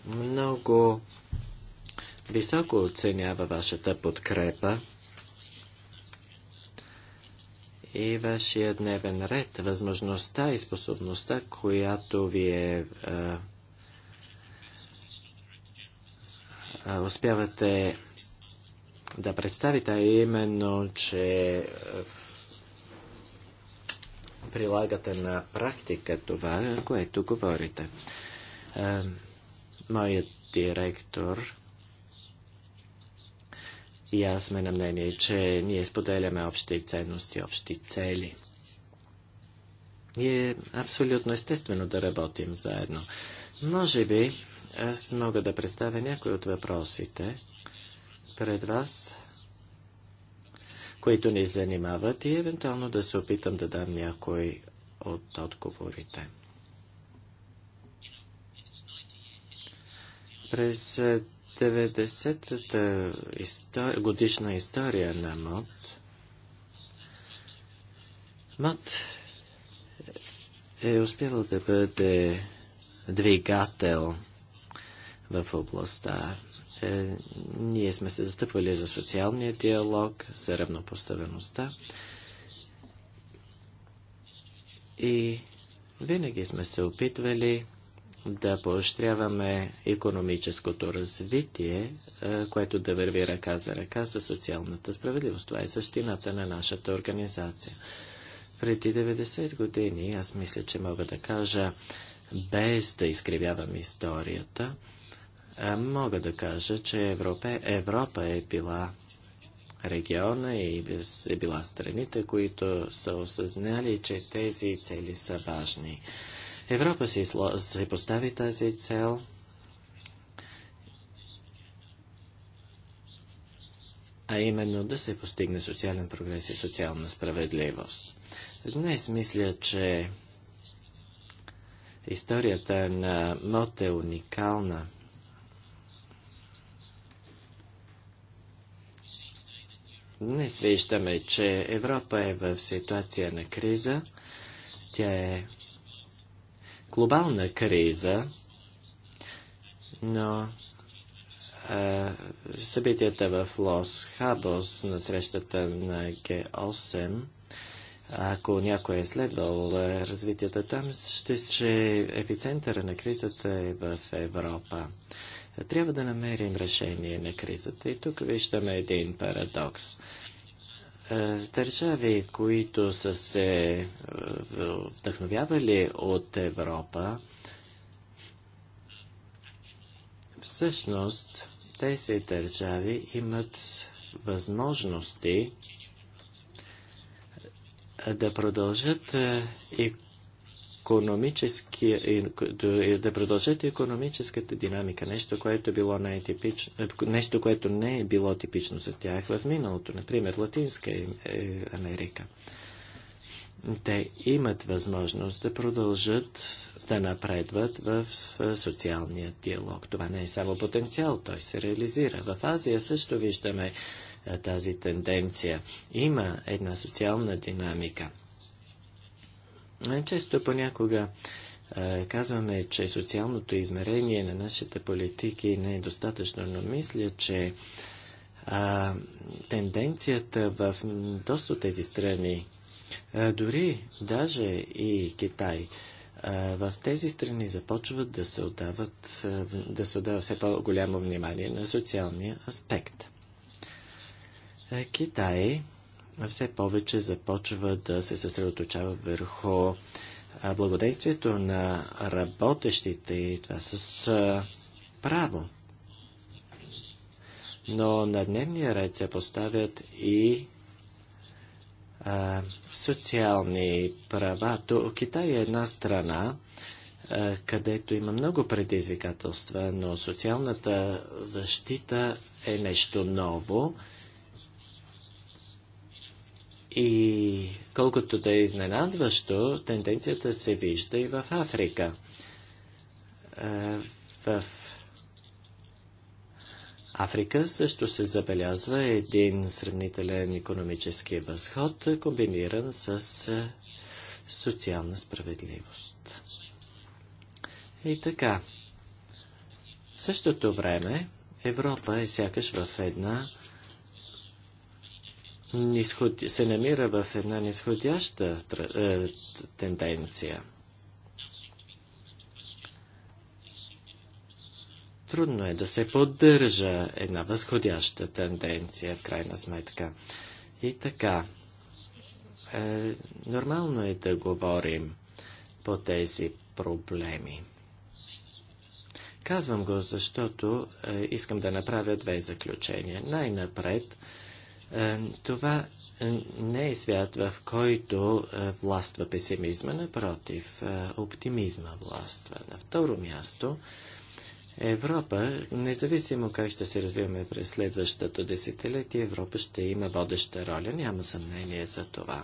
много високо оценява вашата подкрепа и вашия дневен ред, възможността и способността, която ви е, а, а, успявате да представите, а именно, че прилагате на практика това, което говорите. А, моят директор и аз сме на мнение, че ние споделяме общи ценности, общи цели. И е абсолютно естествено да работим заедно. Може би аз мога да представя някои от въпросите пред вас, които ни занимават и евентуално да се опитам да дам някой от отговорите. През 90-та годишна история на МОД, МОД е успявал да бъде двигател в областта. Е, ние сме се застъпвали за социалния диалог, за равнопоставеността и винаги сме се опитвали да поощряваме економическото развитие, което да върви ръка за ръка с социалната справедливост. Това е същината на нашата организация. Преди 90 години, аз мисля, че мога да кажа, без да изкривявам историята, мога да кажа, че Европа, Европа е била региона и е била страните, които са осъзнали, че тези цели са важни. Европа си, си постави тази цел. а именно да се постигне социален прогрес и социална справедливост. Днес мисля, че историята на МОТ е уникална. Днес виждаме, че Европа е в ситуация на криза. Тя е глобална криза, но е, събитията в Лос Хабос на срещата на Г8 ако някой е следвал развитията там, ще се епицентъра на кризата е в Европа. Трябва да намерим решение на кризата. И тук виждаме един парадокс. Е, държави, които са се е, вдъхновявали от Европа, всъщност тези държави имат възможности е, да продължат и да продължат економическата динамика, нещо, което, е било е, нещо, което не е било типично за тях в миналото, например Латинска е, Америка. Те имат възможност да продължат да напредват в социалния диалог. Това не е само потенциал, той се реализира. В Азия също виждаме тази тенденция. Има една социална динамика – често понякога е, казваме, че социалното измерение на нашите политики не е достатъчно, но мисля, че а, тенденцията в доста от тези страни, а, дори даже и Китай, в тези страни започват да се, отдават, да се отдава все по-голямо внимание на социалния аспект. Е, Китай все повече започва да се съсредоточава върху благодействието на работещите и това с право. Но на дневния ред се поставят и а, социални права. То, Китай е една страна, а, където има много предизвикателства, но социалната защита е нещо ново и колкото да е изненадващо, тенденцията се вижда и в Африка. Е, в Африка също се забелязва един сравнителен економически възход, комбиниран с е, социална справедливост. И така, в същото време Европа е сякаш в една се намира в една нисходяща е, тенденция. Трудно е да се поддържа една възходяща тенденция в крайна сметка. И така, е, нормално е да говорим по тези проблеми. Казвам го, защото е, искам да направя две заключения. Най-напред, е, е, това е, не е свят, в който е, властва песимизма, напротив, оптимизма властва. На второ място, Европа, независимо как ще се развиваме през следващото десетилетие, Европа ще има водеща роля, няма съмнение за това.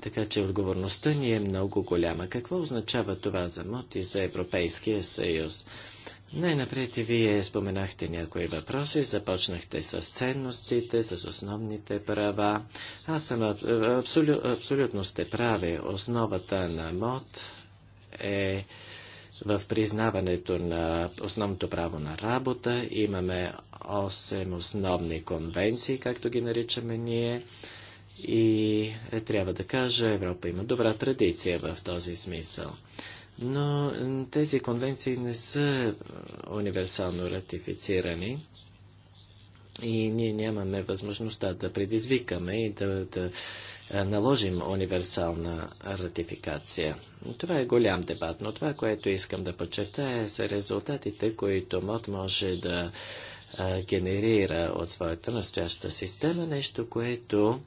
Така че отговорността ни е много голяма. Какво означава това за МОТ и за Европейския съюз? Най-напред и вие споменахте някои въпроси, започнахте с ценностите, с основните права. Аз съм абсолю, абсолютно сте прави. Основата на МОД е в признаването на основното право на работа. Имаме 8 основни конвенции, както ги наричаме ние. И е, трябва да кажа, Европа има добра традиция в този смисъл но тези конвенции не са универсално ратифицирани и ние нямаме възможността да предизвикаме и да, да наложим универсална ратификация. Това е голям дебат, но това, което искам да подчертая, са резултатите, които МОД може да генерира от своята настояща система, нещо, което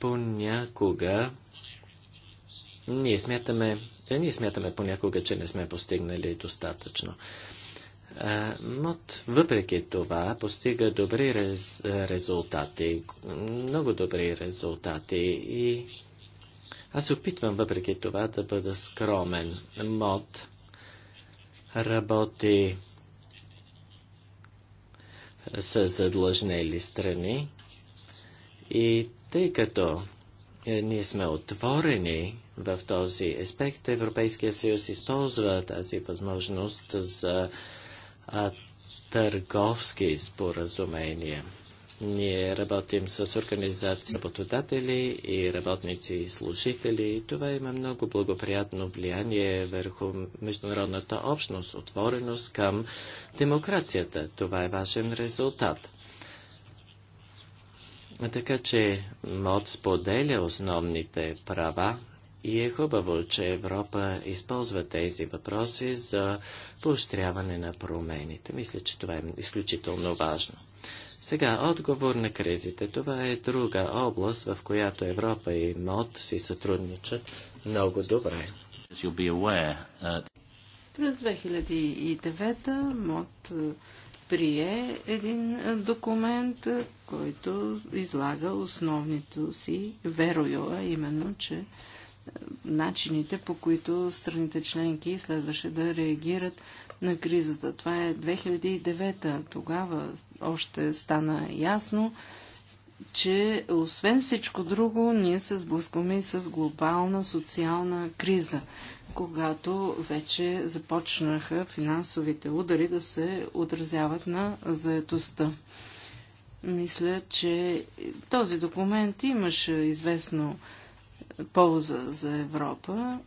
понякога ние смятаме, да, е, ние смятаме понякога, че не сме постигнали достатъчно. МОД въпреки това постига добри рез, резултати, много добри резултати и аз опитвам въпреки това да бъда скромен. МОД работи с задлъжнели страни и тъй като е, ние сме отворени в този аспект. Европейския съюз използва тази възможност за а, търговски споразумения. Ние работим с организации работодатели и работници и служители. Това има много благоприятно влияние върху международната общност, отвореност към демокрацията. Това е важен резултат. Така че МОД споделя основните права и е хубаво, че Европа използва тези въпроси за поощряване на промените. Мисля, че това е изключително важно. Сега, отговор на кризите. Това е друга област, в която Европа и МОД си сътрудничат много добре. Uh,
През 2009 МОД е, прие един е, документ, е, който излага основните си верою, а именно, че начините, по които страните членки следваше да реагират на кризата. Това е 2009. Тогава още стана ясно, че освен всичко друго, ние се сблъскваме и с глобална социална криза, когато вече започнаха финансовите удари да се отразяват на заетостта. Мисля, че този документ имаше известно полза за Европа,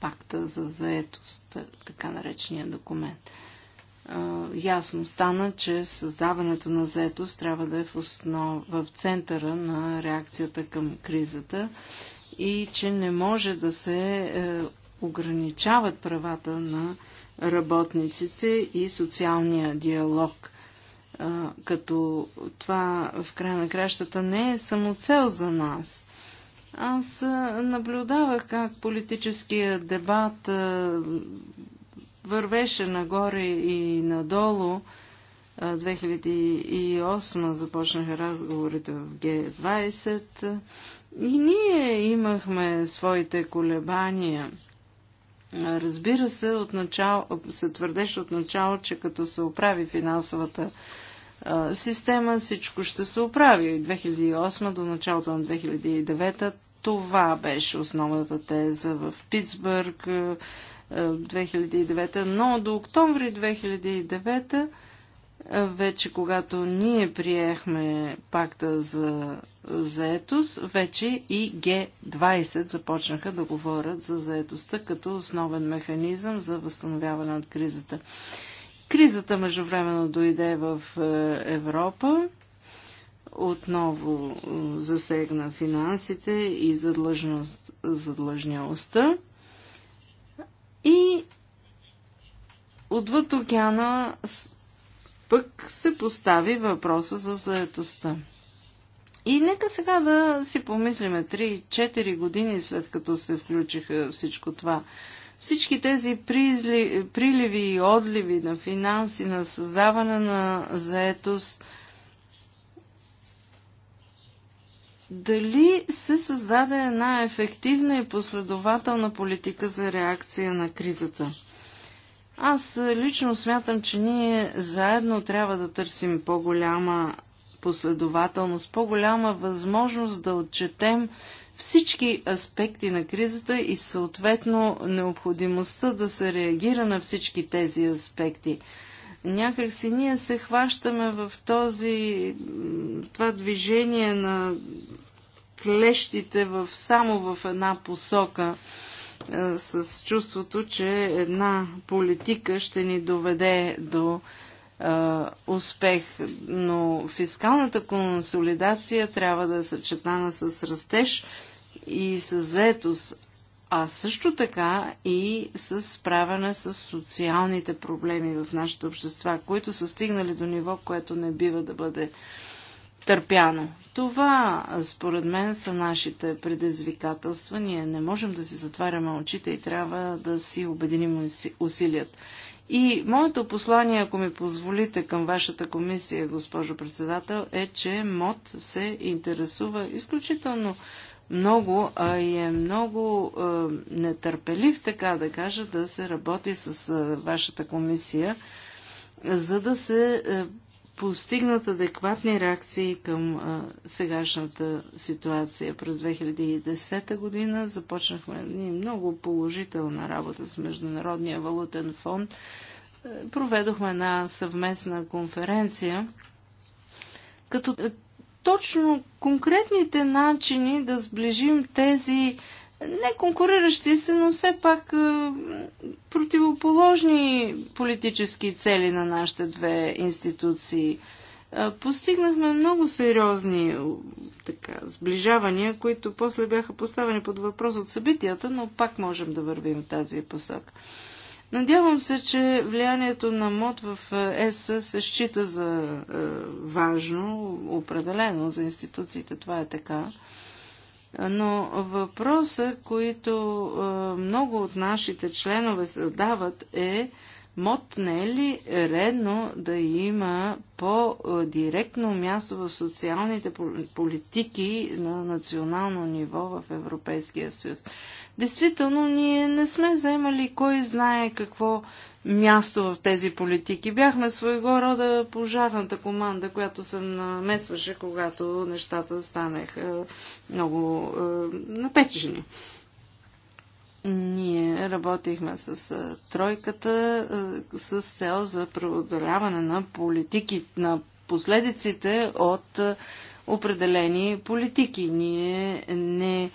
пакта за заетост, така наречения документ. Ясно стана, че създаването на заетост трябва да е в, основ... в центъра на реакцията към кризата и че не може да се е, ограничават правата на работниците и социалния диалог – като това в края на кращата не е самоцел за нас. Аз наблюдавах как политическия дебат вървеше нагоре и надолу. 2008 започнаха разговорите в Г20 и ние имахме своите колебания. Разбира се, отначало, се твърдеше начало, че като се оправи финансовата система всичко ще се оправи. 2008 до началото на 2009 това беше основната теза в Питсбърг 2009, но до октомври 2009 вече когато ние приехме пакта за заетост, вече и Г-20 започнаха да говорят за заетостта като основен механизъм за възстановяване от кризата. Кризата междувременно дойде в е, Европа, отново е, засегна финансите и задлъжнялостта. И отвъд океана пък се постави въпроса за заетостта. И нека сега да си помислиме 3-4 години след като се включиха всичко това всички тези призли, приливи и отливи на финанси, на създаване на заетост, дали се създаде една ефективна и последователна политика за реакция на кризата? Аз лично смятам, че ние заедно трябва да търсим по-голяма последователност, по-голяма възможност да отчетем всички аспекти на кризата и съответно необходимостта да се реагира на всички тези аспекти. Някак си ние се хващаме в този, това движение на клещите в, само в една посока е, с чувството, че една политика ще ни доведе до е, успех, но фискалната консолидация трябва да е съчетана с растеж, и с заетост, а също така и с справяне с социалните проблеми в нашите общества, които са стигнали до ниво, което не бива да бъде търпяно. Това, според мен, са нашите предизвикателства. Ние не можем да си затваряме очите и трябва да си обединим усилият. И моето послание, ако ми позволите към вашата комисия, госпожо председател, е, че МОД се интересува изключително много, а и е много е, нетърпелив, така да кажа, да се работи с е, вашата комисия, за да се е, постигнат адекватни реакции към е, сегашната ситуация. През 2010 година започнахме много положителна работа с Международния валутен фонд. Проведохме една съвместна конференция, като точно конкретните начини да сближим тези не конкуриращи се, но все пак е, противоположни политически цели на нашите две институции. Е, постигнахме много сериозни е, така, сближавания, които после бяха поставени под въпрос от събитията, но пак можем да вървим в тази посока. Надявам се, че влиянието на МОД в е, ЕС се счита за е, важно, определено за институциите, това е така. Но въпроса, който е, много от нашите членове дават е МОД не е ли редно да има по-директно място в социалните политики на национално ниво в Европейския съюз? Действително, ние не сме заемали кой знае какво място в тези политики. Бяхме своего рода пожарната команда, която се намесваше, когато нещата станаха много е, напечени. Ние работихме с е, тройката е, с цел за преодоляване на политики, на последиците от определени политики. Ние не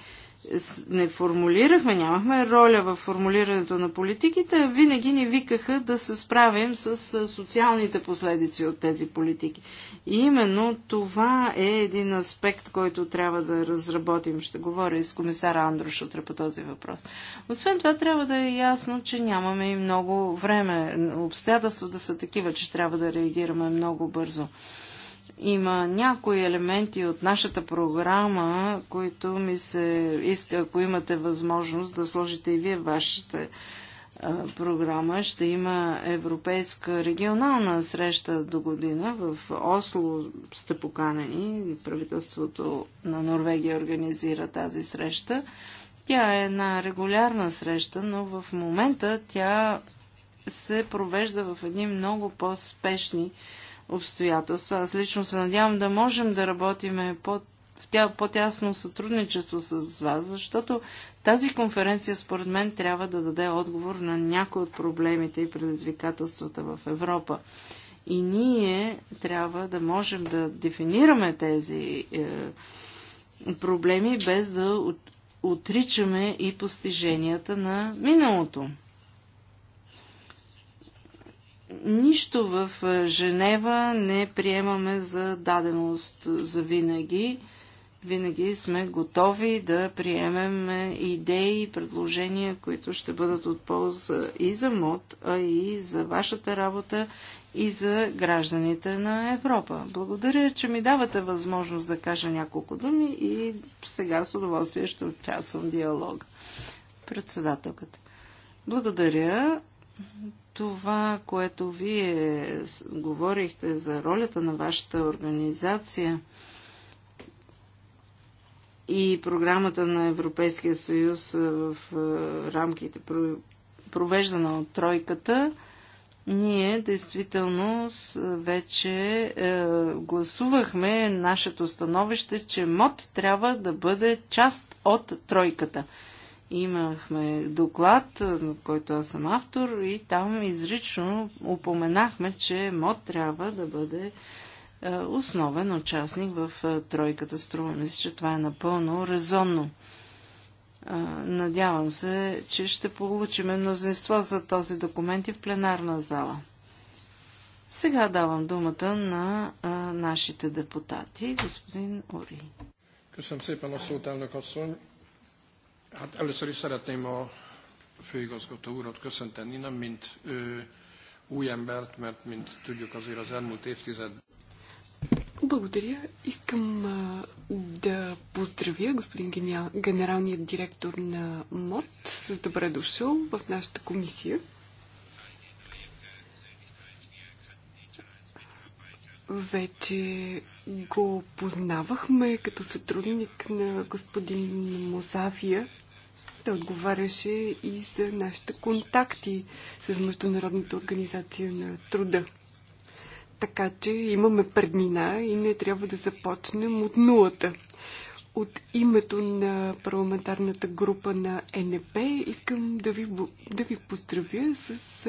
не формулирахме, нямахме роля в формулирането на политиките, винаги ни викаха да се справим с социалните последици от тези политики. И именно това е един аспект, който трябва да разработим. Ще говоря и с комисара Андрош утре по този въпрос. Освен това, трябва да е ясно, че нямаме и много време. Обстоятелства да са такива, че трябва да реагираме много бързо. Има някои елементи от нашата програма, които ми се иска, ако имате възможност да сложите и вие вашата програма. Ще има европейска регионална среща до година. В Осло сте поканени. Правителството на Норвегия организира тази среща. Тя е една регулярна среща, но в момента тя се провежда в едни много по-спешни обстоятелства. Аз лично се надявам да можем да работиме по, в по-тясно сътрудничество с вас, защото тази конференция според мен трябва да даде отговор на някои от проблемите и предизвикателствата в Европа. И ние трябва да можем да дефинираме тези е, проблеми без да отричаме и постиженията на миналото. Нищо в е, Женева не приемаме за даденост за винаги. Винаги сме готови да приемем идеи и предложения, които ще бъдат от полза и за МОД, а и за вашата работа и за гражданите на Европа. Благодаря, че ми давате възможност да кажа няколко думи и сега с удоволствие ще участвам в Председателката. Благодаря това, което вие говорихте за ролята на вашата организация и програмата на Европейския съюз в рамките, провеждана от тройката, ние действително вече е, гласувахме нашето становище, че МОД трябва да бъде част от тройката – Имахме доклад, на който аз съм автор, и там изрично упоменахме, че МОД трябва да бъде е, основен участник в е, тройката. Струва ми се, че това е напълно резонно. Е, надявам се, че ще получим мнозинство за този документ и в пленарна зала. Сега давам думата на а, нашите депутати, господин Ори. Köszönöm szépen
Hát először is szeretném a főigazgató urat köszönteni, nem mint ő, új embert, mert mint tudjuk azért az elmúlt évtized.
Благодаря. Искам а, да поздравя господин гениал, генералният директор на МОД с добре дошъл в нашата комисия. Вече го познавахме като сътрудник на господин Мозавия. Той отговаряше и за нашите контакти с Международната организация на труда. Така че имаме преднина и не трябва да започнем от нулата. От името на парламентарната група на НП искам да ви, да ви поздравя с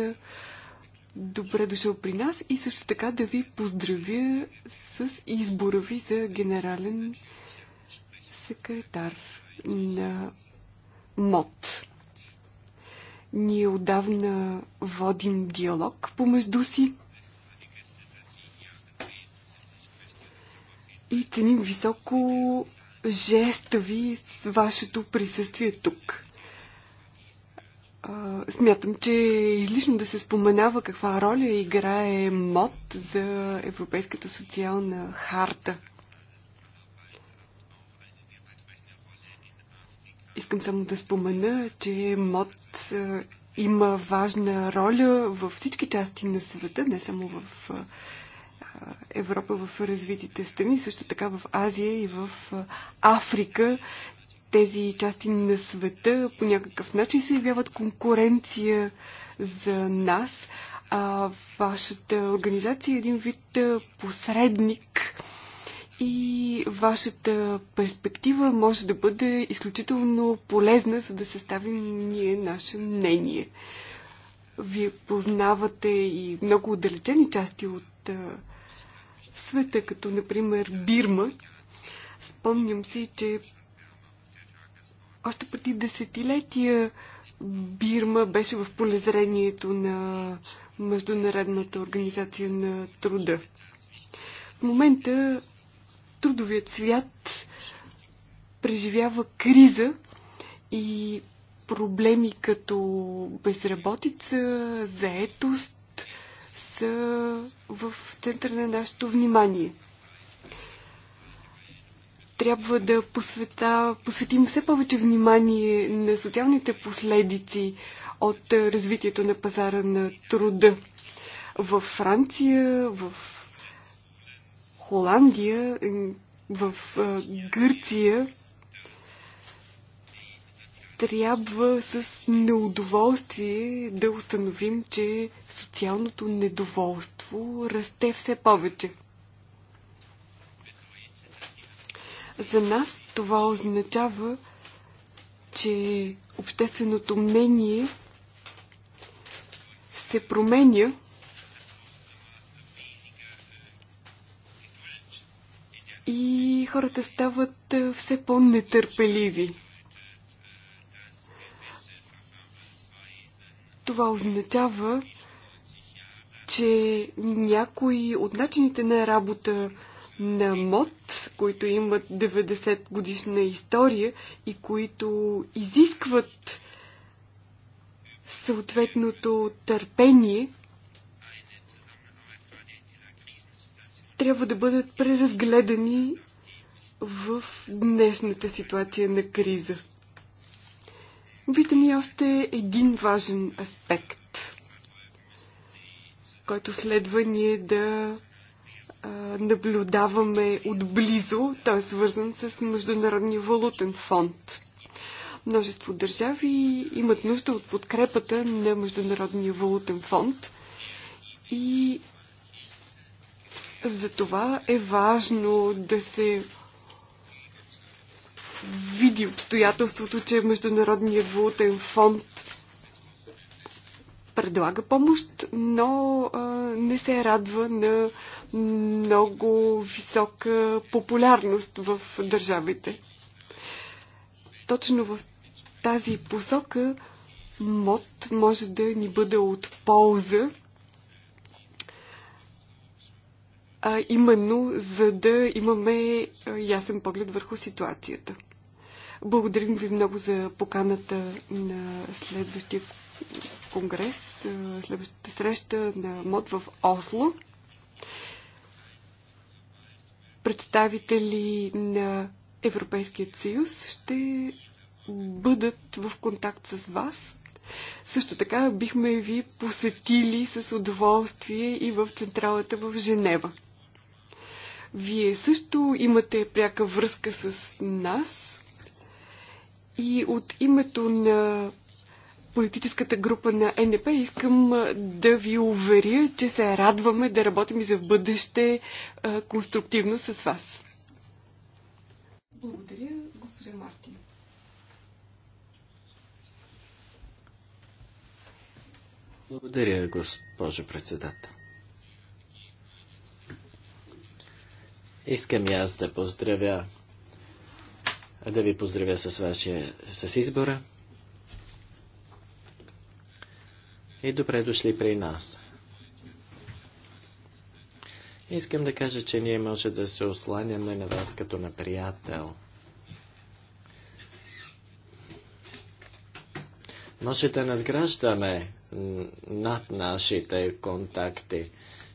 добре дошъл при нас и също така да ви поздравя с избора ви за генерален секретар на МОД. Ние отдавна водим диалог помежду си и ценим високо жеста ви с вашето присъствие тук смятам, че е излишно да се споменава каква роля играе МОД за Европейската социална харта. Искам само да спомена, че МОД има важна роля във всички части на света, не само в Европа, в развитите страни, също така в Азия и в Африка тези части на света по някакъв начин се явяват конкуренция за нас, а вашата организация е един вид посредник и вашата перспектива може да бъде изключително полезна, за да съставим ние наше мнение. Вие познавате и много отдалечени части от света, като например Бирма. Спомням си, че още преди десетилетия Бирма беше в полезрението на Международната организация на труда. В момента трудовият свят преживява криза и проблеми като безработица, заетост са в центъра на нашето внимание – трябва да посвета, посветим все повече внимание на социалните последици от е, развитието на пазара на труда. В Франция, в Холандия, е, в е, Гърция трябва с неудоволствие да установим, че социалното недоволство расте все повече. За нас това означава, че общественото мнение се променя и хората стават е, все по-нетърпеливи. Това означава, че някои от начините на работа на МОД, които имат 90 годишна история и които изискват съответното търпение, трябва да бъдат преразгледани в днешната ситуация на криза. Виждам и още един важен аспект, който следва ние да наблюдаваме отблизо. Той е свързан с Международния валутен фонд. Множество държави имат нужда от подкрепата на Международния валутен фонд и за това е важно да се види обстоятелството, че Международният валутен фонд предлага помощ, но а, не се радва на много висока популярност в държавите. Точно в тази посока МОД може да ни бъде от полза, а именно за да имаме ясен поглед върху ситуацията. Благодарим ви много за поканата на следващия конгрес, следващата среща на МОД в Осло. Представители на Европейският съюз ще бъдат в контакт с вас. Също така бихме ви посетили с удоволствие и в централата в Женева. Вие също имате пряка връзка с нас и от името на политическата група на НДП. Искам да ви уверя, че се радваме да работим и за бъдеще конструктивно с вас. Благодаря, госпожа Мартин.
Благодаря, госпожо председател. Искам и аз да поздравя, да ви поздравя с, вашия, с избора. и добре дошли при нас. Искам да кажа, че ние може да се осланяме на вас като на приятел. Може да надграждаме над нашите контакти.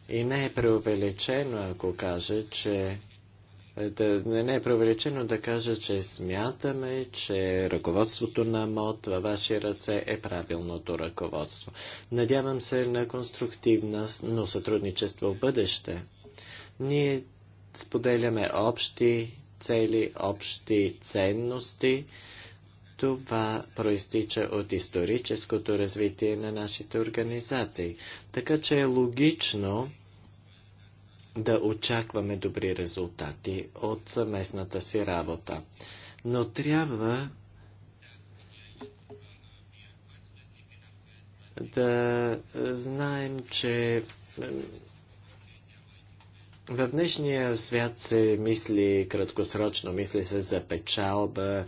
И не е преувеличено, ако кажа, че е, да не е преувеличено да кажа, че смятаме, че ръководството на МОД във ваши ръце е правилното ръководство. Надявам се на конструктивна, но сътрудничество в бъдеще. Ние споделяме общи цели, общи ценности. Това проистича от историческото развитие на нашите организации. Така че е логично да очакваме добри резултати от съместната си работа. Но трябва да знаем, че в днешния свят се мисли краткосрочно, мисли се за печалба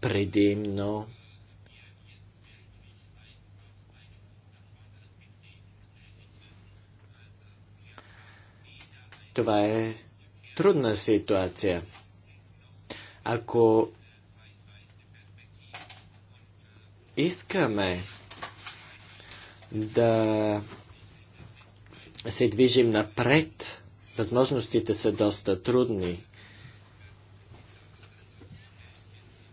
предимно. Това е трудна ситуация. Ако искаме да се движим напред, възможностите са доста трудни.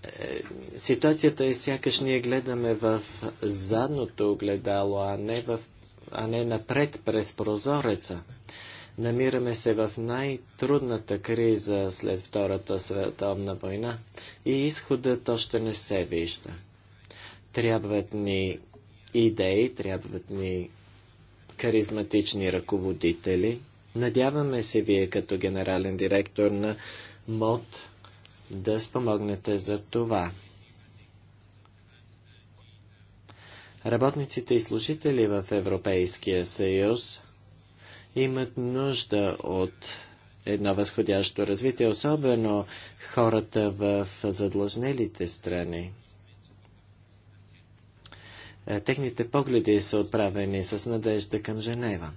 Е, ситуацията е сякаш ние гледаме в задното огледало, а не, в, а не напред през прозореца. Намираме се в най-трудната криза след Втората световна война и изходът още не се вижда. Трябват ни идеи, трябват ни харизматични ръководители. Надяваме се вие като генерален директор на МОД да спомогнете за това. Работниците и служители в Европейския съюз имат нужда от едно възходящо развитие, особено хората в задлъжнелите страни. Е, техните погледи са отправени с надежда към Женева.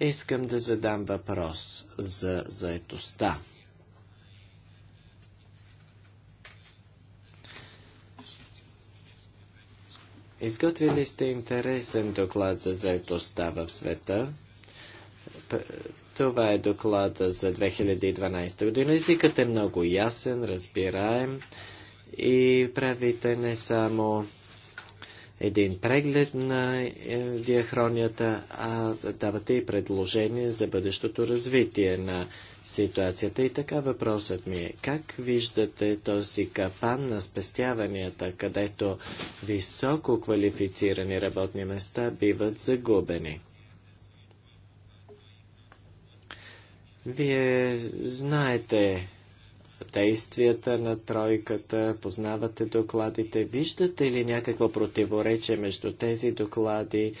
Искам да задам въпрос за заетостта. Изготвили сте интересен доклад за заедостта в света. Това е доклада за 2012 година. Езикът е много ясен, разбираем и правите не само един преглед на е, диахронията, а давате и предложение за бъдещото развитие на ситуацията. И така въпросът ми е, как виждате този капан на спестяванията, където високо квалифицирани работни места биват загубени? Вие знаете действията на тройката, познавате докладите. Виждате ли някакво противоречие между тези доклади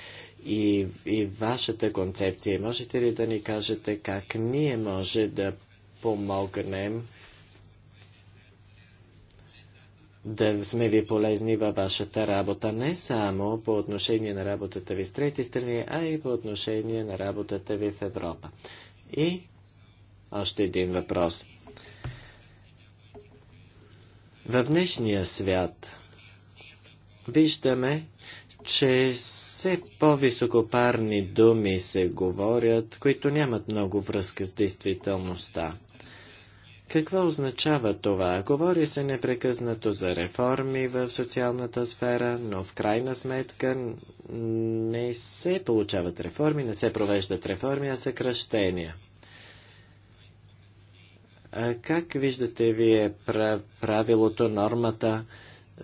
и, и вашата концепция. Можете ли да ни кажете как ние може да помогнем да сме ви полезни във вашата работа, не само по отношение на работата ви с трети страни, а и по отношение на работата ви в Европа. И още един въпрос. В днешния свят виждаме, че все по-високопарни думи се говорят, които нямат много връзка с действителността. Какво означава това? Говори се непрекъснато за реформи в социалната сфера, но в крайна сметка не се получават реформи, не се провеждат реформи, а съкръщения. А как виждате вие правилото, нормата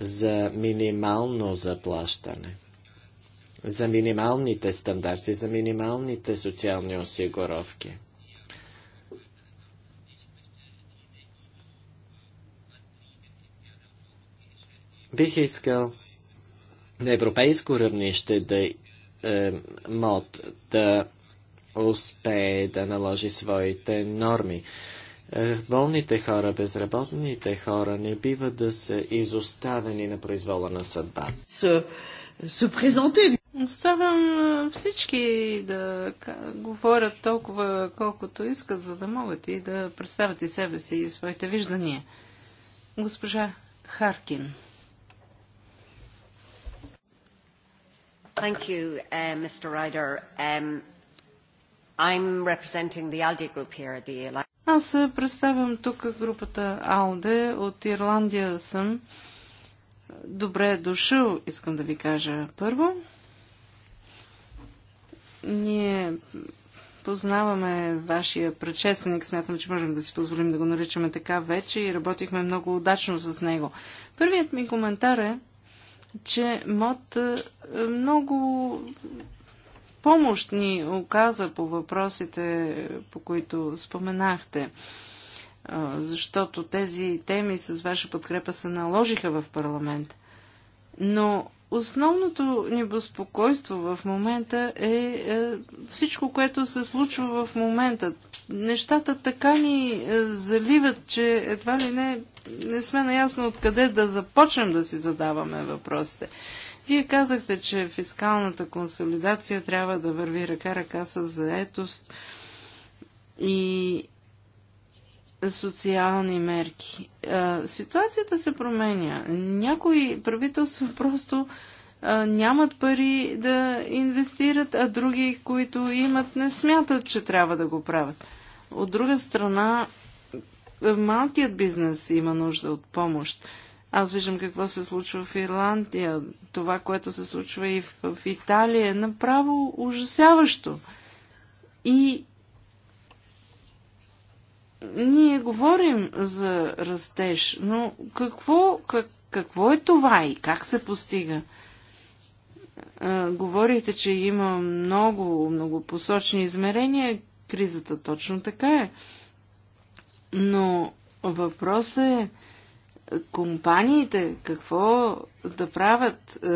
за минимално заплащане? за минималните стандарти, за минималните социални осигуровки. Бих искал на европейско равнище да е, МОД да успее да наложи своите норми. Е, болните хора, безработните хора не бива да са изоставени на произвола на съдба.
Се, се Оставям всички да говорят толкова колкото искат, за да могат и да представят и себе си и своите виждания. Госпожа Харкин.
Thank you, uh, Mr. Ryder. Um, I'm representing the ALDE group here, the
Аз представям тук групата АЛДЕ. От Ирландия съм. Добре е дошъл, искам да ви кажа първо. Ние познаваме вашия предшественик, смятам, че можем да си позволим да го наричаме така вече и работихме много удачно с него. Първият ми коментар е, че МОД е, много помощ ни оказа по въпросите, по които споменахте, е, защото тези теми с ваша подкрепа се наложиха в парламент. Но Основното ни безпокойство в момента е, е всичко, което се случва в момента. Нещата така ни е, заливат, че едва ли не, не сме наясно откъде да започнем да си задаваме въпросите. Вие казахте, че фискалната консолидация трябва да върви ръка-ръка с заетост и социални мерки. Ситуацията се променя. Някои правителства просто нямат пари да инвестират, а други, които имат, не смятат, че трябва да го правят. От друга страна, малкият бизнес има нужда от помощ. Аз виждам какво се случва в Ирландия, това, което се случва и в, в Италия, е направо ужасяващо. И ние говорим за растеж, но какво, как, какво е това и как се постига? А, говорите, че има много, много посочни измерения. Кризата точно така е. Но въпрос е компаниите какво да правят е,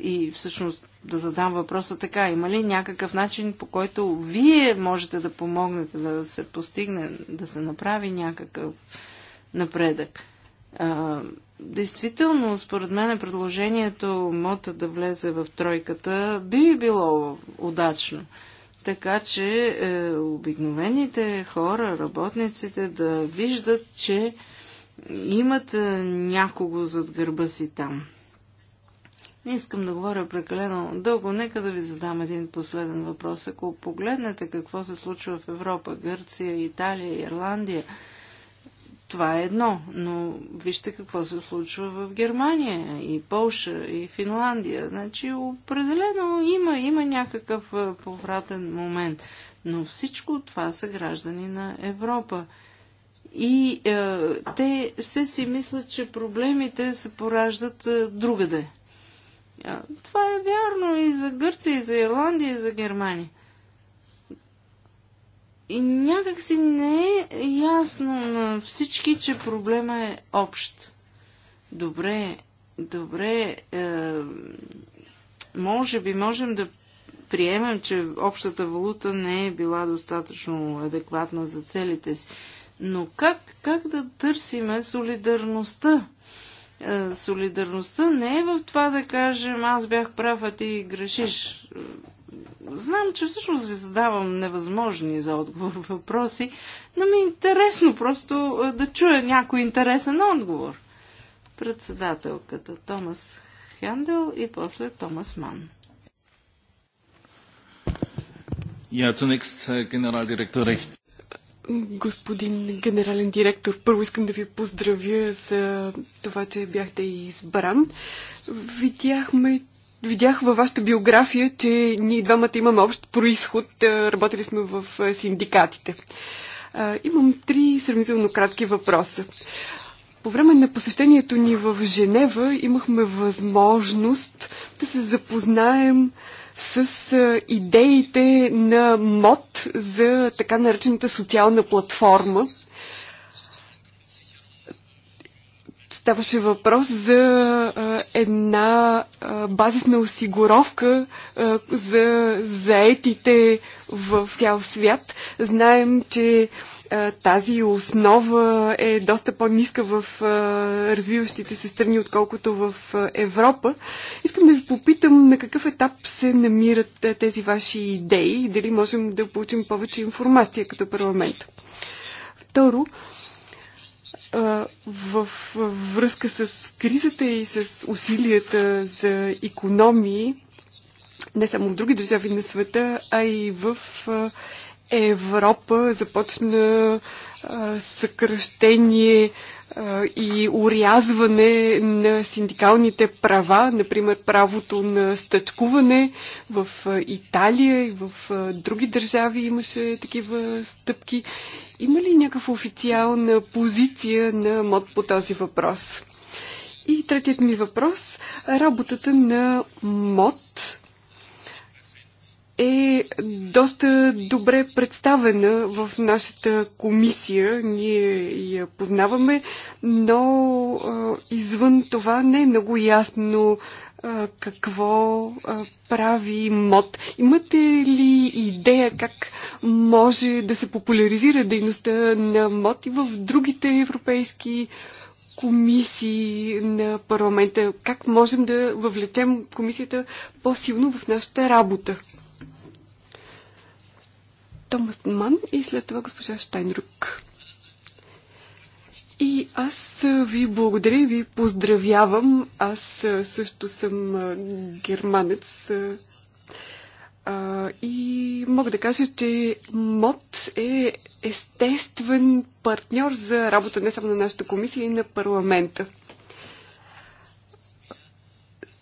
и всъщност да задам въпроса така, има ли някакъв начин по който вие можете да помогнете да се постигне, да се направи някакъв напредък? Е, действително, според мен предложението МОТА да влезе в тройката би било удачно. Така че е, обикновените хора, работниците да виждат, че имат някого зад гърба си там. Не искам да говоря прекалено дълго. Нека да ви задам един последен въпрос. Ако погледнете какво се случва в Европа, Гърция, Италия, Ирландия, това е едно, но вижте какво се случва в Германия и Полша и Финландия. Значи определено има, има някакъв повратен момент, но всичко това са граждани на Европа. И е, те все си мислят, че проблемите се пораждат е, другаде. Е, това е вярно и за Гърция, и за Ирландия, и за Германия. И някак си не е ясно на всички, че проблема е общ. Добре, добре, е, може би можем да приемем, че общата валута не е била достатъчно адекватна за целите си. Но как, как да търсиме солидарността? Е, солидарността не е в това да кажем аз бях прав, а ти грешиш. Е, знам, че всъщност ви задавам невъзможни за отговор въпроси, но ми е интересно просто е, да чуя някой интересен отговор. Председателката Томас Хендел и после Томас Ман. Ja, zunächst, Generaldirektor Recht.
Господин генерален директор, първо искам да ви поздравя за това, че бяхте избран. Видяхме, видях във вашата биография, че ние двамата имаме общ происход. Работили сме в синдикатите. Имам три сравнително кратки въпроса. По време на посещението ни в Женева имахме възможност да се запознаем с идеите на МОД за така наречената социална платформа. Ставаше въпрос за една базисна осигуровка за заетите в цял свят. Знаем, че тази основа е доста по-ниска в развиващите се страни, отколкото в Европа. Искам да ви попитам на какъв етап се намират тези ваши идеи и дали можем да получим повече информация като парламент. Второ, в връзка с кризата и с усилията за економии, не само в други държави на света, а и в Европа започна съкръщение и урязване на синдикалните права, например правото на стъчкуване в Италия и в други държави имаше такива стъпки. Има ли някаква официална позиция на МОД по този въпрос? И третият ми въпрос – работата на МОД е доста добре представена в нашата комисия. Ние я познаваме, но извън това не е много ясно какво прави МОД. Имате ли идея как може да се популяризира дейността на МОД и в другите европейски комисии на парламента? Как можем да въвлечем комисията по-силно в нашата работа? Томас Ман и след това госпожа Штайнрук. И аз ви благодаря и ви поздравявам. Аз също съм германец. И мога да кажа, че МОД е естествен партньор за работа не само на нашата комисия и на парламента.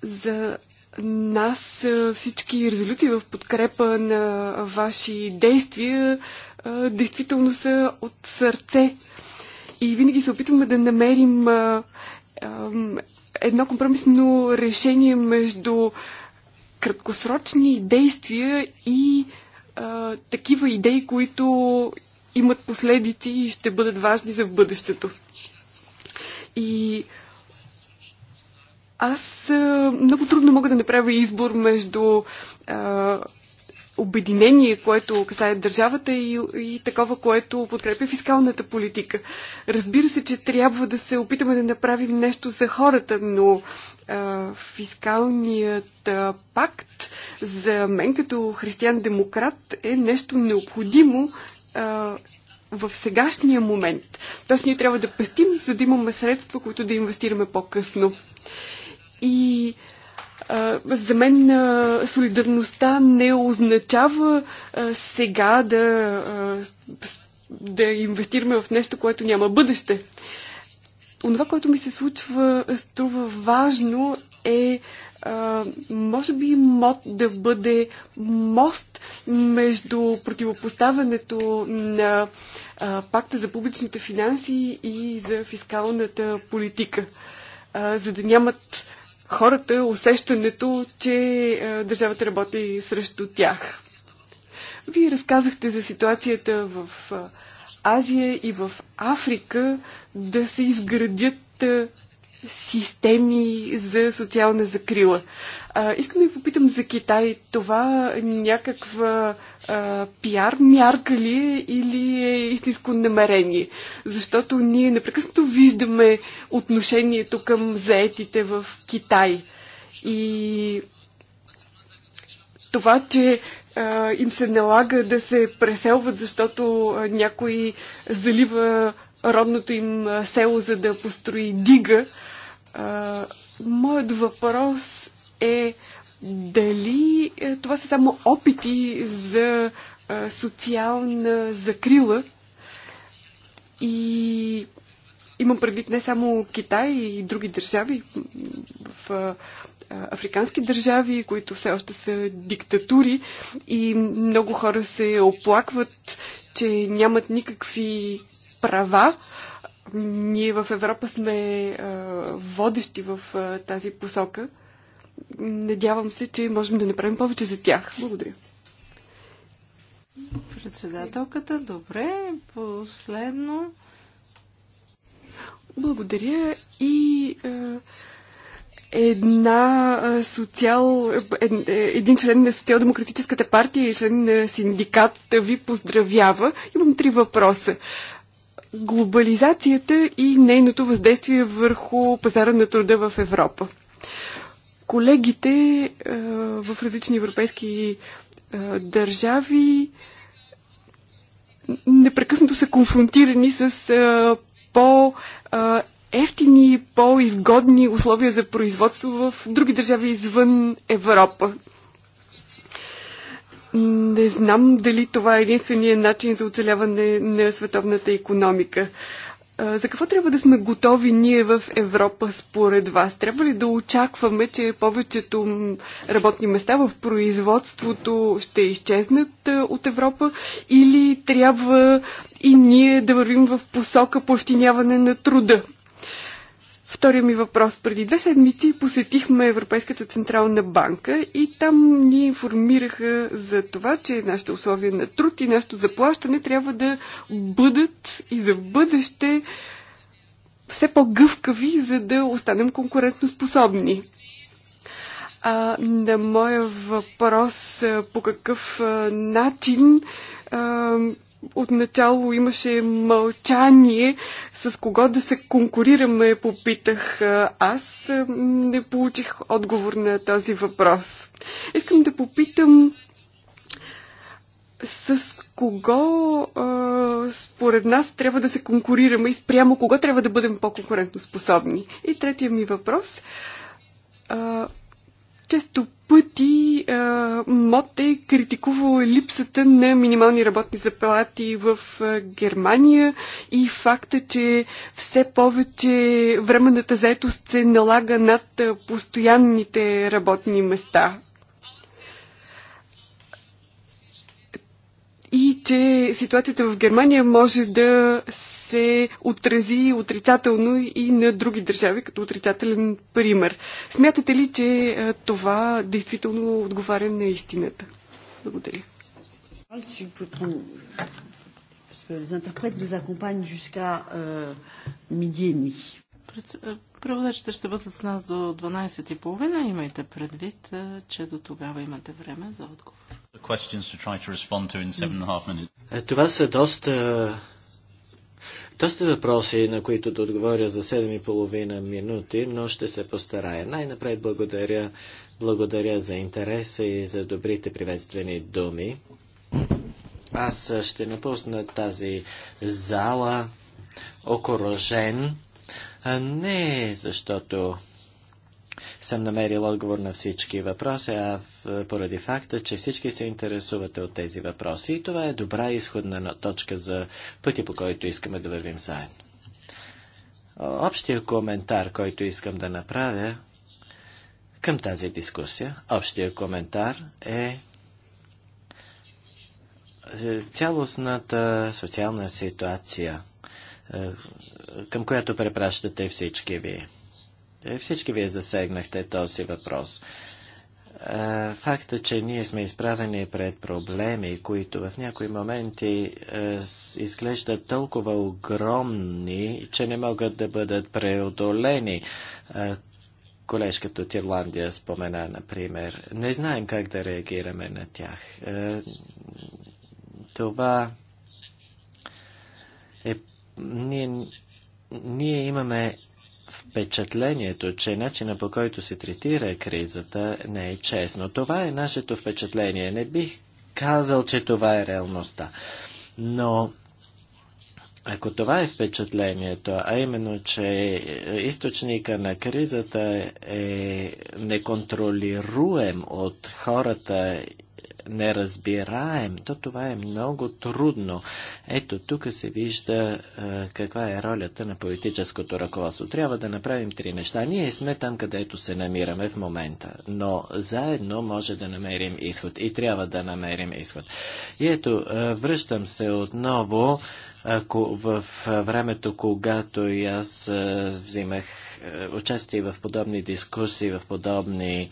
За нас всички резолюции в подкрепа на ваши действия действително са от сърце. И винаги се опитваме да намерим едно компромисно решение между краткосрочни действия и такива идеи, които имат последици и ще бъдат важни за бъдещето. И аз много трудно мога да направя избор между а, обединение, което касае държавата и, и такова, което подкрепя фискалната политика. Разбира се, че трябва да се опитаме да направим нещо за хората, но а, фискалният а, пакт за мен като християн-демократ е нещо необходимо а, в сегашния момент. Тоест ние трябва да пестим, за да имаме средства, които да инвестираме по-късно. И а, за мен а, солидарността не означава а, сега да, а, да инвестираме в нещо, което няма бъдеще. Онова, което ми се случва, струва важно е а, може би мод да бъде мост между противопоставянето на а, пакта за публичните финанси и за фискалната политика, а, за да нямат хората усещането, че е, държавата работи срещу тях. Вие разказахте за ситуацията в е, Азия и в Африка да се изградят е, системи за социална закрила. А, искам да ви попитам за Китай. Това е някаква а, пиар мярка ли е или е истинско намерение? Защото ние непрекъснато виждаме отношението към заетите в Китай. И това, че а, им се налага да се преселват, защото а, някой залива родното им село, за да построи дига, а, моят въпрос е дали е, това са само опити за а, социална закрила и имам предвид не само Китай и други държави, в а, африкански държави, които все още са диктатури и много хора се оплакват, че нямат никакви права ние в Европа сме а, водещи в а, тази посока. Надявам се, че можем да направим повече за тях. Благодаря.
Председателката, добре. Последно. Благодаря и а, една
социал, е, е, един член на Социал-демократическата партия и член на синдикат ви поздравява. Имам три въпроса глобализацията и нейното въздействие върху пазара на труда в Европа. Колегите в различни европейски държави непрекъснато са конфронтирани с по-ефтини, по-изгодни условия за производство в други държави извън Европа. Не знам дали това е единствения начин за оцеляване на световната економика. За какво трябва да сме готови ние в Европа според вас? Трябва ли да очакваме, че повечето работни места в производството ще изчезнат от Европа или трябва и ние да вървим в посока повтиняване на труда? Втория ми въпрос. Преди две седмици посетихме Европейската централна банка и там ни информираха за това, че нашите условия на труд и нашето заплащане трябва да бъдат и за в бъдеще все по-гъвкави, за да останем конкурентоспособни. А, на моя въпрос по какъв начин Отначало имаше мълчание, с кого да се конкурираме, попитах аз. Не получих отговор на този въпрос. Искам да попитам с кого а, според нас трябва да се конкурираме и спрямо кого трябва да бъдем по-конкурентно способни. И третия ми въпрос. А, често пъти а, МОТ е критикувал липсата на минимални работни заплати в а, Германия и факта, че все повече временната заетост се налага над постоянните работни места и че ситуацията в Германия може да се отрази отрицателно и на други държави, като отрицателен пример. Смятате ли, че това действително отговаря на истината? Благодаря.
Euh, преводачите ще бъдат с нас до 12.30. Имайте предвид, че до тогава имате време за отговор.
Е, това са доста, доста въпроси, на които да отговоря за 7,5 минути, но ще се постарая. Най-напред благодаря, благодаря за интереса и за добрите приветствени думи. Аз ще напусна тази зала Окорожен. а не защото съм намерил отговор на всички въпроси, а е, поради факта, че всички се интересувате от тези въпроси и това е добра изходна точка за пъти, по който искаме да вървим заедно. Общия коментар, който искам да направя към тази дискусия, общия коментар е, е цялостната социална ситуация, е, към която препращате всички вие. Всички вие засегнахте този въпрос. Факта, че ние сме изправени пред проблеми, които в някои моменти изглеждат толкова огромни, че не могат да бъдат преодолени. колежката от Ирландия спомена, например. Не знаем как да реагираме на тях. това е... Ние, ние имаме впечатлението, че начина по който се третира кризата не е честно. Това е нашето впечатление. Не бих казал, че това е реалността. Но ако това е впечатлението, а именно, че източника на кризата е неконтролируем от хората неразбираем, то това е много трудно. Ето тук се вижда е, каква е ролята на политическото ръководство. Трябва да направим три неща. Ние сме там, където се намираме в момента, но заедно може да намерим изход и трябва да намерим изход. И ето, е, връщам се отново ако в е, времето, когато и аз е, взимах е, участие в подобни дискусии, в подобни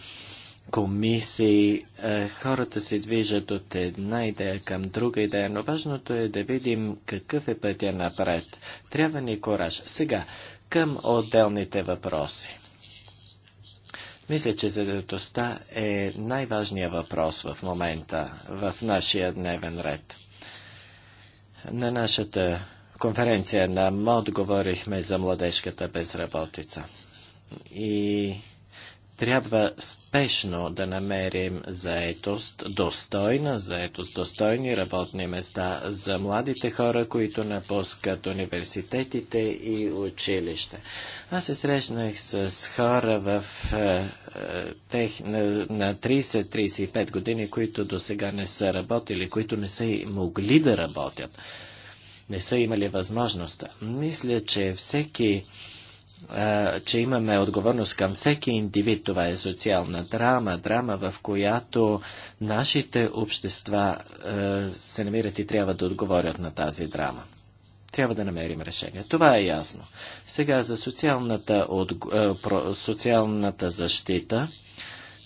комисии, е, хората се движат от една идея към друга идея, но важното е да видим какъв е пътя напред. Трябва ни кораж. Сега, към отделните въпроси. Мисля, че заедостта е най-важният въпрос в момента в нашия дневен ред. На нашата конференция на МОД говорихме за младежката безработица. И трябва спешно да намерим заетост, достойна заетост, достойни работни места за младите хора, които напускат университетите и училища. Аз се срещнах с хора в, е, е тех, на, на 30-35 години, които до сега не са работили, които не са могли да работят, не са имали възможност. Мисля, че всеки че имаме отговорност към всеки индивид. Това е социална драма, драма, в която нашите общества се намират и трябва да отговорят на тази драма. Трябва да намерим решение. Това е ясно. Сега за социалната, социалната защита.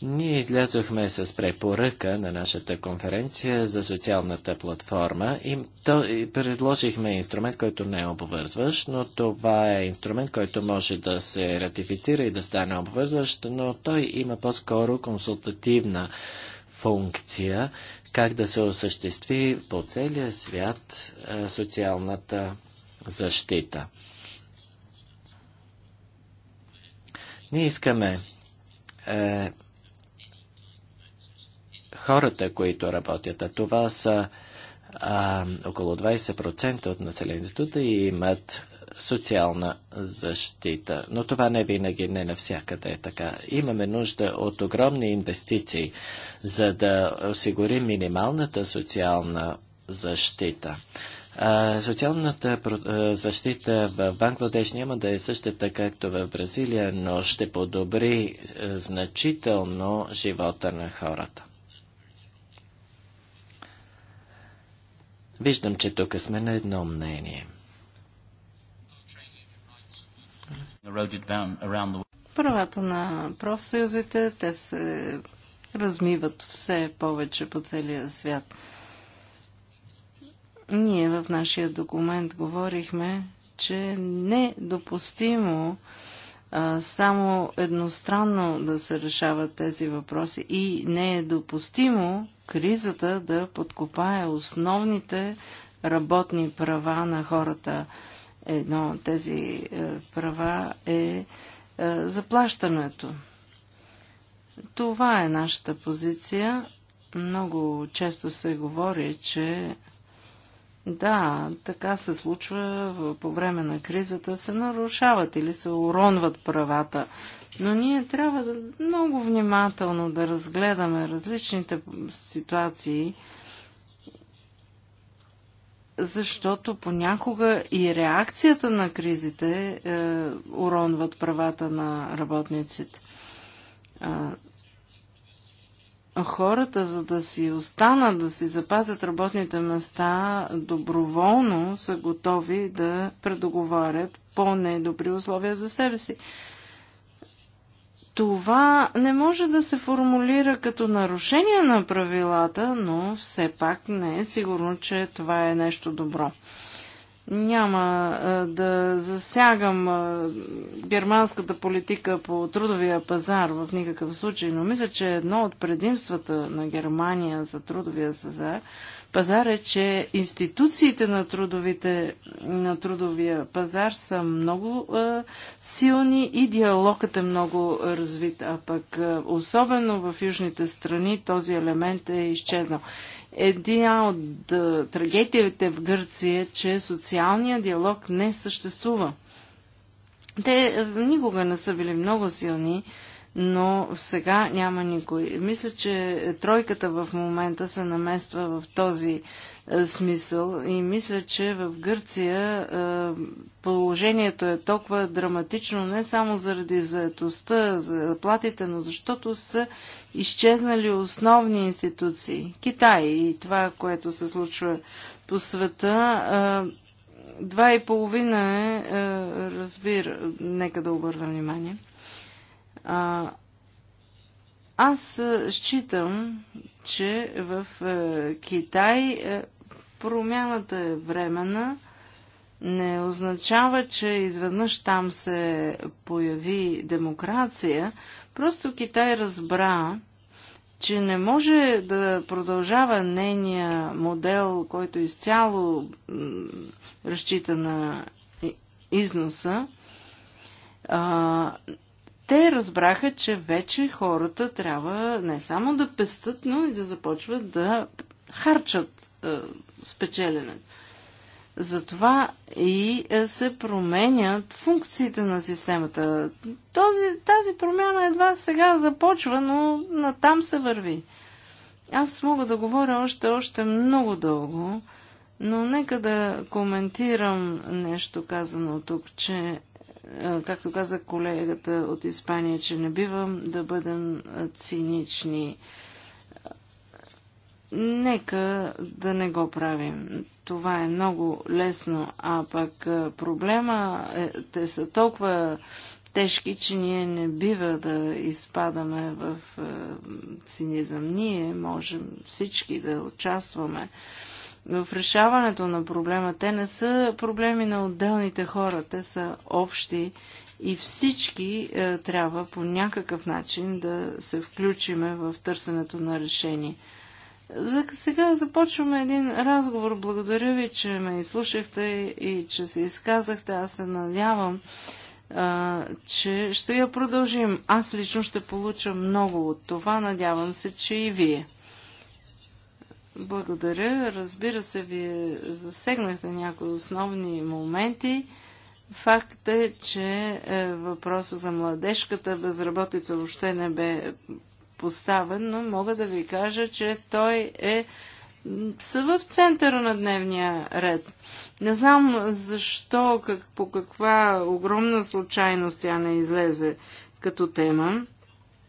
Ние излязохме с препоръка на нашата конференция за социалната платформа и, то, и предложихме инструмент, който не е обвързващ, но това е инструмент, който може да се ратифицира и да стане обвързващ, но той има по-скоро консултативна функция как да се осъществи по целия свят социалната защита. Ние искаме е, хората, които работят, а това са а, около 20% от населението да имат социална защита. Но това не винаги, не навсякъде е така. Имаме нужда от огромни инвестиции, за да осигурим минималната социална защита. социалната защита в Бангладеш няма да е същата както в Бразилия, но ще подобри значително живота на хората. Виждам, че тук сме на едно мнение.
Правата на профсъюзите, те се размиват все повече по целия свят. Ние в нашия документ говорихме, че недопустимо а, само едностранно да се решават тези въпроси и не е допустимо кризата да подкопае основните работни права на хората. Едно от тези е, права е, е заплащането. Това е нашата позиция. Много често се говори, че да, така се случва по време на кризата, се нарушават или се уронват правата но ние трябва да, много внимателно да разгледаме различните ситуации, защото понякога и реакцията на кризите е, уронват правата на работниците. А, хората, за да си останат, да си запазят работните места, доброволно са готови да предоговарят по-недобри условия за себе си това не може да се формулира като нарушение на правилата, но все пак не е сигурно, че това е нещо добро. Няма да засягам германската политика по трудовия пазар в никакъв случай, но мисля, че едно от предимствата на Германия за трудовия пазар – пазар е, че институциите на, трудовите, на трудовия пазар са много а, силни и диалогът е много развит, а пък а, особено в южните страни този елемент е изчезнал. Една от а, трагедиите в Гърция е, че социалният диалог не съществува. Те никога не са били много силни но сега няма никой. Мисля, че тройката в момента се намества в този е, смисъл и мисля, че в Гърция е, положението е толкова драматично не само заради заетостта, заплатите, но защото са изчезнали основни институции. Китай и това, което се случва по света. Е, два и половина е, разбира, нека да обърна внимание а, аз считам, че в Китай промяната е времена, не означава, че изведнъж там се появи демокрация. Просто Китай разбра, че не може да продължава нейния модел, който изцяло разчита на износа те разбраха, че вече хората трябва не само да пестат, но и да започват да харчат е, спечеленето. Затова и е, се променят функциите на системата. Този, тази промяна едва сега започва, но натам се върви. Аз мога да говоря още, още много дълго, но нека да коментирам нещо казано тук, че е, както каза колегата от Испания, че не бивам да бъдем е, цинични. Нека да не го правим. Това е много лесно, а пък е, проблема е, те са толкова тежки, че ние не бива да изпадаме в цинизъм. Ние можем всички да участваме в решаването на проблема. Те не са проблеми на отделните хора, те са общи и всички е, трябва по някакъв начин да се включиме в търсенето на решение. За сега започваме един разговор. Благодаря ви, че ме изслушахте и че се изказахте. Аз се надявам, е, че ще я продължим. Аз лично ще получа много от това. Надявам се, че и вие. Благодаря. Разбира се, вие засегнахте някои основни моменти. Факт е, че е, въпроса за младежката безработица въобще не бе поставен, но мога да ви кажа, че той е са в центъра на дневния ред. Не знам защо, как, по каква огромна случайност тя не излезе като тема.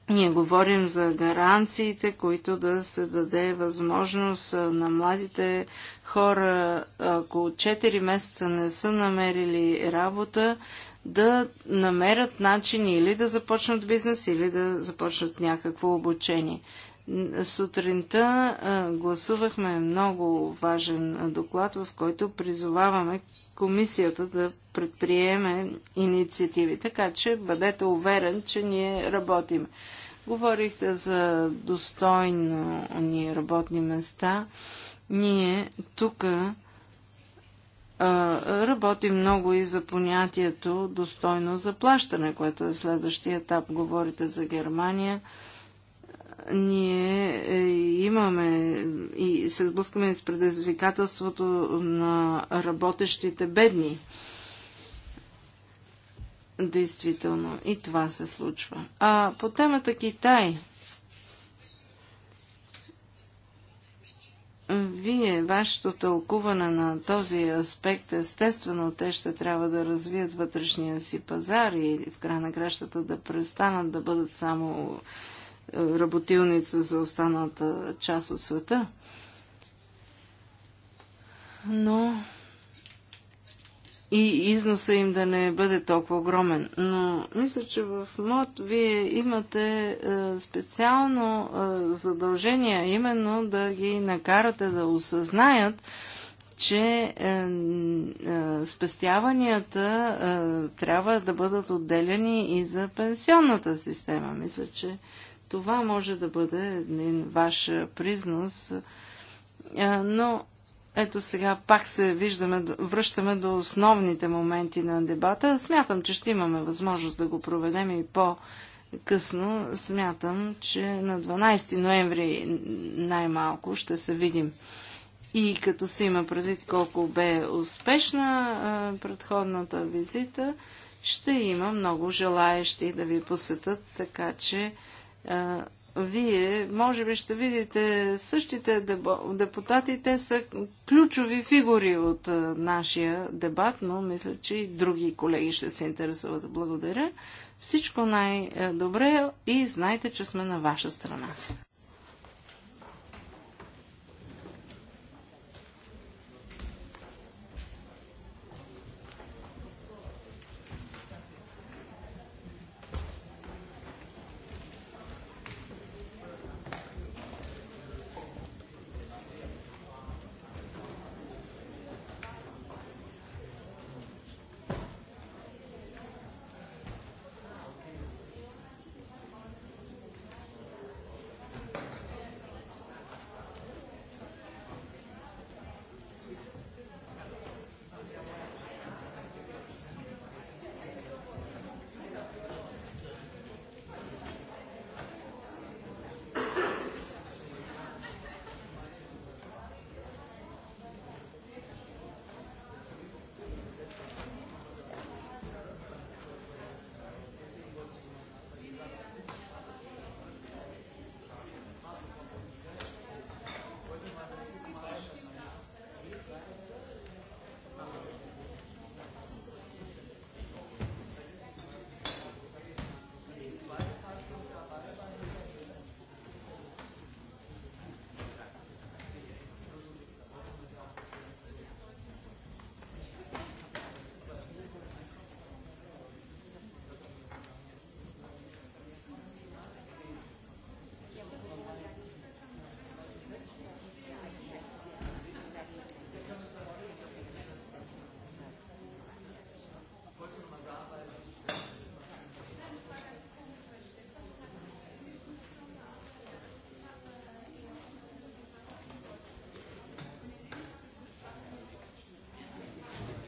Ние говорим за гаранциите, които да се даде възможност на младите хора, ако 4 месеца не са намерили работа, да намерят начин или да започнат бизнес, или да започнат някакво обучение. Сутринта гласувахме много важен доклад, в който призоваваме комисията да предприеме инициативи. Така че бъдете уверен, че ние работим. Говорихте за достойно ни работни места. Ние тук работим много и за понятието достойно заплащане, което е следващия етап. Говорите за Германия. Ние е, имаме и се сблъскаме с предизвикателството на работещите бедни. Действително, и това се случва. А по темата Китай, вие, вашето тълкуване на този аспект, естествено, те ще трябва да развият вътрешния си пазар и в край на кращата да престанат да бъдат само е, работилница за останалата част от света. Но и износа им да не бъде толкова огромен. Но мисля, че в МОД вие имате е, специално е, задължение, именно да ги накарате да осъзнаят, че е, спестяванията трябва да бъдат отделени и за пенсионната система. Мисля, че това може да бъде един ваш признос. Но ето сега пак се виждаме, връщаме до основните моменти на дебата. Смятам, че ще имаме възможност да го проведем и по-късно. Смятам, че на 12 ноември най-малко ще се видим. И като се има предвид колко бе успешна предходната визита, ще има много желаящи да ви посетат, така че вие може би ще видите същите депутати. Те са ключови фигури от нашия дебат, но мисля, че и други колеги ще се интересуват. Благодаря. Всичко най-добре е, и знайте, че сме на ваша страна.